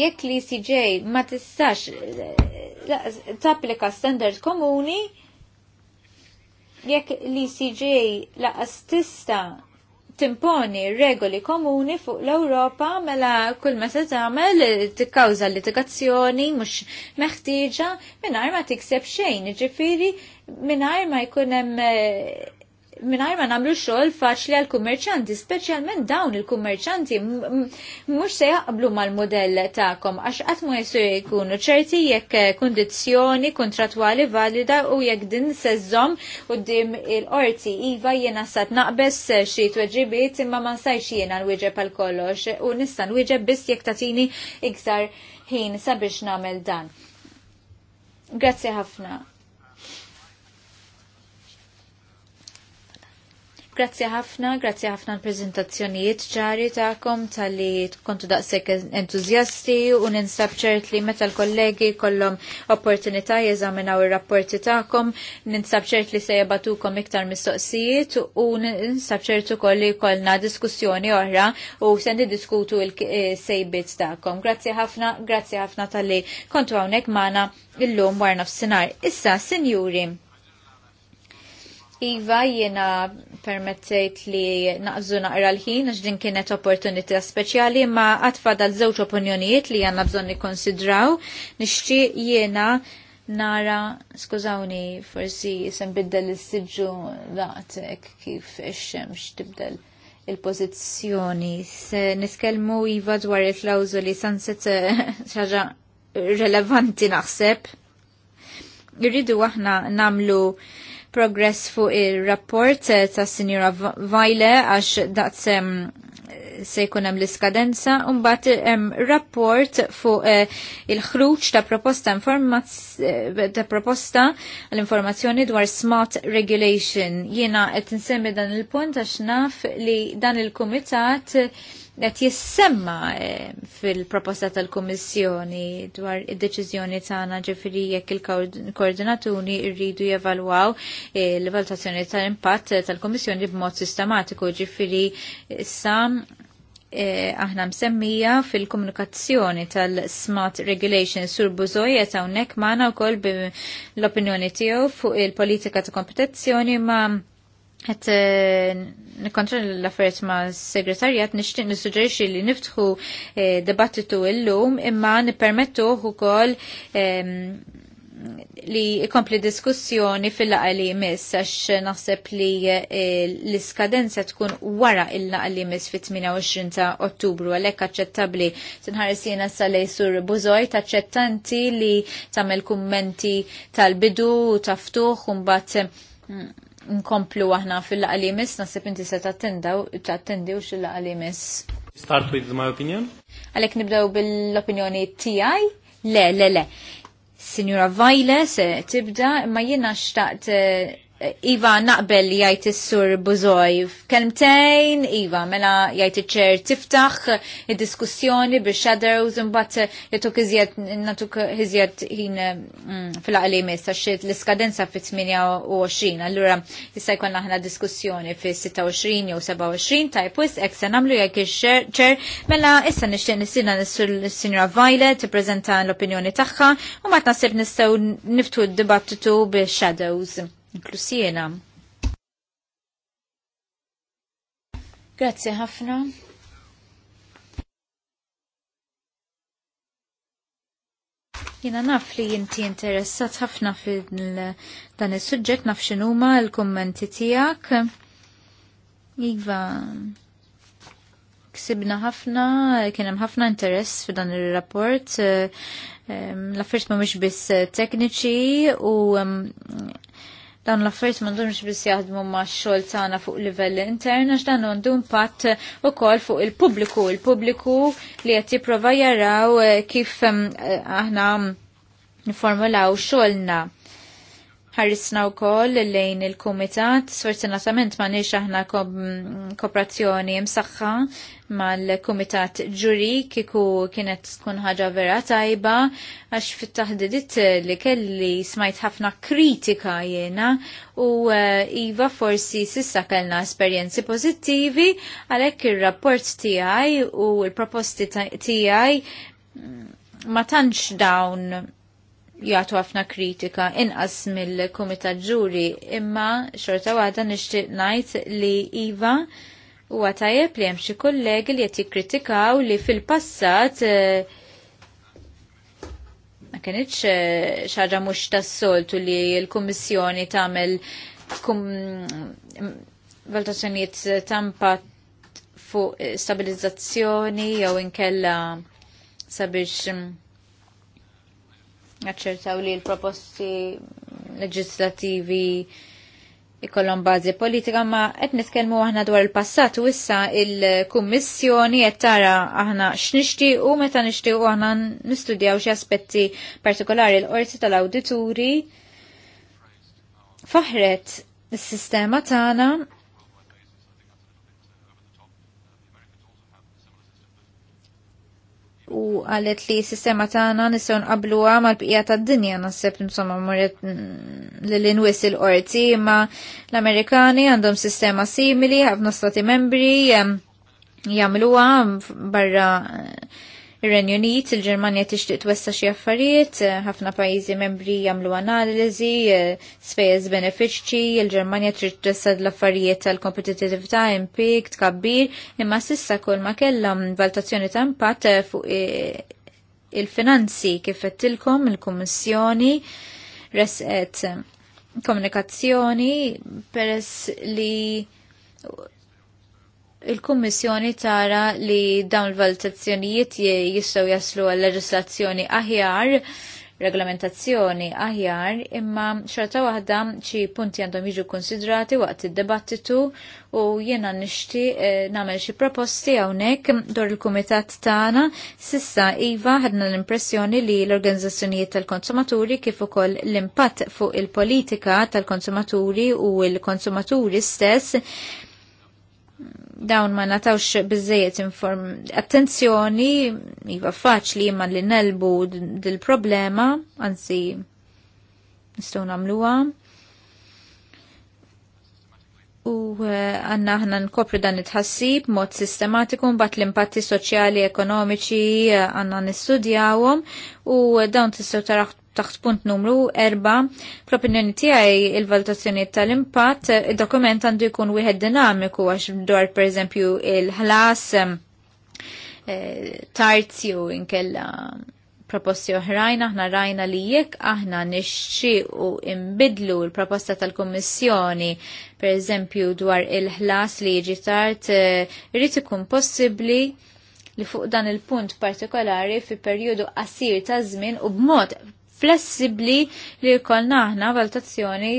C: jekk li CJ ma tistax eh, tapplika standard komuni, jekk li CJ la tista timponi regoli komuni fuq l-Europa mela kull ma se tagħmel eh, tikkawża litigazzjoni mhux meħtieġa mingħajr ma tikseb xejn, ġifieri mingħajr ma jkun hemm eh, minnajr ma namlu xol faċli għal kummerċanti, specialment dawn il-kummerċanti, mux se jaqblu mal-modell ta'kom, għax għatmu jesu jkunu ċerti jekk eh, kondizjoni kontratwali valida u jekk din sezzom u dim il-orti iva jena sat naqbess eh, xie tweġibiet imma ma nsajx jena l-wieġeb għal kollox u nista l-wieġeb bis jekk tatini iktar ħin sabiex namel dan. Grazie ħafna. Grazzi ħafna, grazzi ħafna l-prezentazzjonijiet ċari ta'kom tal-li kontu daqsek entuzjasti u ninsab li meta l-kollegi kollom opportunità jeżaminaw il-rapporti ta'kom, ninsab ċert li se jabatukom iktar mistoqsijiet u ninsab ċertu kolli kollna diskussjoni oħra u sendi diskutu il-sejbit e, ta'kom. Grazzi ħafna, grazzi ħafna tal-li kontu għawnek mana il-lum warna f-sinar. Issa, senjuri. Iva jiena permettejt li naqżu naqra l-ħin għax din kienet opportunità speċjali ma għatfa dal żewġ opinjonijiet li għanna bżon nikkonsidraw. Nixtieq jiena nara, skużawni, forsi jisem biddel il-sidġu daqtek kif ix-xemx tibdel il-pozizjoni. Se niskelmu Iva dwar il li sanset ħaġa eh, relevanti naħseb. Irridu aħna namlu progress fuq il-rapport eh, ta' Sinjora Vajle għax daqs eh, se jkun hemm l-iskadenza u mbagħad eh, hemm rapport fuq il-ħruġ ta' proposta ta' proposta l-informazzjoni dwar smart regulation. Jiena qed insemmi dan il-punt għax naf li dan il-kumitat qed jissemma eh, fil-proposta tal-Kummissjoni dwar id-deċiżjoni tagħna ġifieri jekk il-koordinaturi rridu jevalwaw eh, l-valutazzjoni tal-impatt tal-Kummissjoni b'mod sistematiku ġifiri issa eh, aħna msemmija fil-komunikazzjoni tal-Smart Regulation sur unnek hawnhekk u wkoll l-opinjoni tiegħu fuq il-politika ta' kompetizzjoni ma' għet eh, nikontra l-affariet ma segretarjat nishtiq nissuġerixi li niftħu eh, debattitu l-lum imma nipermettu u kol ehm, li ikompli diskussjoni fil li jmiss għax naħseb li eh, l-iskadenza tkun wara il li jmiss fit-28 ta' ottubru għalek aċċettabli tinħarisina salej sur buzoj taċċettanti li tamel kummenti tal-bidu taftuħ un bat nkomplu aħna fil-laqalimis, nasib inti se tattendaw, tattendi u xil-laqalimis. Start with my opinion? Għalek nibdew bil-opinjoni tijaj? Le, le, le. Signora Vajle se tibda, ma jena xtaqt eh, Eh, iva naqbel li jajt sur Buzoj f'kelmtejn, Iva mela jajt iċer tiftaħ id-diskussjoni biex shadows imbagħad eh, jatuk iżjed natuk iżjed ħin eh, mm, fil-aqli messa xiet l-iskadenza fit-28, allura issa jkollna aħna diskussjoni fis-26 jew 27 ta' wis hekk se nagħmlu jekk ċer mela issa nixtieq nisilna l sinjora Violet tippreżenta l-opinjoni tagħha u mat naħseb nistgħu niftu d-dibattitu biex shadows inklusiena. Grazzi ħafna. Jina naf li jinti interessat ħafna fil-dan il suġġett naf xinuma l-kommenti tijak. Iva, ksibna ħafna, kienem ħafna interess f'dan il-rapport. L-affarijiet ma mux biss tekniċi u Dan l-affarijiet m'għandhomx biss jaħdmu max xol tana fuq livell intern għax dan għandu impatt ukoll fuq il-pubbliku, il-pubbliku li qed jipprova jaraw eh, kif eh, aħna niformulaw xolna ħarrisna wkoll lejn il-kumitat, sfortunatament ma nix aħna kooperazzjoni msaħħa mal-kumitat ġuri kiku kienet tkun ħaġa vera tajba għax fit-taħdidit li kelli smajt ħafna kritika jena u eh, iva forsi sissa kellna esperjenzi pozittivi għalhekk ir-rapport tiegħi u l-proposti tiegħi mm, ma tantx dawn jgħatu ħafna kritika inqas mill-Kumitat Ġuri imma xorta waħda nixtieq ngħid li iva huwa tajjeb li hemm xi kollegi li qed jikkritikaw li fil-passat eh, ma kienitx eh, xaġa mhux tas-soltu li l-Kummissjoni tagħmel valutazzjonijiet tampa fuq stabilizzazzjoni jew inkella sabiex mm, naċċertaw li l-proposti leġislativi ikollhom bażi politika ma qed nitkellmu aħna dwar il-passat u issa il-kummissjoni qed tara aħna u meta nixtiequ aħna nistudjaw xi aspetti partikolari l-qorti tal-awdituri faħret is-sistema tagħna u għalet li s-sistema tagħna nistgħu nqabluha mal-bqija tad-dinja naħseb insomma morret lil inwis il-qorti ma' l-Amerikani għandhom sistema simili ħafna stati membri jagħmluha barra Ir-Renju Unit, il-Ġermanja tixtieq twessa xi affarijiet, ħafna pajjiżi membri jagħmlu analiżi, spejjeż benefiċċji, il-Ġermanja trid tressad l-affarijiet tal-kompetittività impik tkabbir, imma s'issa kull ma kellha valutazzjoni ta' impatt fuq il-finanzi kif qedtilkom il-Kummissjoni resqet komunikazzjoni peress li il-Kummissjoni tara li dawn il-valutazzjonijiet jistgħu jaslu għal leġislazzjoni aħjar, reglamentazzjoni aħjar, imma xorta waħda xi punti għandhom jiġu konsidrati waqt id-debattitu u jiena nishti eh, nagħmel xi proposti hawnhekk dwar il-kumitat tagħna. Sissa iva ħadna l-impressjoni li l-organizzazzjonijiet tal-konsumaturi kif ukoll l-impatt fuq il-politika tal-konsumaturi u l-konsumaturi stess dawn ma natawx bizzejiet inform attenzjoni, iva faċli jimman li nelbu dil-problema, anzi nistgħu nagħmluha. U eh, għanna ħna nkopri dan it-ħassib mod sistematiku bat l-impatti soċjali ekonomiċi eh, għanna nistudjawhom u eh, dawn tistgħu taraħ taħt punt numru 4, fl-opinjoni tiegħi il-valutazzjoni tal-impatt, id-dokument għandu jkun wieħed dinamiku għax dwar pereżempju il-ħlas eh, tarzju inkella proposti oħrajn aħna rajna li jekk aħna nixxiequ imbidlu l-proposta tal-Kummissjoni per eżempju dwar il-ħlas li jiġi tard eh, irid ikun possibbli li fuq dan il-punt partikolari fi perjodu qasir ta' żmien u b'mod flessibli li jkollna aħna valutazzjoni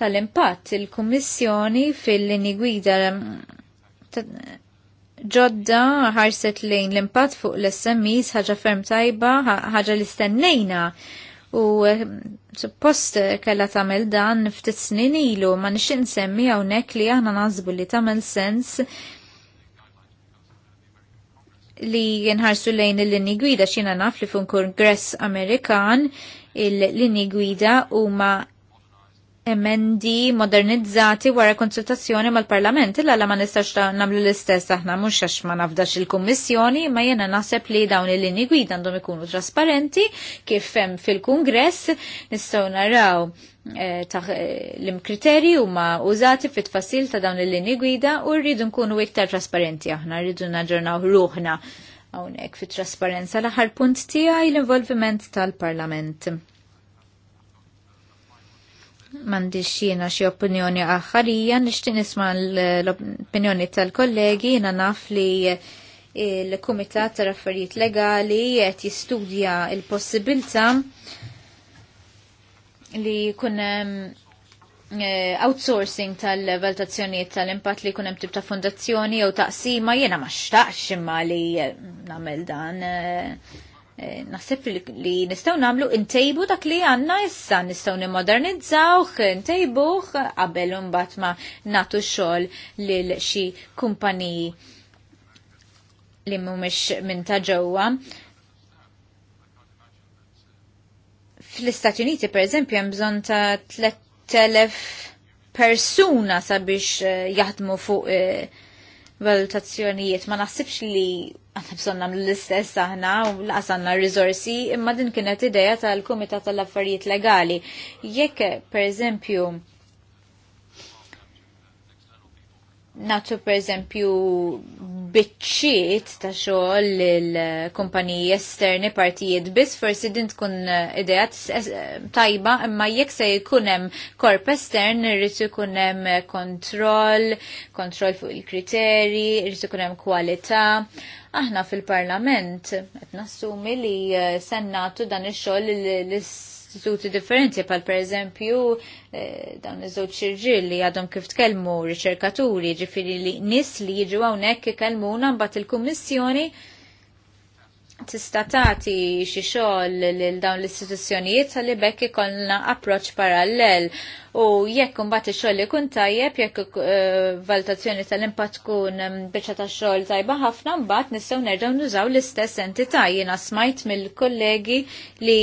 C: tal-impatt. Il-Kummissjoni fil-lini gwida mm, ġodda ħarset lejn l-impatt fuq l-SMEs ħaġa ferm tajba, ħaġa li stennejna u mm, suppost kella tamel dan ftit snin ilu ma nixin semmi hawnhekk li aħna nażbu li tamel sens li jenħarsu lejn il-linni gwida xina naf li fun kongress Amerikan il-linni gwida huma emendi modernizzati wara konsultazzjoni mal-parlament illa la ma nistax namlu l-istess aħna mhux għax ma nafdax il-kummissjoni ma jena naħseb li dawn il-linji gwida għandhom ikunu trasparenti kif hemm fil-kungress nistgħu naraw Eh, eh, l-imkriteri u ma użati fit tfassil ta' dawn il-linji gwida u rridu nkunu iktar trasparenti aħna, rridu naġġornaw ruħna hawnhekk fit trasparenza l-aħħar punt tiegħi l-involviment tal-Parlament. M'għandix jiena xi opinjoni aħħarija, nixtieq nisma' l-opinjoni tal-kollegi, jiena naf li il-Kumitat ta' Raffarijiet Legali qed jistudja l possibilità li kunem um, eh, outsourcing tal-valutazzjoniet tal-impatt li kunem tip ta' fondazzjoni jew taqsima jiena ma xtaqx imma li eh, nagħmel dan eh, nasib li nistgħu nagħmlu intejbu dak li għandna issa nistgħu nimmodernizzawh, intejbuh qabel imbagħad ma nagħtu xogħol lil xi kumpaniji li mhumiex minn ta' ġewwa. fl-Istati Uniti, per eżempju, hemm bżonn ta' 3000 persuna sabiex eh, jaħdmu fuq eh, valutazzjonijiet. Ma naħsibx li għanna bżonn nagħmlu l-istess aħna u laqas għandna riżorsi, imma din kienet ideja tal-Kumitat tal-Affarijiet Legali. Jekk, per eżempju, natu per eżempju bitċiet ta' xogħol l-kumpaniji esterni partijiet biss forsi din tkun eh, idea eh, tajba imma jekk se jkun hemm korp estern irid ikun hemm kontroll, kontroll fuq il-kriterji, irid ikun hemm kwalità. Aħna fil-Parlament qed nassumi li eh, se nagħtu dan ix-xogħol l istituti differenti pal per eżempju eh, dan iż-żewġ xirġil li għadhom kif tkellmu riċerkaturi ġifiri li nis li jiġu hawnhekk ikellmuna mbagħad il-kummissjoni tista' tagħti xi xogħol lil dawn l-istituzzjonijiet li bekk ikollna approċċ parallel u jekk imbagħad ix-xogħol ikun tajjeb jekk eh, valutazzjoni tal-impatt tkun mm, biċċa tax-xogħol tajba ħafna mbagħad nistgħu nerġgħu nużaw l-istess entità jiena smajt mill-kollegi li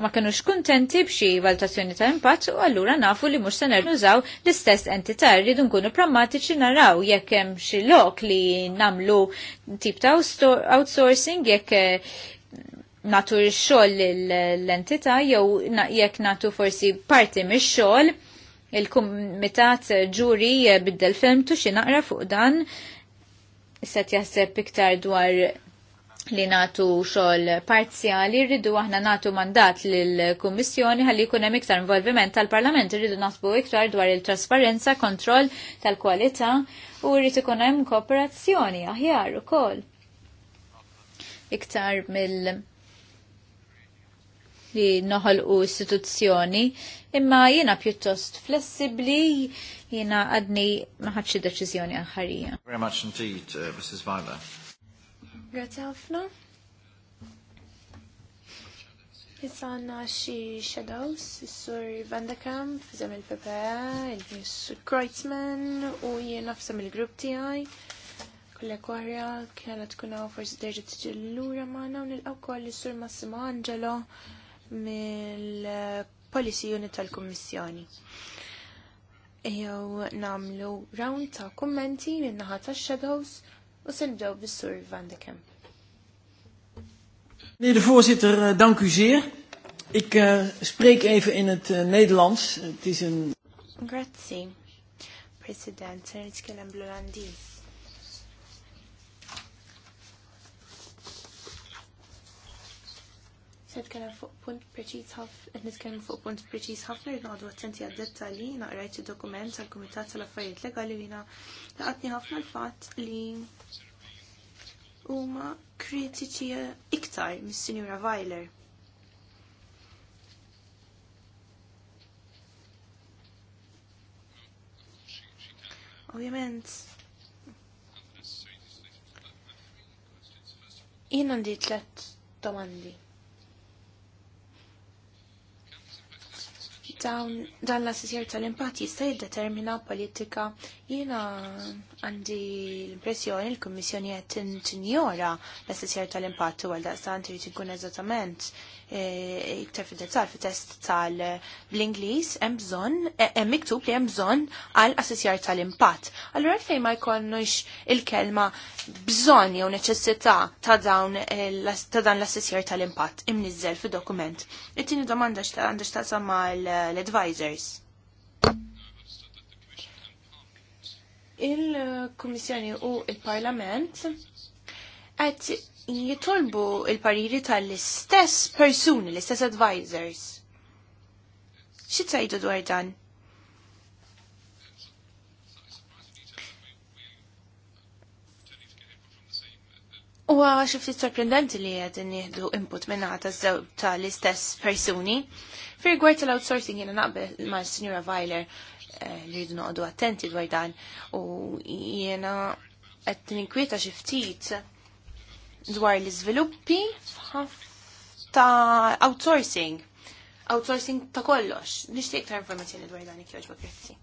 C: ma kienux kuntenti b'xi valutazzjoni ta' impatt u allura nafu li mhux se nużaw l-istess entità rridu nkunu prammatiċi naraw jekk hemm xi lok li namlu tip ta' outsourcing jekk eh, natu x-xogħol l-entità jew jekk natu forsi parti mix-xogħol il-kumitat ġuri biddel film tu xi naqra fuq dan set jaħseb iktar dwar li natu xol parzjali, rridu aħna natu mandat l-Kommissjoni għalli kunem iktar involviment tal-Parlament, rridu nasbu iktar dwar il-trasparenza, kontroll tal-kwalità u rridu kunem kooperazzjoni aħjar u kol. Iktar mill- li noħol u istituzzjoni, imma jina pjuttost flessibli, jina għadni maħadxi deċizjoni għanħarija. Very much indeed, uh, Mrs. Weiler.
A: Grazie ħafna. Issa xi xie shadows, jissur sur Vandekam, fizem il-PPA, e, il-Sur Kreutzmann u jien fizem il-grupp tijaj. Kollek warja, kiena tkun għaw forsi terġa t ġellura maħna u nil-għaw koll sur Massimo Angelo mill-Policy Unit tal-Kommissjoni. Ejo namlu round ta' kommenti minnaħat ta' shadows U sendow bis-sur Van de Kemp.
B: Meneer de voorzitter, eh, dank u zeer. Ik uh, spreek even in het uh, Nederlands. Het is een...
A: Grazie, president. Ik ben een blondie. Se nitkellem fuq punt preċiż ħafna, qed nitkellem fuq punt preċiż ħafna rid noqgħdu attenti għad-dettalji, naqrajt id-dokument tal-Kumitat tal-Affarijiet Legali jiena laqatni ħafna l-fatt li huma kritiċi iktar mis-Sinjura Weiler. Ovvjament, jien għandi tlet domandi. dawn dan l-assessjer tal-impatt jista' jiddetermina politika jiena għandi l-impressjoni l-Kummissjoni qed tinjora l-assessjer tal-impatt u għal daqstant irid ikun eżattament Eh, iktar fid-detal fit-test tal-Inglis hemm bżonn eh, hemm miktub li hemm bżonn għal assessjar tal-impatt. Allura fejn ma jkollnux il-kelma bżonn jew neċessità ta' dawn eh, dan l-assessjar tal-impatt imniżżel fid-dokument. It-tieni domanda għandix taqsam l advisors Il-Kummissjoni u il-Parlament qed jitolbu il-pariri tal-istess persuni, l-istess advisors. Xi tajdu dwar dan? Huwa xi ftit sorprendenti li qegħdin nieħdu input minn żewġ tal-istess persuni. fir rigward tal-outsourcing jiena naqbel ma' Sinjura Weiler eh, li jidu noqogħdu attenti dwar dan u jiena qed ninkwieta xi ftit dwar l-iżviluppi ta' outsourcing. Outsourcing ta' kollox. Nixtieq ta' informazzjoni dwar dan ikjoġba grazzi.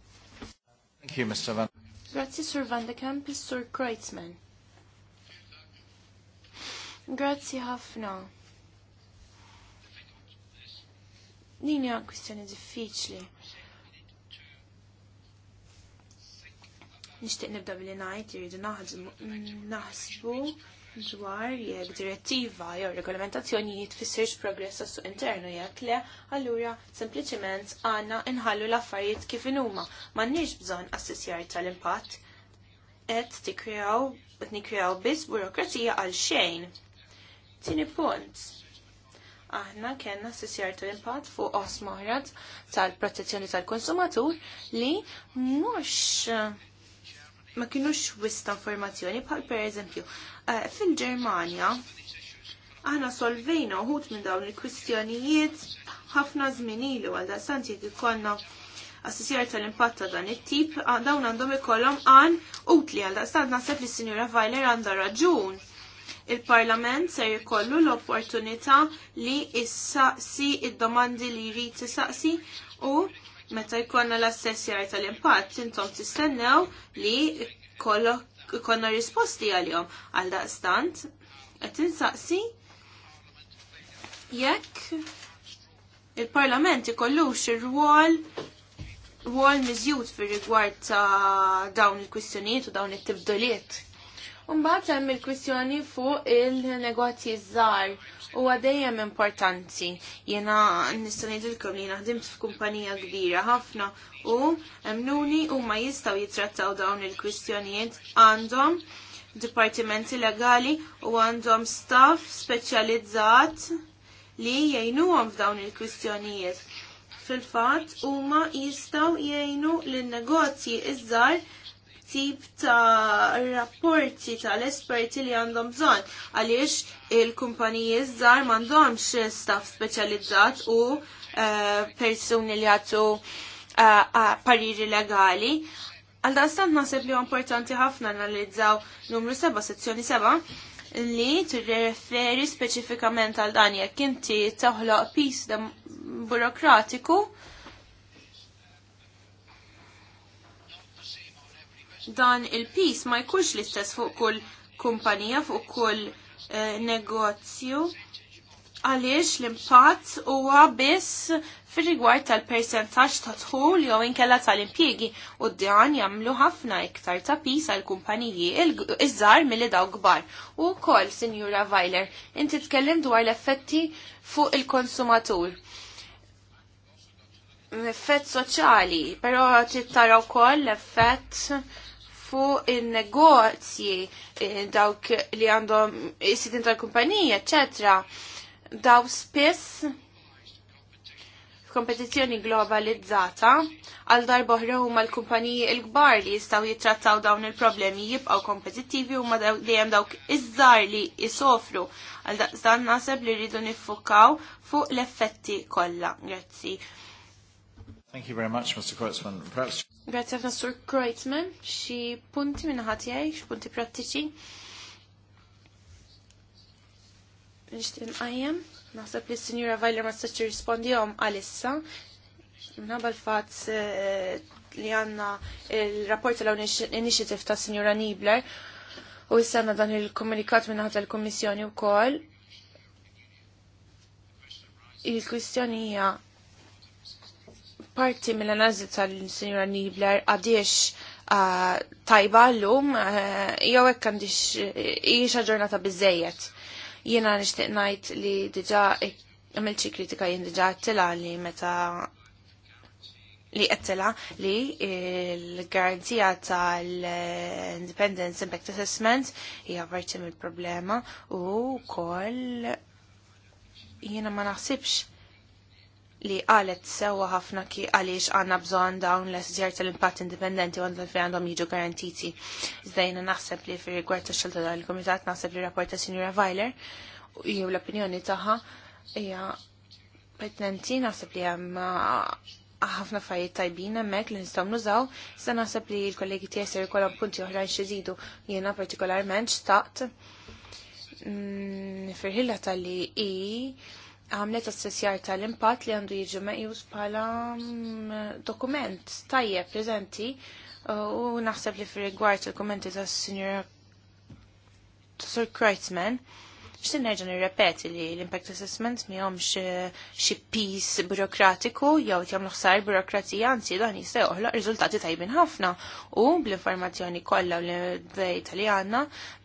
C: Thank you, Mr. Van.
A: Grazzi, Sur Van de Kemp, Sur Kreutzmann. Grazzi ħafna. Nini għan kwistjoni diffiċli. Nixtieq nibda billi jiridu jridu naħsbu dwar jekk direttiva jew regolamentazzjoni jitfissirx progress għas suq internu jekk le, allura sempliċiment għanna nħallu l-affarijiet kif inhuma. M'għandniex bżonn assessjar tal-impatt qed tikkrew qed nikkrew biss burokrazija għal xejn. Tieni punt. Aħna kellna sjar tal-impatt fuq osmoħrat tal-protezzjoni tal-konsumatur li mhux ma kienux wista informazzjoni bħal per eżempju uh, eh, fil-Ġermanja aħna solvejna uħut minn dawn il-kwistjonijiet ħafna żmien ilu għal santi jekk konna assessjar tal-impatt ta' dan it-tip dawn għandhom ikollhom għan utli għal daqstant naħseb li sinjura Vajler għandha raġun. Il-Parlament ser jkollu l-opportunità li issaqsi id-domandi li jrid issaqsi u Meta jkollna l-assessjar tal-impatt, intom tistennew li jkonna risposti għalihom għal daqstant qed insaqsi jekk il-Parlament ikollux ir-rwol rwol miżjud fir-rigward ta' dawn il-kwistjonijiet u dawn it-tibdoliet. un hemm il-kwistjoni fuq il-negozji żgħar u għadejjem importanti. Jena nistanejdilkom li naħdimt f'kumpanija kbira ħafna u emnuni u ma jistaw jitrattaw dawn il-kwistjonijiet għandhom dipartimenti legali u għandhom staff speċjalizzat li jgħinuhom f'dawn il-kwistjonijiet. Fil-fatt huma jistgħu jgħinu l negozji iż żar tip ta' rapporti tal-esperti li għandhom bżonn għaliex il-kumpaniji żgħar m'għandhomx staff speċjalizzat u uh, persuni li għatu uh, eh, pariri legali. Għalda stant nasib li importanti ħafna analizzaw numru 7, sezzjoni 7, li tirreferi speċifikament għal dan jekk inti toħloq pis burokratiku dan il-pis ma jkunx l-istess fuq kull kumpanija, fuq kull eh, negozju. Għaliex l-impatt huwa biss fir-rigward tal-persentaġġ ta' tħul jew inkella tal-impjiegi u dan jagħmlu ħafna iktar ta' pis għal kumpaniji iż-żgħar milli daw kbar. U wkoll, Sinjura Vajler, inti tkellim dwar l-effetti fuq il-konsumatur effett soċjali, però trid tara wkoll l-effett fuq il-negozji eh, dawk li għandhom is tal-kumpanija, etc. Daw spiss kompetizjoni globalizzata għal darba oħra huma l-kumpaniji l-kbar li jistgħu jittrattaw dawn il-problemi jibqgħu kompetittivi huma jem dawk iż-żgħar li jisofru għal dan naħseb li rridu niffukaw fuq l-effetti kollha. Grazzi.
C: Thank you very much, Mr. Kreutzmann. Perhaps...
A: Grazie għafna Sur Kreutzmann, xi punti minna ħatijaj, xi punti prattiċi. Nishtin għajem, naħseb li s-Sinjura Vajler ma s-saċi rispondi għom għalissa, minħabba l-fat eh, li għanna il-rapport l-initiative ta' Sinjura Nibler u s-sanna dan il-komunikat minna ħat l-Komissjoni u kol. Il-kwistjoni hija parti mill-analiżi tal-Sinjora Nibler għadiex uh, tajba l-lum, uh, jow hekk għandix uh, iġa ġurnata biżejjed. Jiena nixtieq ngħid li diġa' għamilċi xi kritika jien diġa' għattila li meta li għattila li l-garanzija tal-Independence Impact Assessment hija parti mill-problema u kol jiena ma naħsibx li qalet sewa ħafna ki għaliex għanna bżon dawn l żjar tal-impatt indipendenti għandu fi għandhom jiġu garantiti. Zdajna naħseb li fi rigward ta' xelta dal komitat naħseb li rapport ta' Sinjura Weiler jew l-opinjoni tagħha hija petnenti naħseb li hemm ah, ħafna fajjiet tajbin hemmhekk li nistgħu nużaw, se naħseb li l-kollegi tiegħi ser ikollhom punti oħrajn xi jżidu jiena partikolarment xtaqt. Mm, Firħilla tal-li i għamlet assessjar tal-impatt li għandu jiġu meqjus bħala mm, dokument tajjeb preżenti u naħseb li fil rigward il-kommenti tas Sinjora Sir Kreitzman Xtin nerġa nirrepeti li l-impact assessment mi eh, xi piece burokratiku jew jagħmlu ħsar burokrazija anzi dan jista' joħloq riżultati tajbin ħafna u bl-informazzjoni kollha u l-dejta li għandna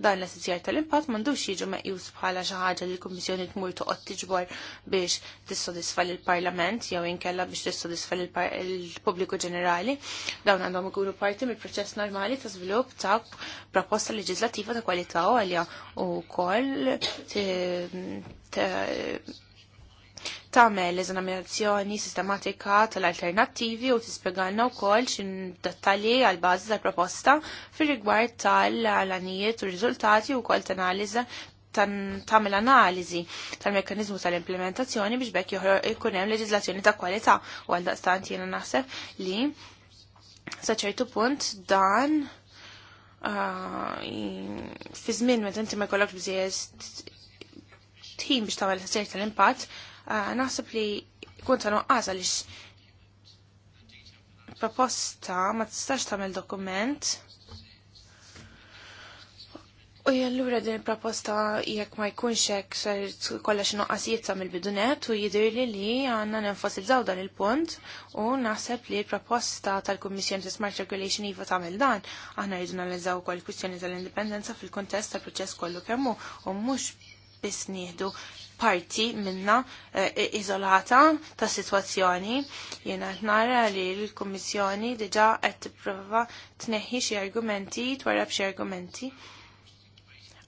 A: dan l-assessjar tal-impatt m'għandux jiġu meqjus bħala xi ħaġa li l-Kummissjoni tmur toqgħod tiġbor biex tissodisfa lill-Parlament jew inkella biex tissodisfa lill-pubbliku ġenerali. Dawn għandhom ikunu parti mill-proċess normali ta' żvilupp ta' proposta leġislattiva ta' kwalità għolja u koll l eżaminazzjoni sistematika tal-alternattivi u tispjegalna wkoll x'in dettali għal bażi tal-proposta fir-rigward tal-għalanijiet u riżultati wkoll tanaliża tagħmel analiżi tal mekanizmu tal-implementazzjoni biex bekk jkun hemm leġiżlazzjoni ta' kwalità u għal daqstant jiena naħseb li sa ċertu punt dan ah, fi żmien meta inti ma jkollokx bżejjed Tħim biex tagħmel ħsier tal-impatt, ah, naħseb li kunta ta' noqqas għaliex proposta ma tistax tagħmel dokument U jallura din proposta jekk ma jkunx hekk ser kollha xi noqqasijiet sa mill-bidunet u jidhirli li għandna nenfasizzaw dan il-punt u naħseb li l-proposta tal-Kummissjoni ta' Smart Regulation iva tagħmel dan aħna rridu analizzaw ukoll kwistjoni tal-indipendenza fil-kuntest tal-proċess kollu kemm hu u mhux biss nieħdu parti minna eh, izolata ta' situazzjoni. Jena nara li l-Kommissjoni diġa qed tipprova tneħħi xi argumenti, dwar xi argumenti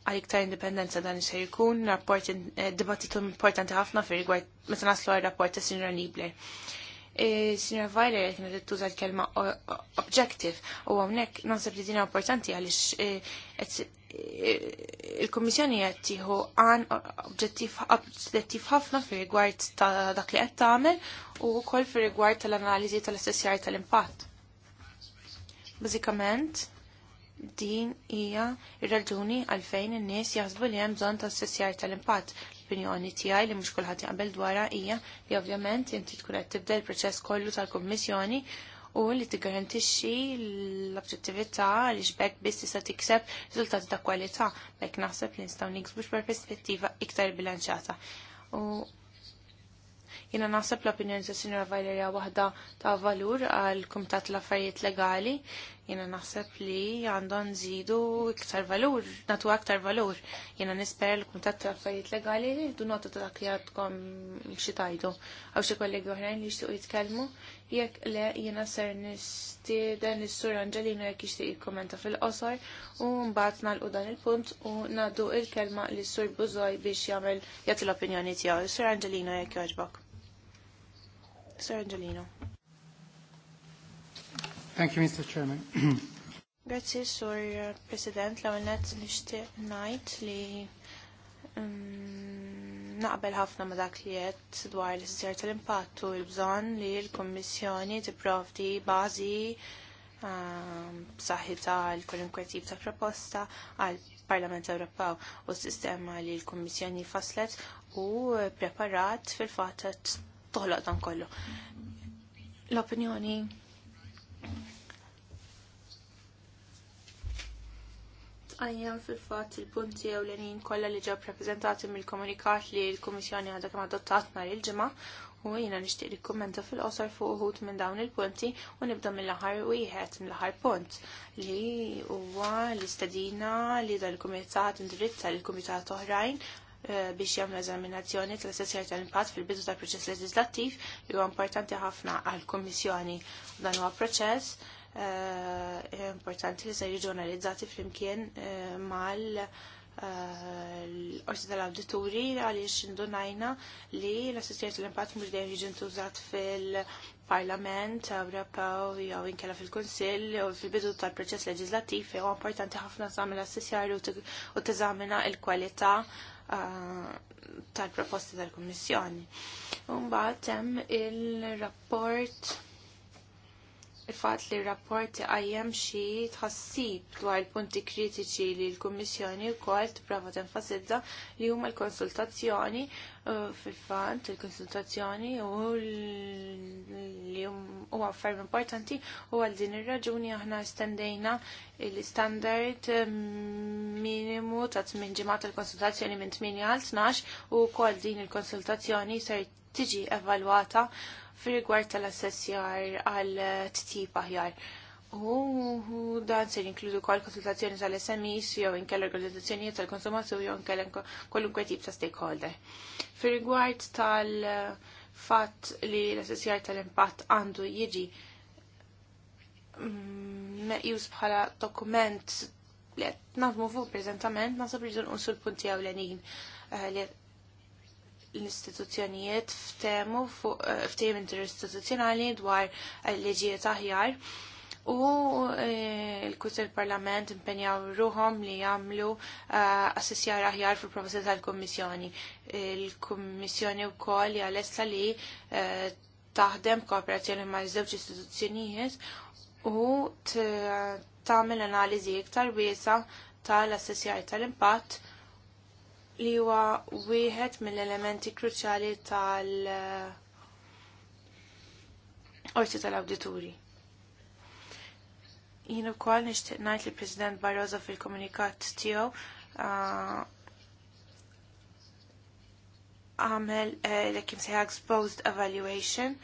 A: għal iktar indipendenza dan se jkun rapport eh, dibattitu importanti ħafna fi rigward meta naslu għal rapport ta' Sinra Nibler. Eh, Sinra Vajler kienet tuża l-kelma objective u hawnhekk naħseb li din importanti għaliex il-Kommissjoni qed tieħu għan obġettiv ħafna fi rigward ta' dak li qed tagħmel u wkoll fi rigward tal-analiżi tal-istessjar tal-impatt. Bażikament, din hija r raġuni għalfejn in-nies jaħsbu li hemm bżonn ta' istessjar tal-impatt. L-opinjoni tiegħi li mhux kulħadd jaqbel dwarha hija li ovvjament inti tkun qed tibda l-proċess kollu tal-Kummissjoni u li tiggarantixxi l-obġettività li xbek biss tista' tikseb riżultati ta' kwalità bekk naħseb li nistgħu niksbu perspettiva iktar bilanċata. U Jina naħseb l-opinjoni ta' Sinjora Valeria waħda ta' valur għal kumtat l-affarijiet legali. Jina naħseb li għandhom zidu iktar valur, natu aktar valur. Jina nisper l-kumtat tal-affarijiet legali li du nota ta' dak li xi tajdu. Għaw xi kollegi oħrajn li jixtiequ jitkellmu, jekk le jina ser nistieden is-sur Angelino jekk jixtieq jikkomenta fil-qosor u mbagħad nagħlqu dan il-punt u nagħdu il-kelma lis sur Buzoj biex jagħmel jagħti l-opinjoni tiegħu. Sur Angelino jekk jogħġbok. Sir Angelino. Thank you, Mr. Chairman. Grazie, Sur President. l li xtiq najt li naqbel ħafna ma dak li jett dwar l sir tal-impattu l-bżonn li l-Kommissjoni tipprovdi bażi ehm, b'saħħitha l kwalunkwe tip ta' proposta għal Parlament Ewropew u s-sistema li l kommissjoni faslet u preparat fil-fatt toħloq dan kollu. L-opinjoni għajjem fil-fat il-punti għaw l-enin kolla li ġab rappresentati mill-komunikat li l-Komissjoni għadha kem adottat nar il ġimgħa u jina nishtiq li kummenta fil-qosor fuq uħut minn dawn il-punti u nibda mill aħħar u mill aħħar punt li huwa l-istadina li dal kumitat indirizza l kumitat oħrajn biex jagħmlu eżaminazzjoni tal-assessjar tal-impatt fil-bidu tal-proċess leġislattiv jgħu huwa importanti ħafna għall-Kummissjoni dan huwa proċess importanti li se jiġu analizzati flimkien mal l-orsi tal-awdituri għaliex indunajna li l-assistjer tal-impatt mhux dejjem jiġi ntużat fil-Parlament Ewropew jew inkella fil-Kunsill u fil-bidu tal-proċess leġislattiv huwa importanti ħafna tagħmel assessjar u teżamina l-kwalità tal-proposti tal-Kommissjoni. Mbagħad hemm il-rapport il-fat li r rapporti għajjem xi tħassib dwar il-punti kritiċi li l-Kummissjoni wkoll t tenfasizza li huma l-konsultazzjoni uh, fil fatt il-konsultazzjoni u li huwa ferm importanti u għal din ir-raġuni aħna stendejna l-standard um, minimu ta' 8 ġimgħat il-konsultazzjoni minn 8 għal 12 u wkoll din il-konsultazzjoni ser tiġi evalwata fir-rigward tal-assessjar għal ttip aħjar. U dan se jinkludu kol konsultazzjoni tal-SMEs jew inkella organizzazzjonijiet tal-konsumatur jew inkella kwalunkwe tip ta' stakeholder. Fi rigward tal-fatt li l-assessjar tal-impatt għandu jiġi mm, meqjus bħala dokument li qed nafmu fuq preżentament nasab li nqussu l-punti ewlenin eh, li l-istituzzjonijiet f'temu eh, f'tem interistituzzjonali dwar l-leġijiet aħjar u eh, l-kut il-parlament impenjaw ruħom li jamlu eh, assessjar aħjar fil-proposta tal-Kommissjoni. Il-Kommissjoni u li għalessa li taħdem kooperazzjoni ma' żewġ istituzzjonijiet u tagħmel analiżi iktar wiesa tal-assessjar tal-impatt li huwa wieħed mill-elementi kruċjali tal- eh, orti tal-awdituri. Jien ukoll nixtieq ngħid li President Barroso fil-komunikat tiegħu eh, għamel eh, li ekim seħa exposed evaluation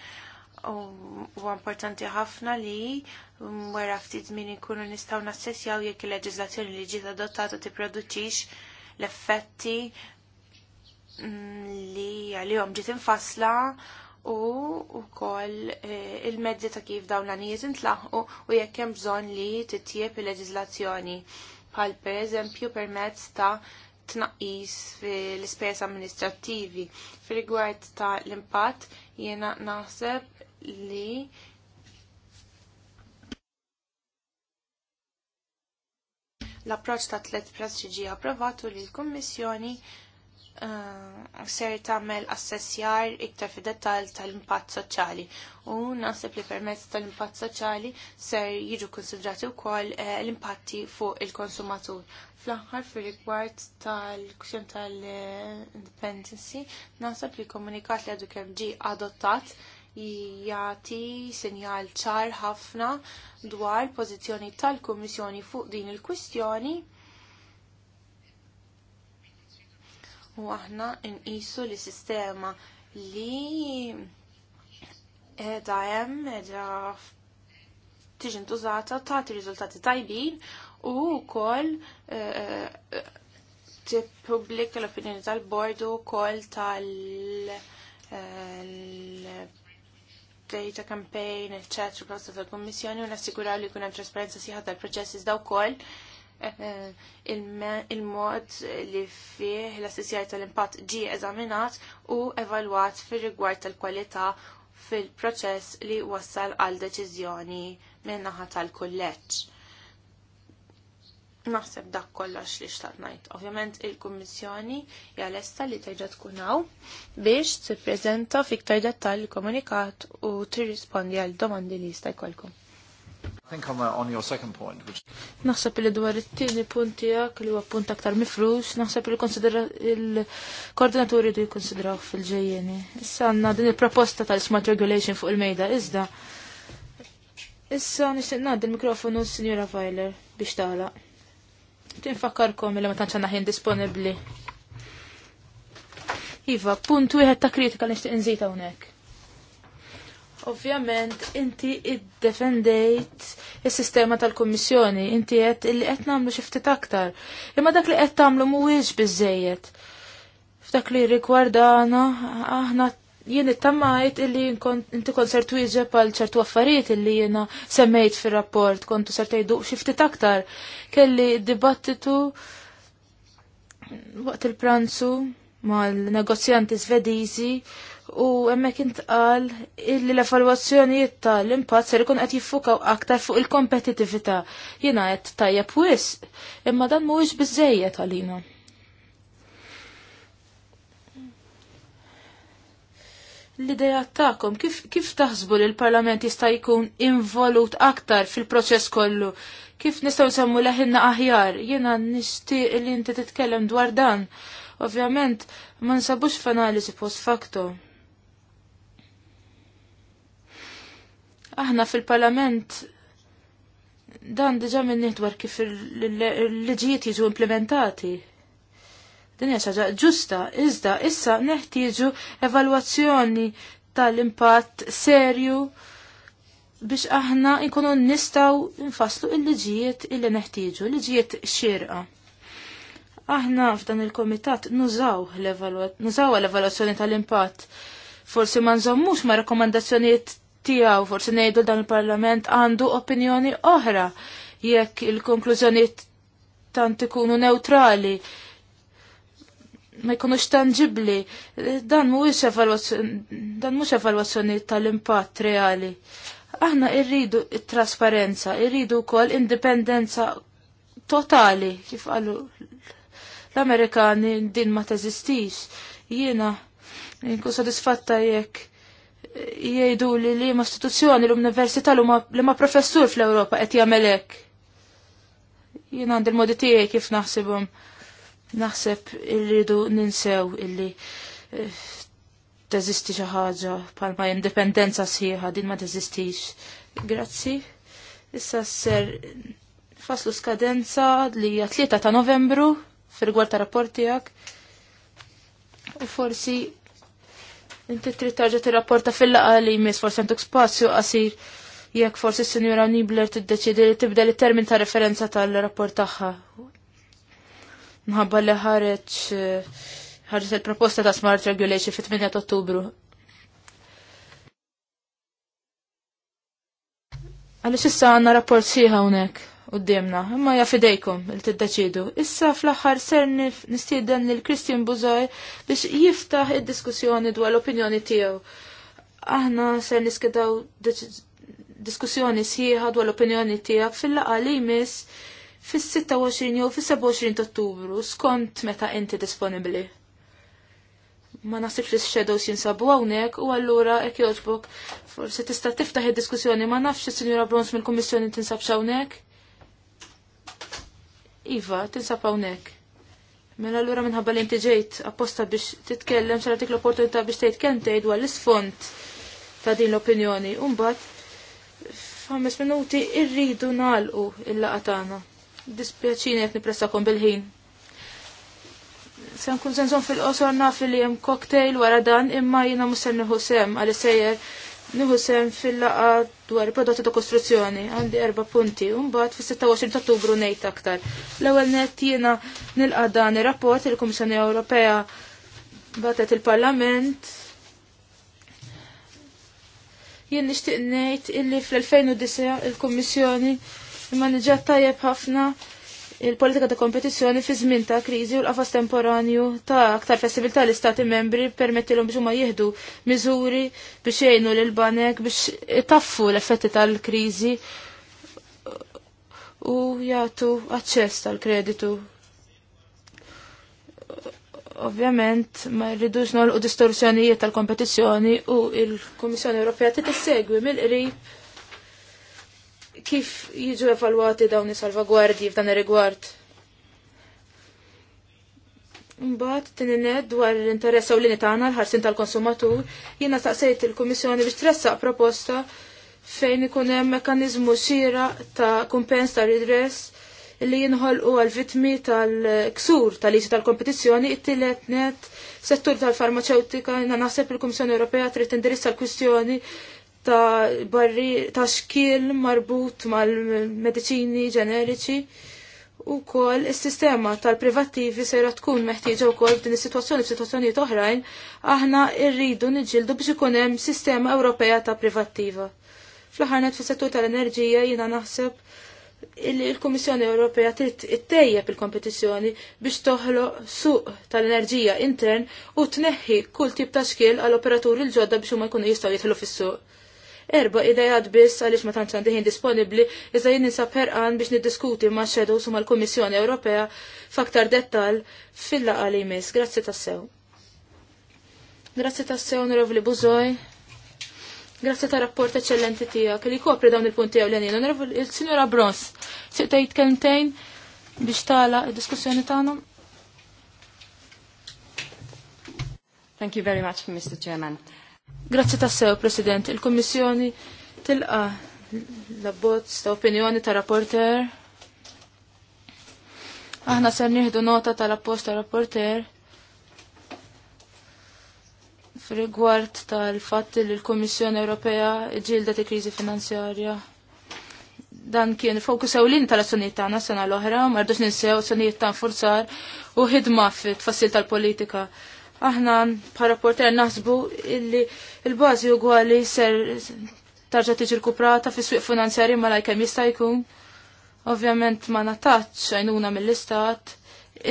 A: u importanti ħafna li mm, wara ftit min ikunu nistgħu nassessjaw jekk il-leġiżlazzjoni li ġiet adottata tipproduċix l-effetti mm, li għalihom ġiet infasla u wkoll eh, il-mezzi ta' kif dawn l-għanijiet intlaħqu u jekk hemm bżonn li titjieb il-leġiżlazzjoni bħal pereżempju permezz ta' tnaqqis fil-ispejjeż amministrattivi. Fir-rigward ta' l-impatt jiena naħseb li l-approċ ta' tlet prezz ġi approvatu li l-Kommissjoni uh, eh, ser tagħmel assessjar iktar fid-dettall tal-impatt soċjali u naħseb li permezz tal-impatt soċjali ser jiġu konsidrati wkoll uh, l-impatti fuq il-konsumatur. Fl-aħħar fir-rigward tal-kwistjoni tal-independency eh, naħseb li komunikat li għadu kemm ġi adottat jagħti sinjal ċar ħafna dwar pożizzjoni tal-Kummissjoni fuq din il-kwistjoni. U aħna nqisu li sistema li edha hemm edha tiġi ntużata tagħti riżultati tajbin u wkoll eh, eh, tippubblika l-opinjoni tal-bordu wkoll tal- eh, data campaign, etc. prosta tal-Kommissjoni u nassiguraw li kuna hemm trasparenza siħa tal-proċess iżda wkoll eh, il-mod li fih l-assessjar tal-impatt ġi eżaminat u evalwat fir-rigward tal-kwalità fil-proċess li wassal għal deċiżjoni minnaħa naħa tal-kulleġġ. Naħseb dak kollox li xtaqt ngħid. Ovvjament il-Kummissjoni hija lesta li terġa' tkun hawn biex tippreżenta fiktar dettall komunikat u
B: tirrispondi għal domandi li jista' jkollkom.
C: Uh,
B: naħseb li dwar it-tieni punt tiegħek li huwa punt aktar mifrux, naħseb li il-koordinaturi jdu jikkonsidraw fil-ġejjeni. Issa għandna din il-proposta tal-Smart Regulation fuq il-mejda iżda. Issa nixtieq ngħaddi l-mikrofonu s-Sinjura Weiler biex tagħlaq. Tinfakkarkom li ma tantx ħin disponibbli. Iva, punt wieħed ta' kritika li nixtieq inżid hawnhekk. Ovvjament, inti id-defendejt il-sistema tal-Kommissjoni, inti għed li għet namlu xiftit aktar. Imma dak li għet tamlu muwiġ bizzejiet. F'dak li rikwardana, aħna jien it-tammajt illi inti kont sertu twieġeb għal ċertu affarijiet illi jiena semmejt fir-rapport, kontu ser tgħidu xi ftit aktar. Kelli dibattitu waqt il-pranzu mal-negozjanti svedizi u hemmhekk għal illi l-evalwazzjonijiet tal-impatt ser ikun qed jiffukaw aktar fuq il kompetitivita Jiena qed tajjeb wisq, imma dan mhuwiex biżejjed għalina. l-ideja ta'kom, kif, kif taħsbu li l-Parlament jista' jkun involut aktar fil-proċess kollu? Kif nistgħu nsemmu leħinna aħjar? Jiena nixtieq li inti titkellem dwar dan. Ovvjament, ma nsabux f'analiżi post facto. Aħna fil-Parlament dan diġa minn dwar kif il-liġijiet jiġu implementati. Din hija ħaġa ġusta, iżda issa neħtieġu evalwazzjoni tal-impatt serju biex aħna nkunu nistgħu nfasslu il-liġijiet illi neħtieġu, liġijiet xirqa. Aħna f'dan il-komitat nużaw l-evalwazzjoni tal-impatt. Forsi ma nżommux ma' rakkomandazzjonijiet tiegħu, forsi ngħidu dan il-Parlament għandu opinjoni oħra jekk il-konklużjonijiet tant ikunu neutrali ma jkunux tangibli. Dan mhuwiex dan mhux evalwazzjoni tal-impatt reali. Aħna irridu t trasparenza, irridu wkoll indipendenza totali, kif qalu l-Amerikani din ma teżistix. Jiena nkun sodisfatta jekk jgħidu li li ma istituzzjoni l-università li ma professur fl-Ewropa qed hekk. Jien għandi l-modi tiegħi kif naħsibhom. Naħseb irridu ninsew illi eh, teżisti xi ħaġa palma indipendenza sħiħa din ma teżistix. Grazzi. Issa ser faslu skadenza li hija tlieta ta' Novembru fir-rigward ta' rapport tiegħek. U forsi inti trid tarġa' tirrapporta fil-laqgħa li jmiss forsi għandek spazju qasir jekk forsi s-Sinjura Nibler tiddeċiedi li tibda li termin ta' referenza tal-rapport tagħha. Nħabba li ħareċ ħarġet il-proposta ta' Smart Regulation fit-8 Ottubru. Għalix issa għanna rapport siħa unek u d-demna, imma jafidejkom il-tiddeċidu. Issa fl-axar ser nistiden l-Kristin Buzoj biex jiftaħ id-diskussjoni dwar l-opinjoni tiegħu. Aħna ser niskedaw diskussjoni sħiħa dwar l-opinjoni tiegħek fil-laqa li jmiss fis-26 jew fis-27 ta' Ottubru skont meta inti disponibbli. Ma naħsibx li x-shadows jinsabu hawnhekk u allura hekk jogħġbok forsi tista' tiftaħ id-diskussjoni ma nafx is-Sinjura Brons mill-Kummissjoni tinsab hawnhekk. Iva, tinsab hawnhekk. Mela allura minħabba li inti ġejt apposta biex titkellem xara dik l-opportunità biex tgħid kemm tgħid dwar l-isfond ta' din l-opinjoni. u mbagħad f'ħames minuti irridu nagħlqu il-laqatana. Dispjaċini qed nipressakom bil-ħin. Se nkun senżon fil-qosor naf li hemm cocktail wara dan imma jiena mhux se nieħu sem għal sejjer nieħu sem fil-laqa dwar prodotti ta' kostruzzjoni għandi erba' punti u mbagħad fis-26 ta' Ottubru ngħid aktar. L-ewwel nett jiena nilqa' dan ir-rapport il-Kummissjoni Ewropea batet il-Parlament jien nixtieq ngħid illi fl-2009 il-Kummissjoni il komissjoni il kummissjoni imma niġa tajjeb ħafna il-politika ta' kompetizzjoni fi żmien ta' kriżi u l-qafas temporanju ta' aktar festival l-istati membri permettilhom biex huma jieħdu miżuri biex jgħinu lil banek biex itaffu l-effetti tal-kriżi u jagħtu aċċess tal-kreditu ovvjament ma rridux nolqu distorsjonijiet tal-kompetizzjoni u il-Kummissjoni Ewropea titissegwi mill-qrib kif jiġu evalwati dawn is-salvagwardji f'dan ir-rigward? Mbagħad tinined dwar l-interess u l ewlieni tagħna l-ħarsin tal-konsumatur, jiena staqsejt il-Kummissjoni biex tressaq proposta fejn ikun hemm mekkaniżmu xira ta' kumpens ta' redress li jinħolqu għal vitmi tal-ksur tal-liġi tal-kompetizzjoni, it-tielet net settur tal-farmaceutika, jiena naħseb il-Kummissjoni Ewropea trid tindirissa l-kwistjoni ta' barri ta' xkil marbut mal-medicini ġeneriċi u kol il-sistema tal-privattivi sejra tkun meħtieġa u kol din is-sitwazzjoni f'sitwazzjonijiet oħrajn aħna rridu niġġieldu biex ikun hemm sistema Ewropea ta' privattiva. fl net fis-settur tal-enerġija jiena naħseb il-Kummissjoni Ewropea trid ittejjeb il-kompetizzjoni biex toħloq suq tal-enerġija intern u tneħħi kull tip ta' xkil għall operaturi l-ġodda biex huma jkunu jistgħu jidħlu fis-suq erba idejat biss għaliex ma tantx għandi ħin disponibbli iżda jien ninsab ħerqan biex niddiskuti ma' xedu u mal-Kummissjoni Ewropea f'aktar dettal fil la li jmiss. Grazzi tassew. Grazzi tassew Onorevoli Buzoj. Grazzi ta' rapport eccellenti tiegħek li kopri dawn il-punti ewlenin. Onorevoli il-Sinjora Brons, siq tgħid kentejn biex tala id-diskussjoni tagħna. Thank you very much, Mr. Chairman. Grazzi tassew, President. Il-Kommissjoni tilqa l-abbozz ta' opinjoni ta' rapporter. Aħna ser nieħdu nota tal-appost ta' rapporter f'rigward tal-fatt li l-Kommissjoni Ewropea ġilda ti kriżi finanzjarja. Dan kien fokus ewlin tal-azzjonijiet tagħna sena l-oħra, ma rridux ninsew azzjonijiet ta' forzar u ħidma fit-tfassil tal-politika Aħna parapporter naħsbu illi il-bażi għali ser tarġa tiġi rkuprata fis suq finanzjari ma lajkem jista' jkun. Ovvjament ma nataċ għajnuna mill-istat,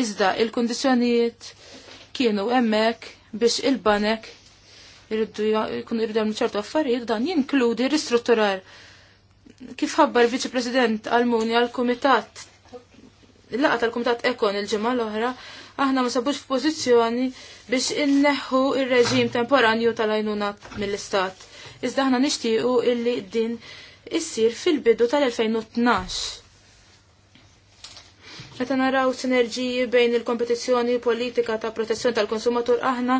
B: iżda il-kondizjonijiet kienu emmek biex il-banek irridu jkunu għamlu ċertu affarijiet dan jinkludi ristrutturar. Kif ħabbar viċi President Almuni għal-Kumitat, il-laqa tal-Kumitat Ekon il-ġimgħa l-oħra, aħna ma sabux f'pożizzjoni biex inneħħu il reġim temporanju tal-għajnuna mill-istat. Iżda aħna nixtiequ illi din issir fil-bidu tal-2012. Meta naraw sinerġiji bejn il-kompetizzjoni politika ta' protezzjoni tal-konsumatur aħna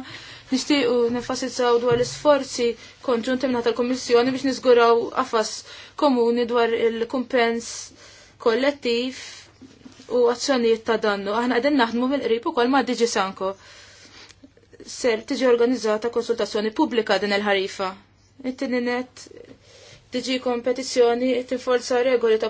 B: nixtiequ nefasizzaw dwar l-isforzi konġunti minna tal komissjoni biex niżguraw qafas komuni dwar il-kumpens kollettiv u azzjonijiet ta' dannu. Aħna għedin naħdmu mill-qrib ukoll ma' Diġi Sanko. Ser tiġi organizzata konsultazzjoni pubblika din il-ħarifa. It-tininet tiġi kompetizzjoni tinforza regoli ta'